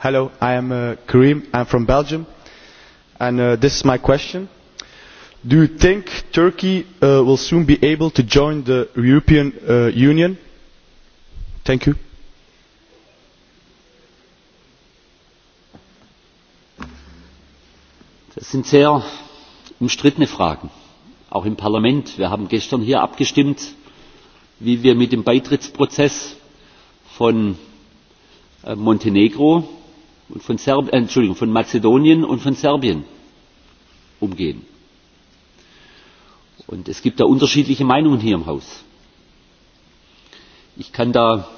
Hello, I am uh, Karim. I'm from Belgium. And uh, this is my question. Do you think Turkey uh, will soon be able to join the European uh, Union? Thank you. Das sind sehr umstrittene Fragen, auch im Parlament. Wir haben gestern hier abgestimmt, wie wir mit dem Beitrittsprozess von Äh, Montenegro und von, Serb äh, Entschuldigung, von Mazedonien und von Serbien umgehen. Und es gibt da unterschiedliche Meinungen hier im Haus. Ich kann da,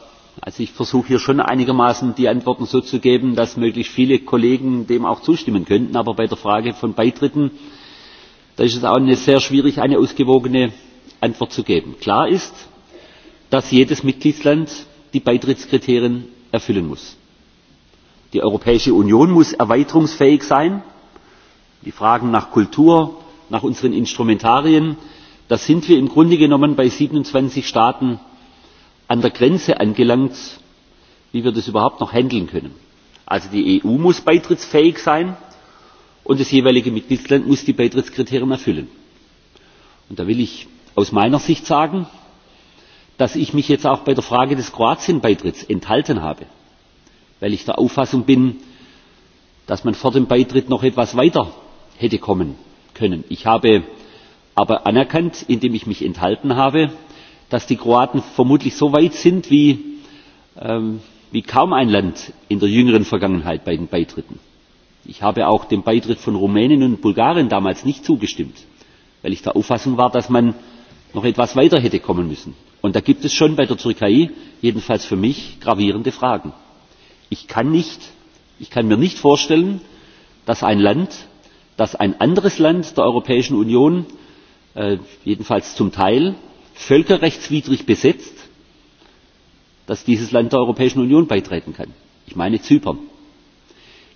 also ich versuche hier schon einigermaßen die Antworten so zu geben, dass möglichst viele Kollegen dem auch zustimmen könnten. Aber bei der Frage von Beitritten, da ist es auch eine sehr schwierig, eine ausgewogene Antwort zu geben. Klar ist, dass jedes Mitgliedsland die Beitrittskriterien erfüllen muss. Die Europäische Union muss erweiterungsfähig sein. Die Fragen nach Kultur, nach unseren Instrumentarien, da sind wir im Grunde genommen bei siebenundzwanzig Staaten an der Grenze angelangt, wie wir das überhaupt noch handeln können. Also die EU muss beitrittsfähig sein und das jeweilige Mitgliedsland muss die Beitrittskriterien erfüllen. Und da will ich aus meiner Sicht sagen, dass ich mich jetzt auch bei der Frage des Kroatien-Beitritts enthalten habe, weil ich der Auffassung bin, dass man vor dem Beitritt noch etwas weiter hätte kommen können. Ich habe aber anerkannt, indem ich mich enthalten habe, dass die Kroaten vermutlich so weit sind wie, ähm, wie kaum ein Land in der jüngeren Vergangenheit bei den Beitritten. Ich habe auch dem Beitritt von Rumänien und Bulgarien damals nicht zugestimmt, weil ich der Auffassung war, dass man noch etwas weiter hätte kommen müssen. Und da gibt es schon bei der Türkei, jedenfalls für mich, gravierende Fragen. Ich kann, nicht, ich kann mir nicht vorstellen, dass ein Land, dass ein anderes Land der Europäischen Union, äh, jedenfalls zum Teil, völkerrechtswidrig besetzt, dass dieses Land der Europäischen Union beitreten kann. Ich meine Zypern.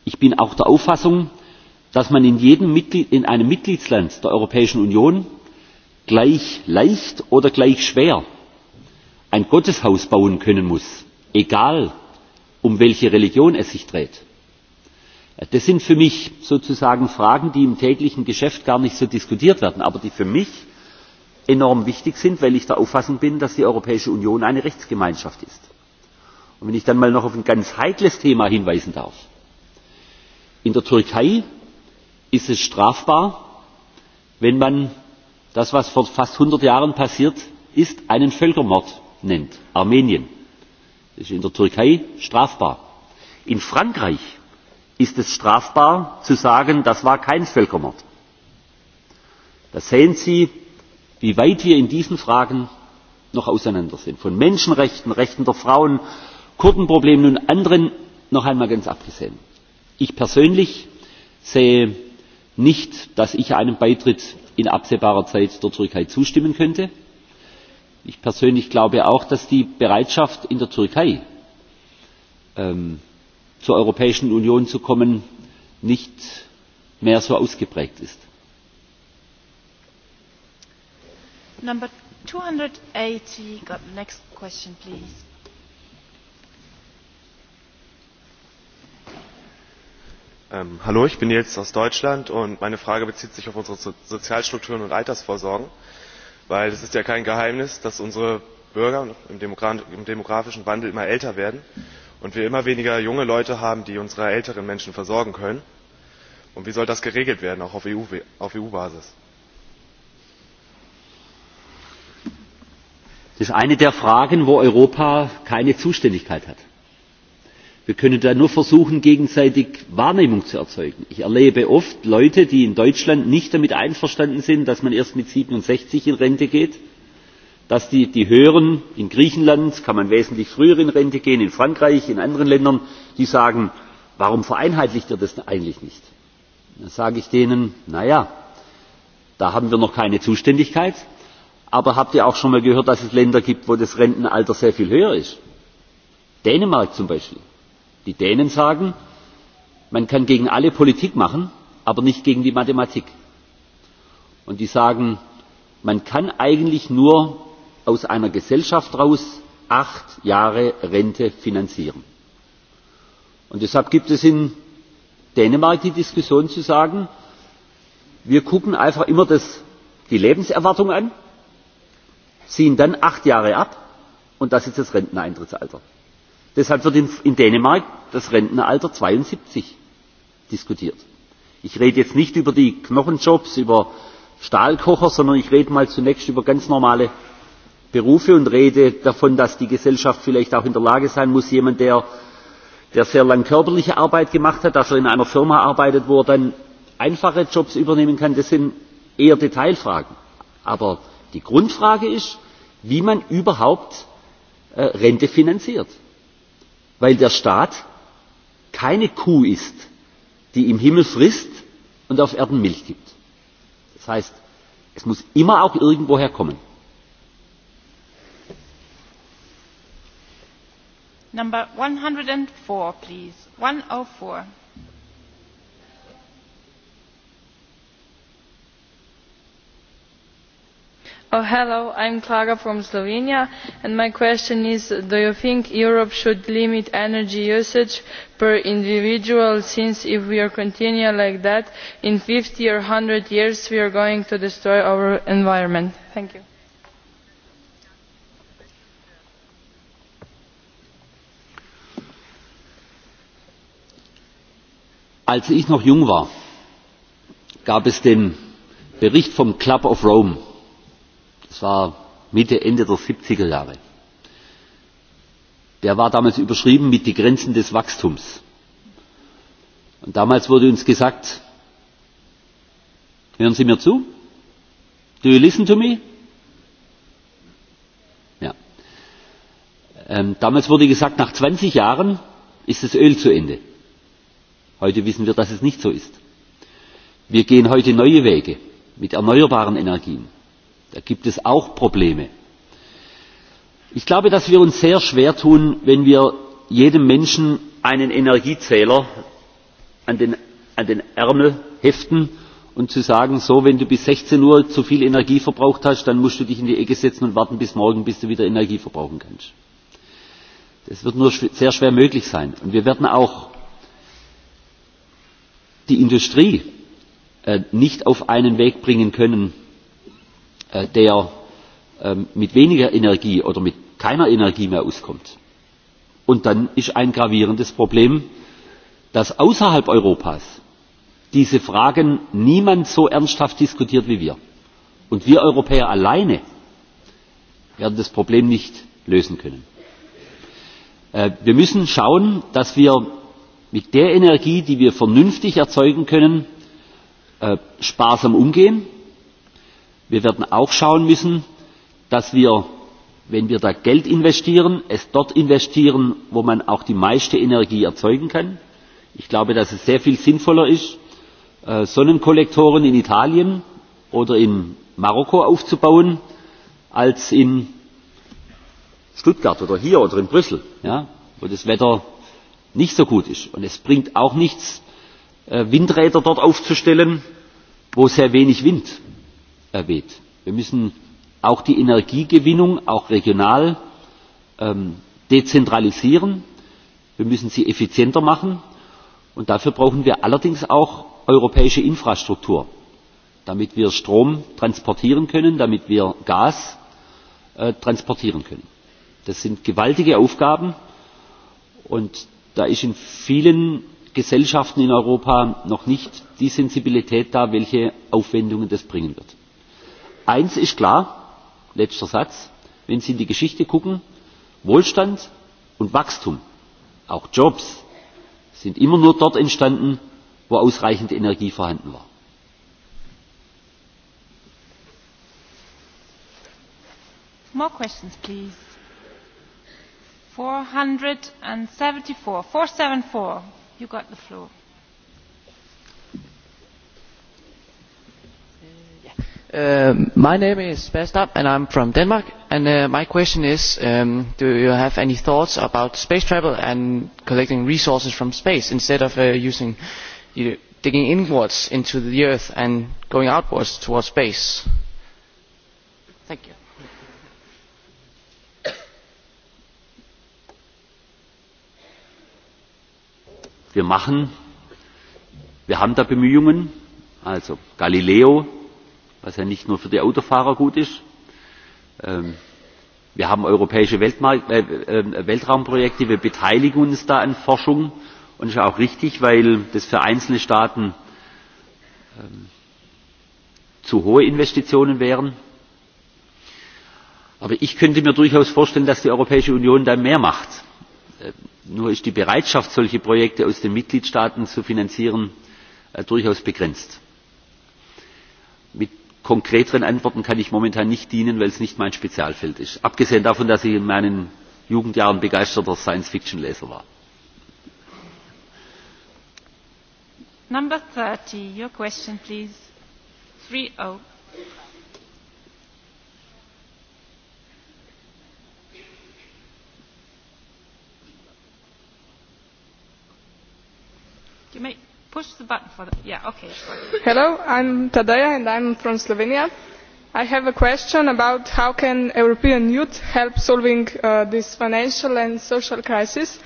Ich bin auch der Auffassung, dass man in, jedem Mitglied, in einem Mitgliedsland der Europäischen Union gleich leicht oder gleich schwer ein Gotteshaus bauen können muss, egal um welche Religion es sich dreht. Äh, das sind für mich sozusagen Fragen, die im täglichen Geschäft gar nicht so diskutiert werden, aber die für mich enorm wichtig sind, weil ich der Auffassung bin, dass die Europäische Union eine Rechtsgemeinschaft ist. Und wenn ich dann mal noch auf ein ganz heikles Thema hinweisen darf. In der Türkei ist es strafbar, wenn man das was vor fast hundert jahren passiert ist einen völkermord nennt armenien. das ist in der türkei strafbar. in frankreich ist es strafbar zu sagen das war kein völkermord. da sehen sie wie weit wir in diesen fragen noch auseinander sind von menschenrechten rechten der frauen kurdenproblemen und anderen noch einmal ganz abgesehen. ich persönlich sehe nicht dass ich einem beitritt in absehbarer Zeit der Türkei zustimmen könnte. Ich persönlich glaube auch, dass die Bereitschaft in der Türkei ähm, zur Europäischen Union zu kommen nicht mehr so ausgeprägt ist. Number 280 next question, please. Ähm, hallo, ich bin Nils aus Deutschland und meine Frage bezieht sich auf unsere Sozialstrukturen und Altersvorsorgen, weil es ist ja kein Geheimnis, dass unsere Bürger im, im demografischen Wandel immer älter werden und wir immer weniger junge Leute haben, die unsere älteren Menschen versorgen können. Und wie soll das geregelt werden, auch auf EU-Basis? Auf EU -Basis? das ist eine der fragen wo europa keine zuständigkeit hat wir können da nur versuchen gegenseitig wahrnehmung zu erzeugen. ich erlebe oft leute die in deutschland nicht damit einverstanden sind dass man erst mit siebenundsechzig in rente geht dass die, die höheren in griechenland kann man wesentlich früher in rente gehen in frankreich in anderen ländern die sagen warum vereinheitlicht ihr das eigentlich nicht? dann sage ich denen na ja da haben wir noch keine zuständigkeit aber habt ihr auch schon mal gehört dass es länder gibt wo das rentenalter sehr viel höher ist? dänemark zum beispiel. Die Dänen sagen, man kann gegen alle Politik machen, aber nicht gegen die Mathematik. Und die sagen, man kann eigentlich nur aus einer Gesellschaft heraus acht Jahre Rente finanzieren. Und deshalb gibt es in Dänemark die Diskussion zu sagen, wir gucken einfach immer das, die Lebenserwartung an, ziehen dann acht Jahre ab und das ist das Renteneintrittsalter deshalb wird in dänemark das rentenalter zweiundsiebzig diskutiert. ich rede jetzt nicht über die knochenjobs über stahlkocher sondern ich rede mal zunächst über ganz normale berufe und rede davon dass die gesellschaft vielleicht auch in der lage sein muss jemand der, der sehr lange körperliche arbeit gemacht hat dass er in einer firma arbeitet wo er dann einfache jobs übernehmen kann das sind eher detailfragen. aber die grundfrage ist wie man überhaupt äh, rente finanziert weil der Staat keine Kuh ist, die im Himmel frisst und auf Erden Milch gibt. Das heißt, es muss immer auch irgendwo herkommen. Number 104, please. 104. Oh, hello i am clara from slovenia and my question is do you think europe should limit energy usage per individual since if we continue like that in fifty or one hundred years we are going to destroy our environment? thank you. als ich noch jung war gab es den bericht vom club of rome es war Mitte, Ende der 70er Jahre. Der war damals überschrieben mit die Grenzen des Wachstums. Und damals wurde uns gesagt, hören Sie mir zu? Do you listen to me? Ja. Ähm, damals wurde gesagt, nach 20 Jahren ist das Öl zu Ende. Heute wissen wir, dass es nicht so ist. Wir gehen heute neue Wege mit erneuerbaren Energien. Da gibt es auch Probleme. Ich glaube, dass wir uns sehr schwer tun, wenn wir jedem Menschen einen Energiezähler an den, an den Ärmel heften und zu sagen, so, wenn du bis 16 Uhr zu viel Energie verbraucht hast, dann musst du dich in die Ecke setzen und warten bis morgen, bis du wieder Energie verbrauchen kannst. Das wird nur sehr schwer möglich sein. Und wir werden auch die Industrie äh, nicht auf einen Weg bringen können, Äh, der ähm, mit weniger Energie oder mit keiner Energie mehr auskommt. Und dann ist ein gravierendes Problem, dass außerhalb Europas diese Fragen niemand so ernsthaft diskutiert wie wir. Und wir Europäer alleine werden das Problem nicht lösen können. Äh, wir müssen schauen, dass wir mit der Energie, die wir vernünftig erzeugen können, äh, sparsam umgehen Wir werden auch schauen müssen, dass wir, wenn wir da Geld investieren, es dort investieren, wo man auch die meiste Energie erzeugen kann. Ich glaube, dass es sehr viel sinnvoller ist, äh, Sonnenkollektoren in Italien oder in Marokko aufzubauen, als in Stuttgart oder hier oder in Brüssel, ja, wo das Wetter nicht so gut ist. Und es bringt auch nichts, äh, Windräder dort aufzustellen, wo sehr wenig Wind erwähnt. Wir müssen auch die Energiegewinnung, auch regional, ähm, dezentralisieren. Wir müssen sie effizienter machen. Und dafür brauchen wir allerdings auch europäische Infrastruktur, damit wir Strom transportieren können, damit wir Gas äh, transportieren können. Das sind gewaltige Aufgaben. Und da ist in vielen Gesellschaften in Europa noch nicht die Sensibilität da, welche Aufwendungen das bringen wird eins ist klar letzter satz wenn sie in die geschichte gucken wohlstand und wachstum auch jobs sind immer nur dort entstanden wo ausreichend energie vorhanden war. More questions, please. 474, 474. You got the floor. Uh, my name is Bastab and I'm from Denmark. And uh, my question is, um, do you have any thoughts about space travel and collecting resources from space instead of uh, using, you digging inwards into the earth and going outwards towards space? Wir machen, wir haben da Bemühungen, also Galileo, was ja nicht nur für die Autofahrer gut ist. Ähm, wir haben europäische äh, ähm, Weltraumprojekte, wir beteiligen uns da an Forschung und das ist auch richtig, weil das für einzelne Staaten ähm, zu hohe Investitionen wären. Aber ich könnte mir durchaus vorstellen, dass die Europäische Union da mehr macht. Äh, nur ist die Bereitschaft, solche Projekte aus den Mitgliedstaaten zu finanzieren, äh, durchaus begrenzt konkreteren Antworten kann ich momentan nicht dienen, weil es nicht mein Spezialfeld ist. Abgesehen davon, dass ich in meinen Jugendjahren begeisterter Science-Fiction-Leser war push the button Hello, I'm Tadeja and I'm from Slovenia. I have a question about how can European youth help solving uh, this financial and social crisis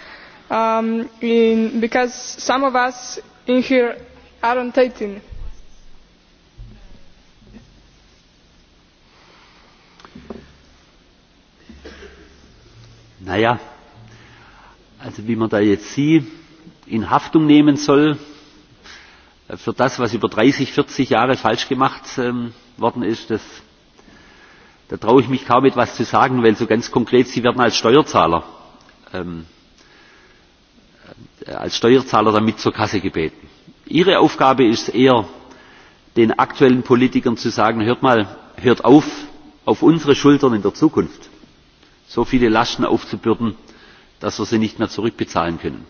um, in, because some of us in here aren't 18. Naja, also wie man da jetzt Sie in Haftung nehmen soll, für das, was über dreißig, vierzig Jahre falsch gemacht ähm, worden ist, das, da traue ich mich kaum etwas zu sagen, weil so ganz konkret, Sie werden als Steuerzahler, ähm, äh, als Steuerzahler damit zur Kasse gebeten. Ihre Aufgabe ist eher, den aktuellen Politikern zu sagen, hört mal, hört auf, auf unsere Schultern in der Zukunft so viele Lasten aufzubürden, dass wir sie nicht mehr zurückbezahlen können.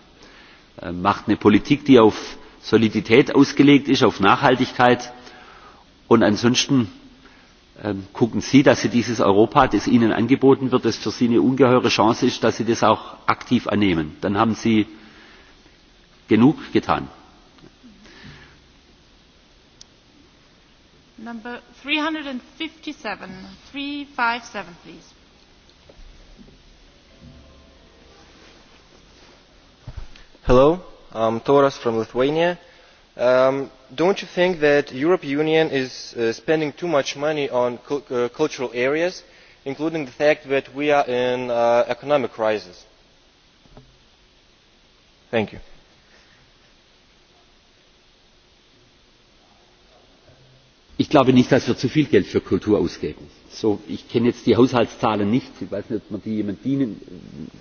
Ähm, macht eine Politik, die auf Solidität ausgelegt ist, auf Nachhaltigkeit. Und ansonsten schauen ähm, gucken Sie, dass Sie dieses Europa, das Ihnen angeboten wird, das für Sie eine ungeheure Chance ist, dass Sie das auch aktiv annehmen. Dann haben Sie genug getan. Number 357, 357, please. Hello, I'm um, Toras from Lithuania. Um, don't you think that the European Union is uh, spending too much money on cu uh, cultural areas, including the fact that we are in uh, economic crisis? Thank you. ich glaube nicht dass wir zu viel geld für kultur ausgeben. So, ich kenne jetzt die haushaltszahlen nicht ich weiß nicht ob man die jemandem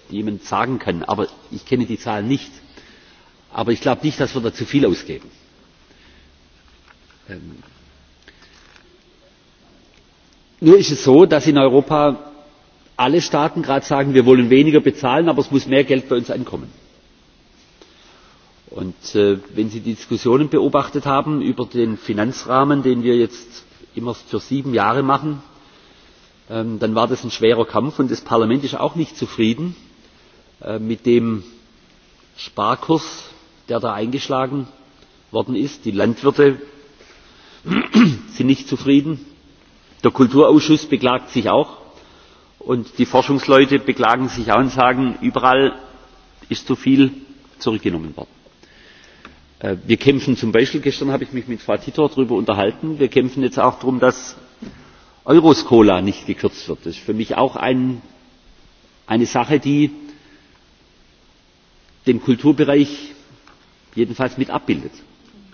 jemand sagen kann aber ich kenne die zahlen nicht. Aber ich glaube nicht, dass wir da zu viel ausgeben. Ähm Nur ist es so, dass in Europa alle Staaten gerade sagen, wir wollen weniger bezahlen, aber es muss mehr Geld bei uns ankommen. Und äh, wenn Sie die Diskussionen beobachtet haben über den Finanzrahmen, den wir jetzt immer für sieben Jahre machen, ähm, dann war das ein schwerer Kampf und das Parlament ist auch nicht zufrieden äh, mit dem Sparkurs, der da eingeschlagen worden ist. Die Landwirte (clears throat) sind nicht zufrieden. Der Kulturausschuss beklagt sich auch. Und die Forschungsleute beklagen sich auch und sagen, überall ist zu viel zurückgenommen worden. Äh, wir kämpfen zum Beispiel, gestern habe ich mich mit Frau Titor darüber unterhalten, wir kämpfen jetzt auch darum, dass Euroscola nicht gekürzt wird. Das ist für mich auch ein, eine Sache, die den Kulturbereich jedenfalls mit abbildet.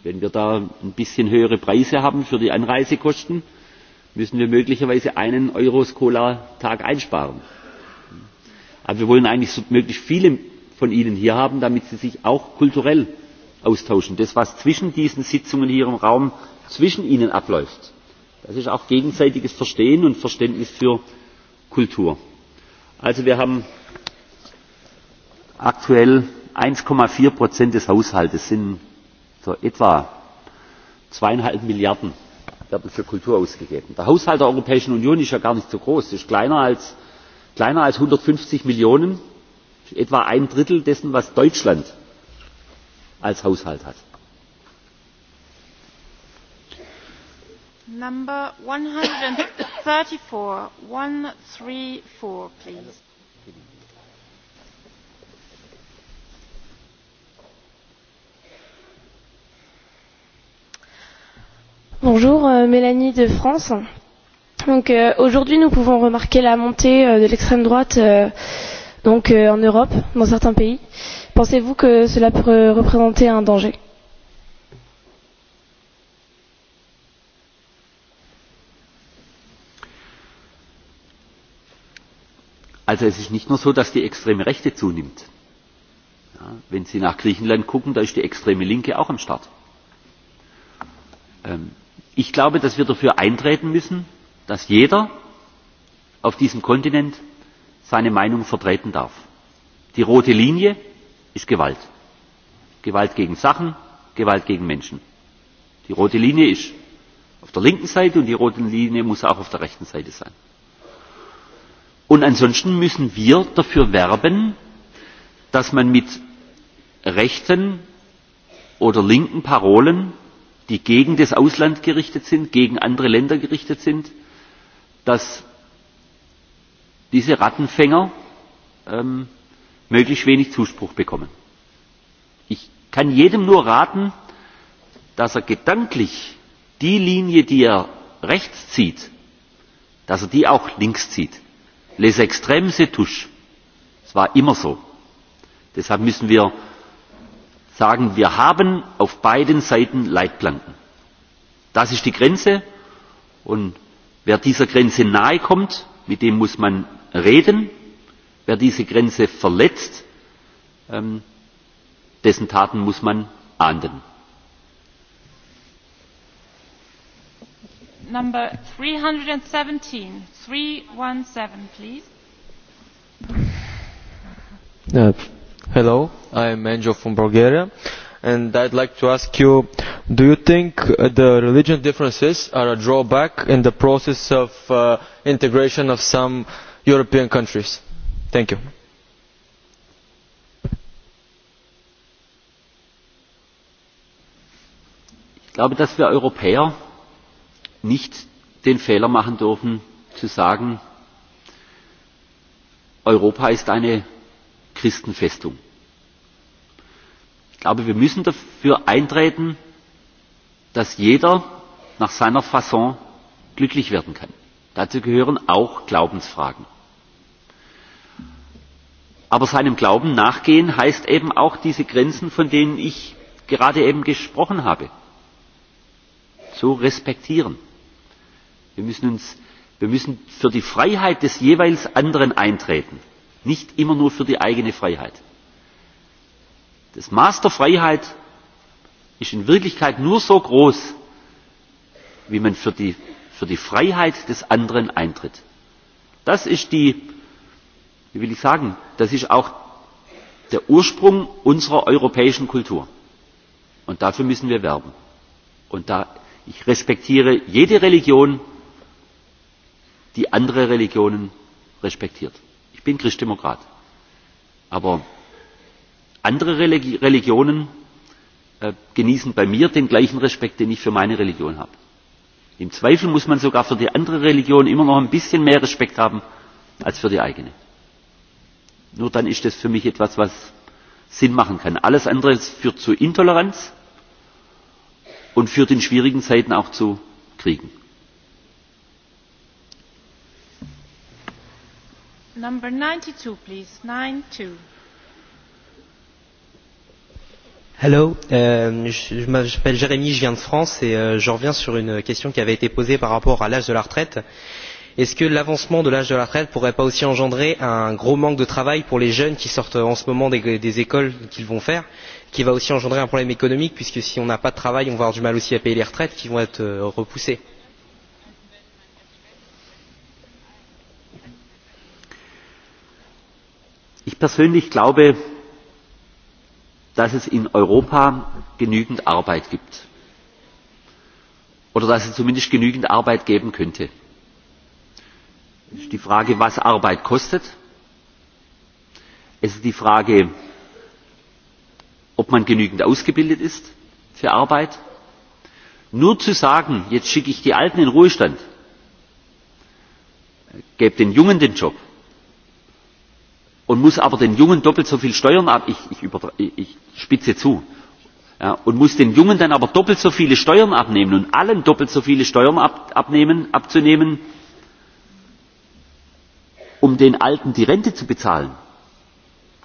Wenn wir da ein bisschen höhere Preise haben für die Anreisekosten, müssen wir möglicherweise einen Euro Cola Tag einsparen. Aber wir wollen eigentlich so möglichst viele von Ihnen hier haben, damit Sie sich auch kulturell austauschen. Das, was zwischen diesen Sitzungen hier im Raum zwischen Ihnen abläuft, das ist auch gegenseitiges Verstehen und Verständnis für Kultur. Also wir haben aktuell eins vier des haushaltes sind so etwa zweieinhalb milliarden werden für kultur ausgegeben. der haushalt der europäischen union ist ja gar nicht so groß er ist kleiner als einhundertfünfzig millionen etwa ein drittel dessen was deutschland als haushalt hat. number please Bonjour, euh, Mélanie de France. Donc euh, aujourd'hui, nous pouvons remarquer la montée euh, de l'extrême droite euh, donc euh, en Europe, dans certains pays. Pensez-vous que cela peut représenter un danger Also es ist nicht nur so, dass die extreme Rechte zunimmt. Ja, wenn Sie nach Griechenland gucken, da ist die extreme Linke auch am Start. Ähm, ich glaube, dass wir dafür eintreten müssen, dass jeder auf diesem Kontinent seine Meinung vertreten darf. Die rote Linie ist Gewalt. Gewalt gegen Sachen, Gewalt gegen Menschen. Die rote Linie ist auf der linken Seite und die rote Linie muss auch auf der rechten Seite sein. Und ansonsten müssen wir dafür werben, dass man mit rechten oder linken Parolen die gegen das Ausland gerichtet sind, gegen andere Länder gerichtet sind, dass diese Rattenfänger ähm, möglichst wenig Zuspruch bekommen. Ich kann jedem nur raten, dass er gedanklich die Linie, die er rechts zieht, dass er die auch links zieht. Les extrêmes se touchent. Es war immer so. Deshalb müssen wir sagen, wir haben auf beiden Seiten Leitplanken. Das ist die Grenze und wer dieser Grenze nahe kommt, mit dem muss man reden. Wer diese Grenze verletzt, ähm, dessen Taten muss man ahnden. Number 317, 317, please. Hello, I am Angel from Bulgaria, and I'd like to ask you, do you think uh, the religion differences are a drawback in the process of uh, integration of some European countries? Thank you. Ich glaube, dass wir Europäer nicht den Fehler machen dürfen, zu sagen, Europa ist eine christenfestung. ich glaube wir müssen dafür eintreten dass jeder nach seiner fasson glücklich werden kann. dazu gehören auch glaubensfragen. aber seinem glauben nachgehen heißt eben auch diese grenzen von denen ich gerade eben gesprochen habe zu respektieren. wir müssen, uns, wir müssen für die freiheit des jeweils anderen eintreten nicht immer nur für die eigene Freiheit. Das Maß der Freiheit ist in Wirklichkeit nur so groß, wie man für die, für die Freiheit des anderen eintritt. Das ist die, wie will ich sagen, das ist auch der Ursprung unserer europäischen Kultur. Und dafür müssen wir werben. Und da, ich respektiere jede Religion, die andere Religionen respektiert bin Christdemokrat. Aber andere Religionen äh, genießen bei mir den gleichen Respekt, den ich für meine Religion habe. Im Zweifel muss man sogar für die andere Religion immer noch ein bisschen mehr Respekt haben als für die eigene. Nur dann ist das für mich etwas, was Sinn machen kann. Alles andere führt zu Intoleranz und führt in schwierigen Zeiten auch zu Kriegen. Number 92, please. Hello, euh, je, je m'appelle Jérémy, je viens de France et euh, je reviens sur une question qui avait été posée par rapport à l'âge de la retraite. Est-ce que l'avancement de l'âge de la retraite pourrait pas aussi engendrer un gros manque de travail pour les jeunes qui sortent en ce moment des, des écoles qu'ils vont faire, qui va aussi engendrer un problème économique puisque si on n'a pas de travail, on va avoir du mal aussi à payer les retraites qui vont être euh, repoussées. ich persönlich glaube dass es in europa genügend arbeit gibt oder dass es zumindest genügend arbeit geben könnte. es ist die frage was arbeit kostet es ist die frage ob man genügend ausgebildet ist für arbeit. nur zu sagen jetzt schicke ich die alten in den ruhestand äh, gebe den jungen den job und muss aber den Jungen doppelt so viel Steuern ab, ich, ich, ich, ich spitze zu, ja, und muss den Jungen dann aber doppelt so viele Steuern abnehmen und allen doppelt so viele Steuern ab, abnehmen, abzunehmen, um den Alten die Rente zu bezahlen,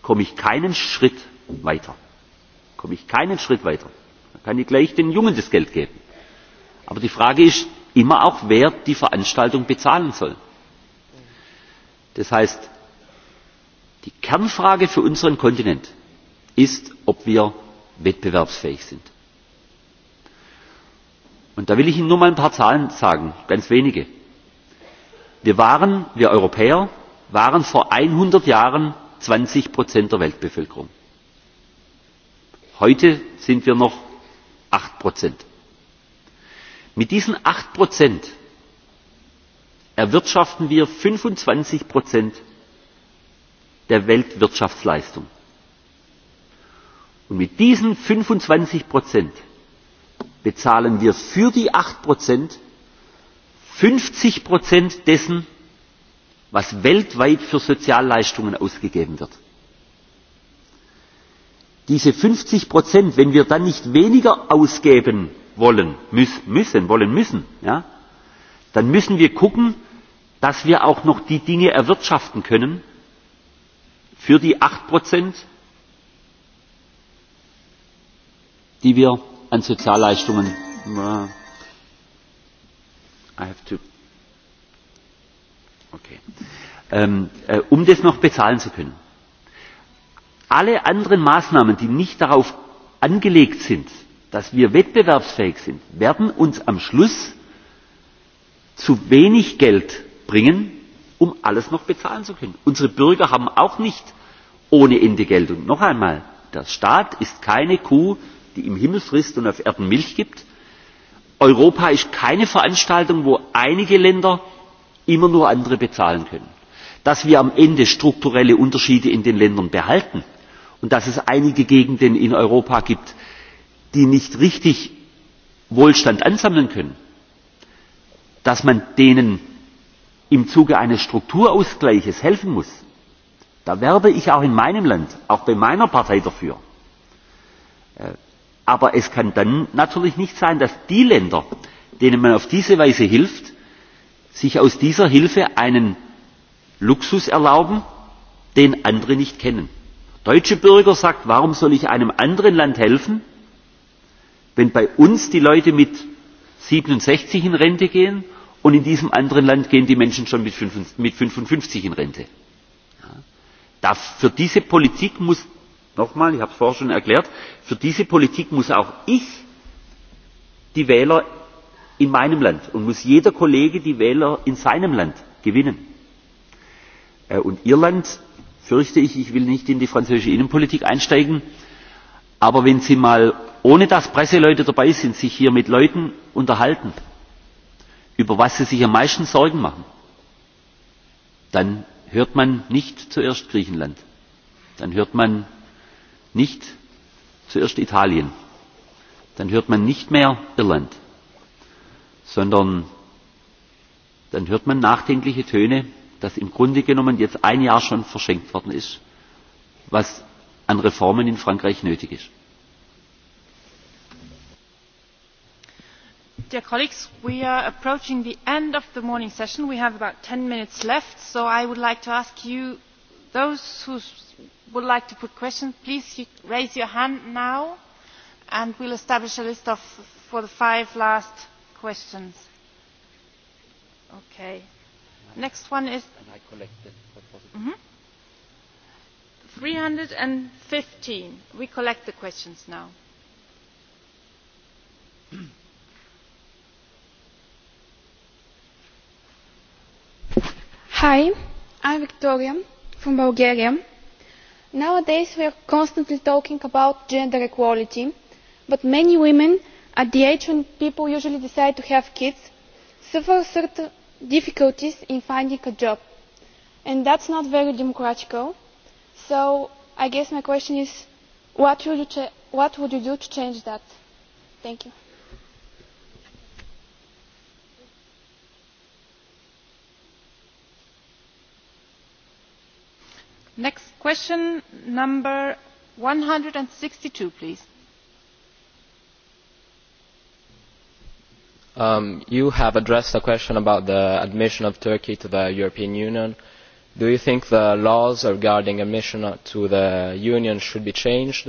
komme ich keinen Schritt weiter. Komme ich keinen Schritt weiter. Dann kann ich gleich den Jungen das Geld geben. Aber die Frage ist immer auch, wer die Veranstaltung bezahlen soll. Das heißt, Die Kernfrage für unseren Kontinent ist, ob wir wettbewerbsfähig sind. Und da will ich Ihnen nur mal ein paar Zahlen sagen, ganz wenige. Wir waren, wir Europäer, waren vor 100 Jahren 20 Prozent der Weltbevölkerung. Heute sind wir noch 8 Prozent. Mit diesen 8 Prozent erwirtschaften wir 25 Prozent der Weltwirtschaftsleistung. Und mit diesen 25 Prozent bezahlen wir für die 8 Prozent 50 Prozent dessen, was weltweit für Sozialleistungen ausgegeben wird. Diese 50 Prozent, wenn wir dann nicht weniger ausgeben wollen, müssen, wollen müssen, ja, dann müssen wir gucken, dass wir auch noch die Dinge erwirtschaften können, für die acht Prozent, die wir an Sozialleistungen. I have to, okay. ähm, äh, um das noch bezahlen zu können. Alle anderen Maßnahmen, die nicht darauf angelegt sind, dass wir wettbewerbsfähig sind, werden uns am Schluss zu wenig Geld bringen, um alles noch bezahlen zu können. Unsere Bürger haben auch nicht ohne Ende Geld. Und noch einmal, der Staat ist keine Kuh, die im Himmel frisst und auf Erden Milch gibt. Europa ist keine Veranstaltung, wo einige Länder immer nur andere bezahlen können. Dass wir am Ende strukturelle Unterschiede in den Ländern behalten und dass es einige Gegenden in Europa gibt, die nicht richtig Wohlstand ansammeln können, dass man denen im Zuge eines Strukturausgleiches helfen muss, da werbe ich auch in meinem Land, auch bei meiner Partei dafür. Äh, aber es kann dann natürlich nicht sein, dass die Länder, denen man auf diese Weise hilft, sich aus dieser Hilfe einen Luxus erlauben, den andere nicht kennen. Deutsche Bürger sagt, warum soll ich einem anderen Land helfen, wenn bei uns die Leute mit 67 in Rente gehen und in diesem anderen Land gehen die Menschen schon mit, 5, 55 in Rente. Da, für diese Politik muss, nochmal, ich habe es vorher schon erklärt, für diese Politik muss auch ich die Wähler in meinem Land und muss jeder Kollege die Wähler in seinem Land gewinnen. Äh, und Irland, fürchte ich, ich will nicht in die französische Innenpolitik einsteigen, aber wenn Sie mal, ohne dass Presseleute dabei sind, sich hier mit Leuten unterhalten, über was sie sich am meisten Sorgen machen, dann hört man nicht zuerst Griechenland. Dann hört man nicht zuerst Italien. Dann hört man nicht mehr Irland, sondern dann hört man nachdenkliche Töne, dass im Grunde genommen jetzt ein Jahr schon verschenkt worden ist, was an Reformen in Frankreich nötig ist. Dear colleagues, we are approaching the end of the morning session. We have about ten minutes left, so I would like to ask you, those who would like to put questions, please raise your hand now, and we'll establish a list of, for the five last questions. Okay. Next one is... And I Mm -hmm. 315. We collect the questions now. (clears throat) Hi, I'm Victoria from Bulgaria. Nowadays we are constantly talking about gender equality, but many women at the age when people usually decide to have kids suffer certain difficulties in finding a job. And that's not very democratical. So I guess my question is, what would you, ch what would you do to change that? Thank you. Next question, number please. Um, you have addressed a question about the admission of Turkey to the European Union. Do you think the laws regarding admission to the Union should be changed,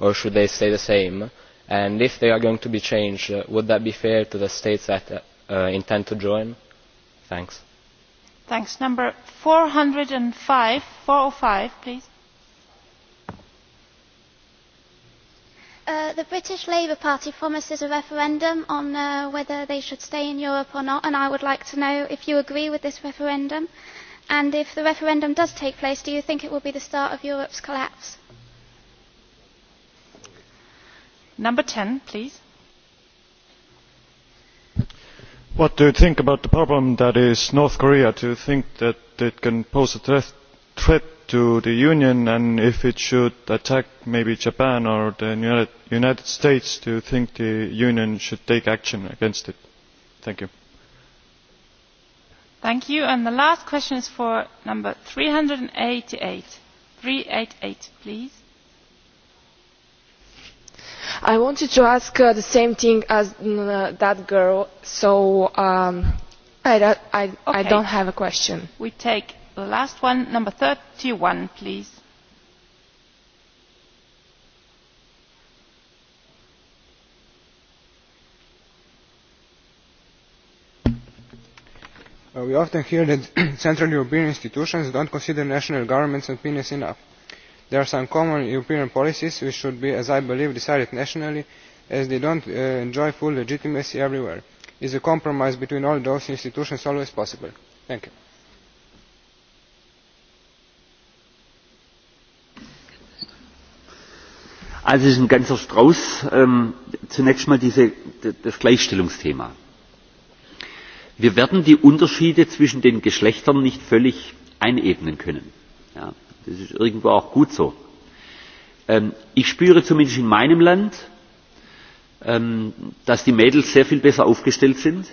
or should they stay the same? And if they are going to be changed, would that be fair to the states that uh, intend to join? Thanks. Oh please. Uh, the British Labour Party promises a referendum on uh, whether they should stay in Europe or not, and I would like to know if you agree with this referendum, and if the referendum does take place, do you think it will be the start of Europe's collapse? Number please. What do you think about the problem that is North Korea? Do you think that it can pose a threat, to the Union and if it should attack maybe Japan or the United States, do you think the Union should take action against it? Thank you. Thank you. And the last question is for number 388. 388, please i wanted to ask uh, the same thing as mm, uh, that girl so um, i, don't have a question. we take the last one number thirty one please. Uh, we often hear that (clears throat) central european institutions don't consider national governments' opinions enough there are some common european policies which should be as i believe decided nationally as they do not uh, enjoy full legitimacy everywhere. is a compromise between all those institutions always possible? thank you. Also es ist ein ganzer Strauß. Ähm, zunächst mal diese, das Gleichstellungsthema. Wir werden die Unterschiede zwischen den Geschlechtern nicht völlig einebnen können. Ja, Das ist irgendwo auch gut so. Ähm, ich spüre zumindest in meinem Land, ähm, dass die Mädels sehr viel besser aufgestellt sind.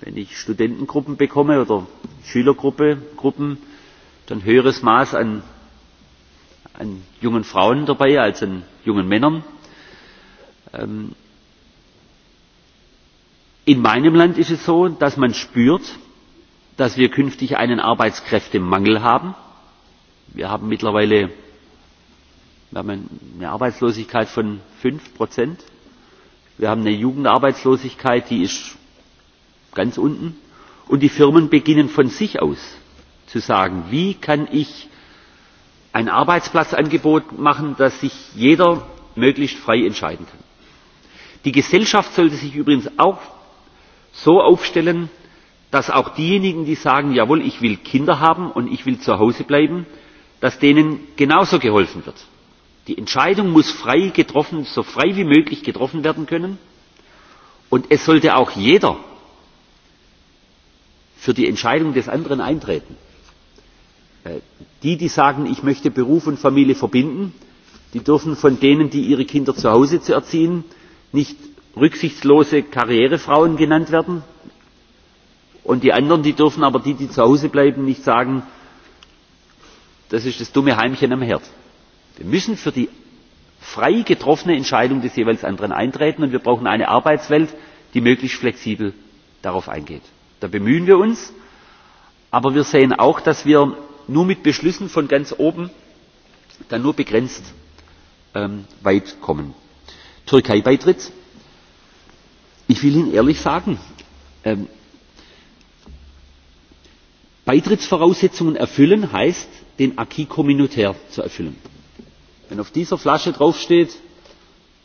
Wenn ich Studentengruppen bekomme oder Schülergruppen, dann höheres Maß an, an jungen Frauen dabei als an jungen Männern. Ähm, in meinem Land ist es so, dass man spürt, dass wir künftig einen Arbeitskräftemangel haben wir haben mittlerweile wir haben eine Arbeitslosigkeit von 5 Prozent. Wir haben eine Jugendarbeitslosigkeit, die ist ganz unten. Und die Firmen beginnen von sich aus zu sagen, wie kann ich ein Arbeitsplatzangebot machen, das sich jeder möglichst frei entscheiden kann. Die Gesellschaft sollte sich übrigens auch so aufstellen, dass auch diejenigen, die sagen, jawohl, ich will Kinder haben und ich will zu Hause bleiben, dass denen genauso geholfen wird. Die Entscheidung muss frei getroffen, so frei wie möglich getroffen werden können. Und es sollte auch jeder für die Entscheidung des anderen eintreten. Äh, die, die sagen, ich möchte Beruf und Familie verbinden, die dürfen von denen, die ihre Kinder zu Hause zu erziehen, nicht rücksichtslose Karrierefrauen genannt werden. Und die anderen, die dürfen aber die, die zu Hause bleiben, nicht sagen, das ist das dumme heimchen am herd. wir müssen für die frei getroffene entscheidung des jeweils anderen eintreten und wir brauchen eine arbeitswelt die möglichst flexibel darauf eingeht. da bemühen wir uns aber wir sehen auch dass wir nur mit beschlüssen von ganz oben dann nur begrenzt ähm, weit kommen. türkei beitritt ich will ihnen ehrlich sagen ähm, beitrittsvoraussetzungen erfüllen heißt den acquis communautaire zu erfüllen. wenn auf dieser flasche draufsteht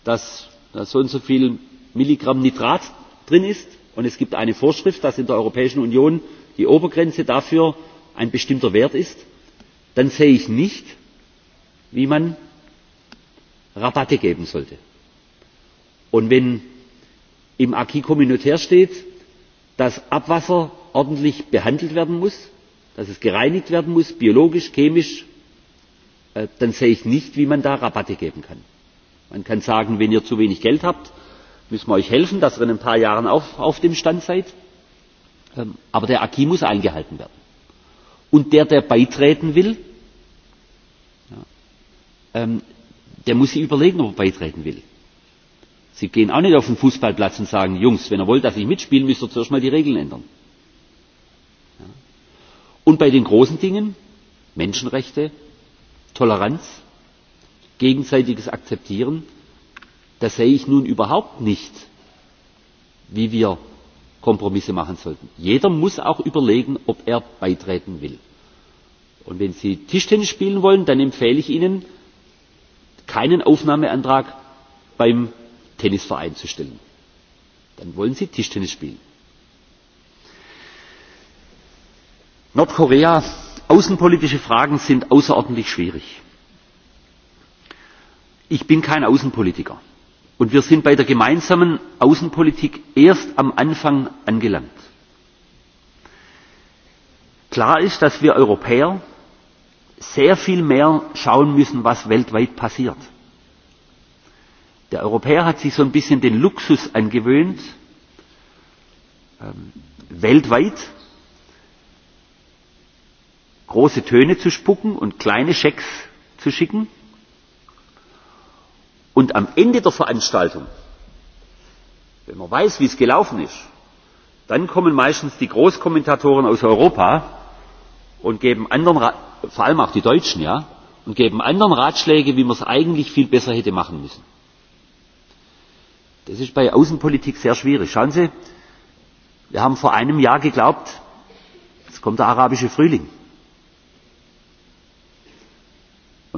dass da so und so viel milligramm nitrat drin ist und es gibt eine vorschrift dass in der europäischen union die obergrenze dafür ein bestimmter wert ist dann sehe ich nicht wie man rabatte geben sollte. und wenn im acquis communautaire steht dass abwasser ordentlich behandelt werden muss dass es gereinigt werden muss biologisch chemisch äh, dann sehe ich nicht wie man da rabatte geben kann. man kann sagen wenn ihr zu wenig geld habt müssen wir euch helfen dass ihr in ein paar jahren auch auf dem stand seid ähm, aber der acquis muss eingehalten werden. und der der beitreten will ähm, der muss sich überlegen ob er beitreten will. sie gehen auch nicht auf den fußballplatz und sagen jungs wenn ihr wollt dass ich mitspiele müsst ihr zuerst mal die regeln ändern. Und bei den großen Dingen Menschenrechte, Toleranz, gegenseitiges Akzeptieren, da sehe ich nun überhaupt nicht, wie wir Kompromisse machen sollten. Jeder muss auch überlegen, ob er beitreten will. Und wenn Sie Tischtennis spielen wollen, dann empfehle ich Ihnen, keinen Aufnahmeantrag beim Tennisverein zu stellen. Dann wollen Sie Tischtennis spielen. nordkorea außenpolitische fragen sind außerordentlich schwierig. ich bin kein außenpolitiker und wir sind bei der gemeinsamen außenpolitik erst am anfang angelangt. klar ist dass wir europäer sehr viel mehr schauen müssen was weltweit passiert. der europäer hat sich so ein bisschen den luxus angewöhnt ähm, weltweit große Töne zu spucken und kleine Schecks zu schicken und am Ende der Veranstaltung, wenn man weiß, wie es gelaufen ist, dann kommen meistens die Großkommentatoren aus Europa und geben anderen, vor allem auch die Deutschen, ja, und geben anderen Ratschläge, wie man es eigentlich viel besser hätte machen müssen. Das ist bei Außenpolitik sehr schwierig. Schauen Sie, wir haben vor einem Jahr geglaubt, es kommt der arabische Frühling.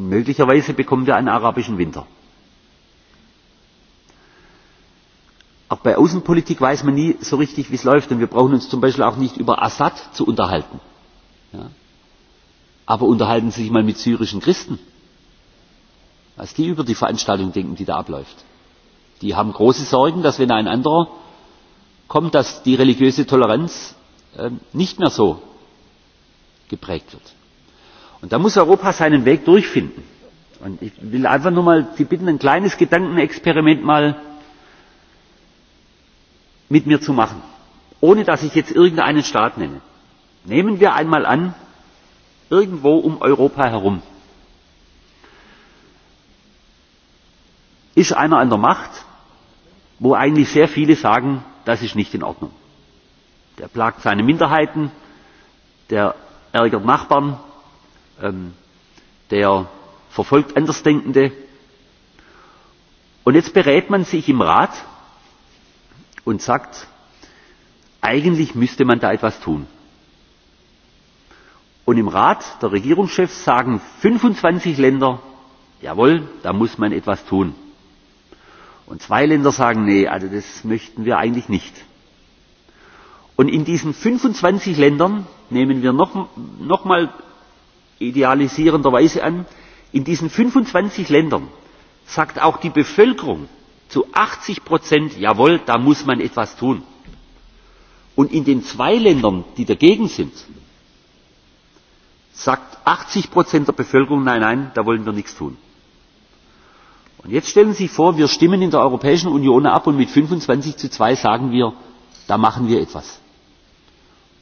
möglicherweise bekommen wir einen arabischen winter. Auch bei Außenpolitik weiß man nie so richtig, wie es läuft. Und wir brauchen uns zum Beispiel auch nicht über Assad zu unterhalten. Ja? Aber unterhalten Sie sich mal mit syrischen Christen, was die über die Veranstaltung denken, die da abläuft. Die haben große Sorgen, dass wenn ein anderer kommt, dass die religiöse Toleranz äh, nicht mehr so geprägt wird. Und da muss Europa seinen Weg durchfinden. Und ich will einfach nur mal Sie bitten, ein kleines Gedankenexperiment mal mit mir zu machen, ohne dass ich jetzt irgendeinen Staat nenne. Nehmen wir einmal an, irgendwo um Europa herum ist einer an der Macht, wo eigentlich sehr viele sagen, das ist nicht in Ordnung. Der plagt seine Minderheiten, der ärgert Nachbarn, ähm, der verfolgt Andersdenkende. Und jetzt berät man sich im Rat und sagt, eigentlich müsste man da etwas tun. Und im Rat der Regierungschefs sagen 25 Länder, jawohl, da muss man etwas tun. Und zwei Länder sagen, nee, also das möchten wir eigentlich nicht. Und in diesen 25 Ländern nehmen wir noch, noch mal idealisierender Weise an, in diesen 25 Ländern sagt auch die Bevölkerung zu 80 Prozent, jawohl, da muss man etwas tun. Und in den zwei Ländern, die dagegen sind, sagt 80 Prozent der Bevölkerung, nein, nein, da wollen wir nichts tun. Und jetzt stellen Sie sich vor, wir stimmen in der Europäischen Union ab und mit 25 zu 2 sagen wir, da machen wir etwas.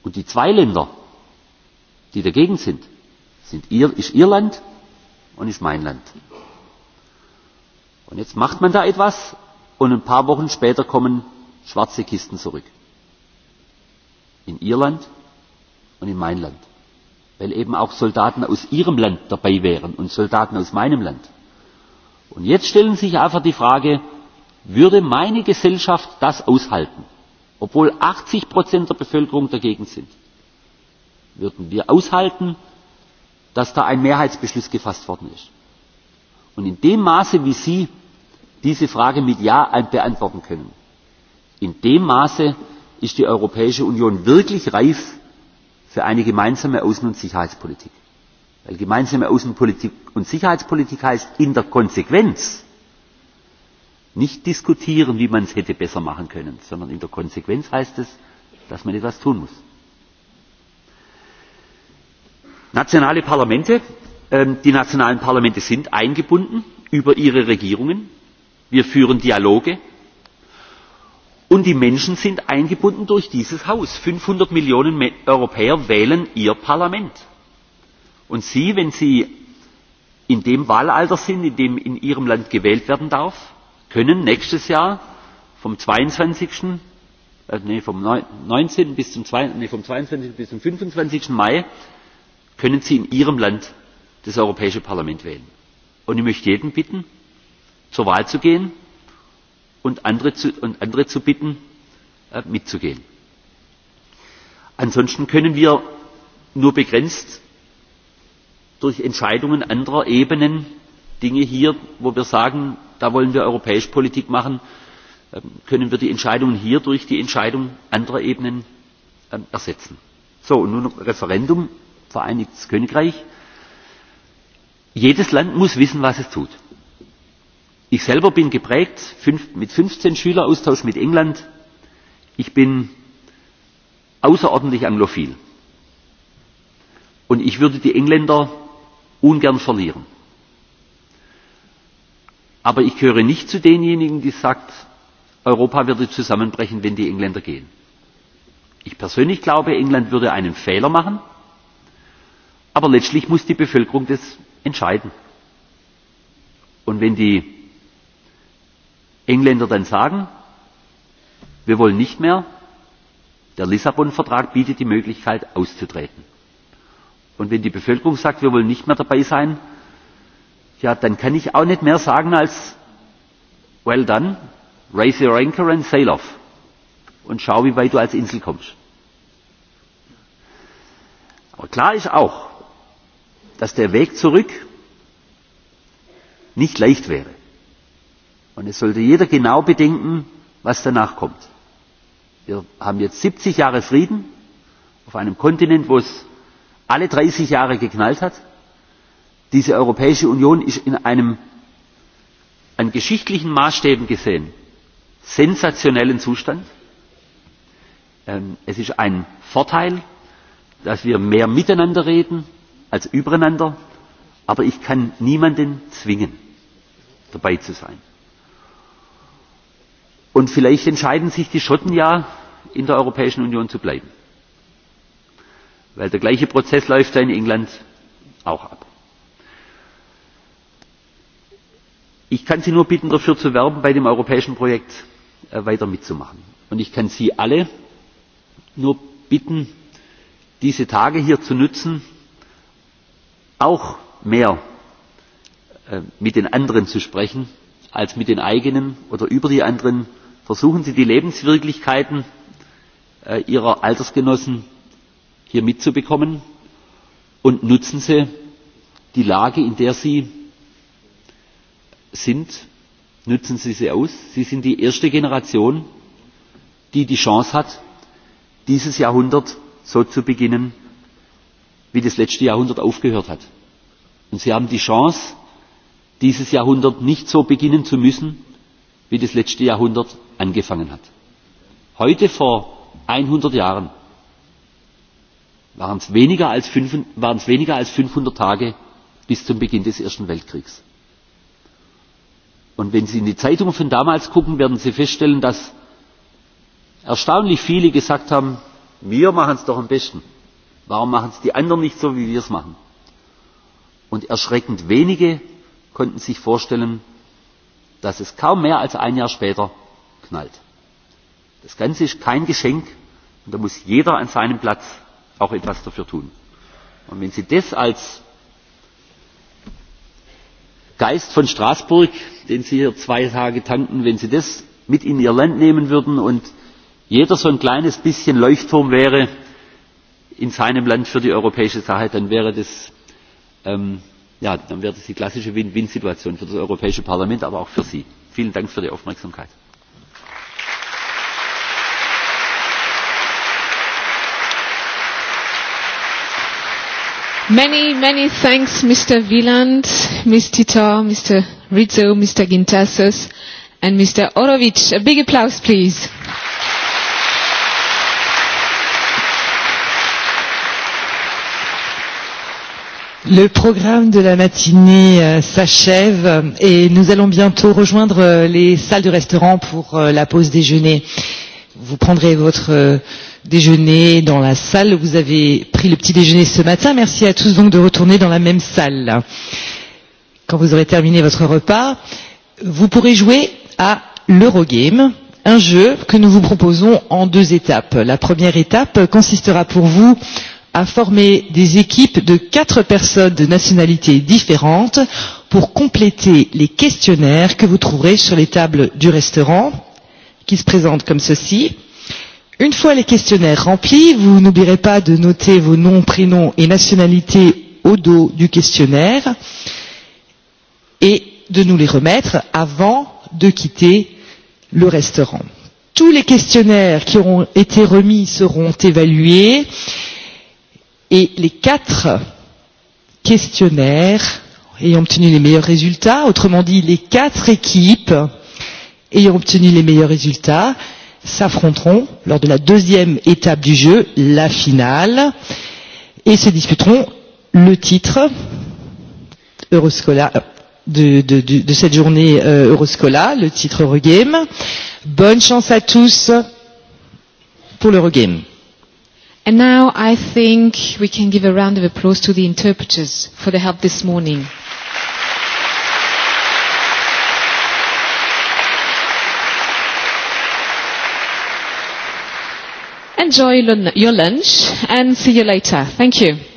Und die zwei Länder, die dagegen sind, sind ihr, ist ihr Land und ist mein Land. Und jetzt macht man da etwas und ein paar Wochen später kommen schwarze Kisten zurück. In ihr Land und in mein Land. Weil eben auch Soldaten aus ihrem Land dabei wären und Soldaten aus meinem Land. Und jetzt stellen sich einfach die Frage, würde meine Gesellschaft das aushalten? Obwohl 80 Prozent der Bevölkerung dagegen sind. Würden wir aushalten, dass da ein Mehrheitsbeschluss gefasst worden ist. Und in dem Maße, wie Sie diese Frage mit Ja beantworten können, in dem Maße ist die Europäische Union wirklich reif für eine gemeinsame Außen- und Sicherheitspolitik. Weil gemeinsame Außenpolitik und Sicherheitspolitik heißt in der Konsequenz nicht diskutieren, wie man es hätte besser machen können, sondern in der Konsequenz heißt es, dass man etwas tun muss nationale parlamente ähm, die nationalen parlamente sind eingebunden über ihre regierungen wir führen dialoge und die menschen sind eingebunden durch dieses haus fünfhundert millionen europäer wählen ihr parlament und sie wenn sie in dem wahlalter sind in dem in ihrem land gewählt werden darf können nächstes jahr vom 22. Äh, nee, vom 19. bis zum 22, nee, vom bis zum Mai können Sie in Ihrem Land das Europäische Parlament wählen. Und ich möchte jeden bitten, zur Wahl zu gehen und andere zu, und andere zu bitten, äh, mitzugehen. Ansonsten können wir nur begrenzt durch Entscheidungen anderer Ebenen Dinge hier, wo wir sagen, da wollen wir europäische Politik machen, ähm, können wir die Entscheidungen hier durch die Entscheidung anderer Ebenen ähm, ersetzen. So, und nun Referendum vereinigtes königreich jedes land muss wissen was es tut. ich selber bin geprägt mit fünfzehn schüleraustausch mit england ich bin außerordentlich anglophil und ich würde die engländer ungern verlieren. aber ich gehöre nicht zu denjenigen die sagen europa würde zusammenbrechen wenn die engländer gehen. ich persönlich glaube england würde einen fehler machen aber letztlich muss die bevölkerung das entscheiden. und wenn die engländer dann sagen wir wollen nicht mehr der lissabon vertrag bietet die möglichkeit auszutreten. und wenn die bevölkerung sagt wir wollen nicht mehr dabei sein ja dann kann ich auch nicht mehr sagen als well done raise your anchor and sail off und schau wie weit du als insel kommst. aber klar ist auch dass der Weg zurück nicht leicht wäre. Und es sollte jeder genau bedenken, was danach kommt. Wir haben jetzt 70 Jahre Frieden auf einem Kontinent, wo es alle 30 Jahre geknallt hat. Diese Europäische Union ist in einem an geschichtlichen Maßstäben gesehen sensationellen Zustand. Ähm, es ist ein Vorteil, dass wir mehr miteinander reden, als Übereinander, aber ich kann niemanden zwingen, dabei zu sein. Und vielleicht entscheiden sich die Schotten ja, in der Europäischen Union zu bleiben. Weil der gleiche Prozess läuft ja in England auch ab. Ich kann Sie nur bitten, dafür zu werben, bei dem europäischen Projekt äh, weiter mitzumachen. Und ich kann Sie alle nur bitten, diese Tage hier zu nutzen, auch mehr äh, mit den anderen zu sprechen als mit den eigenen oder über die anderen. Versuchen Sie, die Lebenswirklichkeiten äh, Ihrer Altersgenossen hier mitzubekommen und nutzen Sie die Lage, in der Sie sind, nutzen Sie sie aus. Sie sind die erste Generation, die die Chance hat, dieses Jahrhundert so zu beginnen, wie das letzte Jahrhundert aufgehört hat. Und Sie haben die Chance, dieses Jahrhundert nicht so beginnen zu müssen, wie das letzte Jahrhundert angefangen hat. Heute vor 100 Jahren waren es weniger als 500 Tage bis zum Beginn des Ersten Weltkriegs. Und wenn Sie in die Zeitungen von damals gucken, werden Sie feststellen, dass erstaunlich viele gesagt haben, wir machen es doch am besten. Warum machen es die anderen nicht so, wie wir es machen? Und erschreckend wenige konnten sich vorstellen, dass es kaum mehr als ein Jahr später knallt. Das Ganze ist kein Geschenk und da muss jeder an seinem Platz auch etwas dafür tun. Und wenn Sie das als Geist von Straßburg, den Sie hier zwei Tage tanken, wenn Sie das mit in Ihr Land nehmen würden und jeder so ein kleines bisschen Leuchtturm wäre, in seinem Land für die europäische Sache, dann wäre das, ähm, ja, dann wäre das die klassische Win-Win-Situation für das Europäische Parlament, aber auch für Sie. Vielen Dank für die Aufmerksamkeit. Many, many thanks, Mr. Wieland, Ms. Tito, Mr. Rizzo, Mr. Gintasos, and Mr. Orovic. A big applause, please. Le programme de la matinée euh, s'achève et nous allons bientôt rejoindre euh, les salles de restaurant pour euh, la pause déjeuner. Vous prendrez votre euh, déjeuner dans la salle où vous avez pris le petit déjeuner ce matin. Merci à tous donc de retourner dans la même salle. Quand vous aurez terminé votre repas, vous pourrez jouer à l'Eurogame, un jeu que nous vous proposons en deux étapes. La première étape consistera pour vous a formé des équipes de quatre personnes de nationalités différentes pour compléter les questionnaires que vous trouverez sur les tables du restaurant, qui se présentent comme ceci. Une fois les questionnaires remplis, vous n'oublierez pas de noter vos noms, prénoms et nationalités au dos du questionnaire et de nous les remettre avant de quitter le restaurant. Tous les questionnaires qui auront été remis seront évalués Et les quatre questionnaires ayant obtenu les meilleurs résultats, autrement dit les quatre équipes ayant obtenu les meilleurs résultats, s'affronteront lors de la deuxième étape du jeu, la finale, et se disputeront le titre Euroscola euh, de, de, de, de cette journée euh, Euroscola, le titre Eurogame. Bonne chance à tous pour l'Eurogame. And now I think we can give a round of applause to the interpreters for the help this morning. Enjoy your lunch and see you later. Thank you.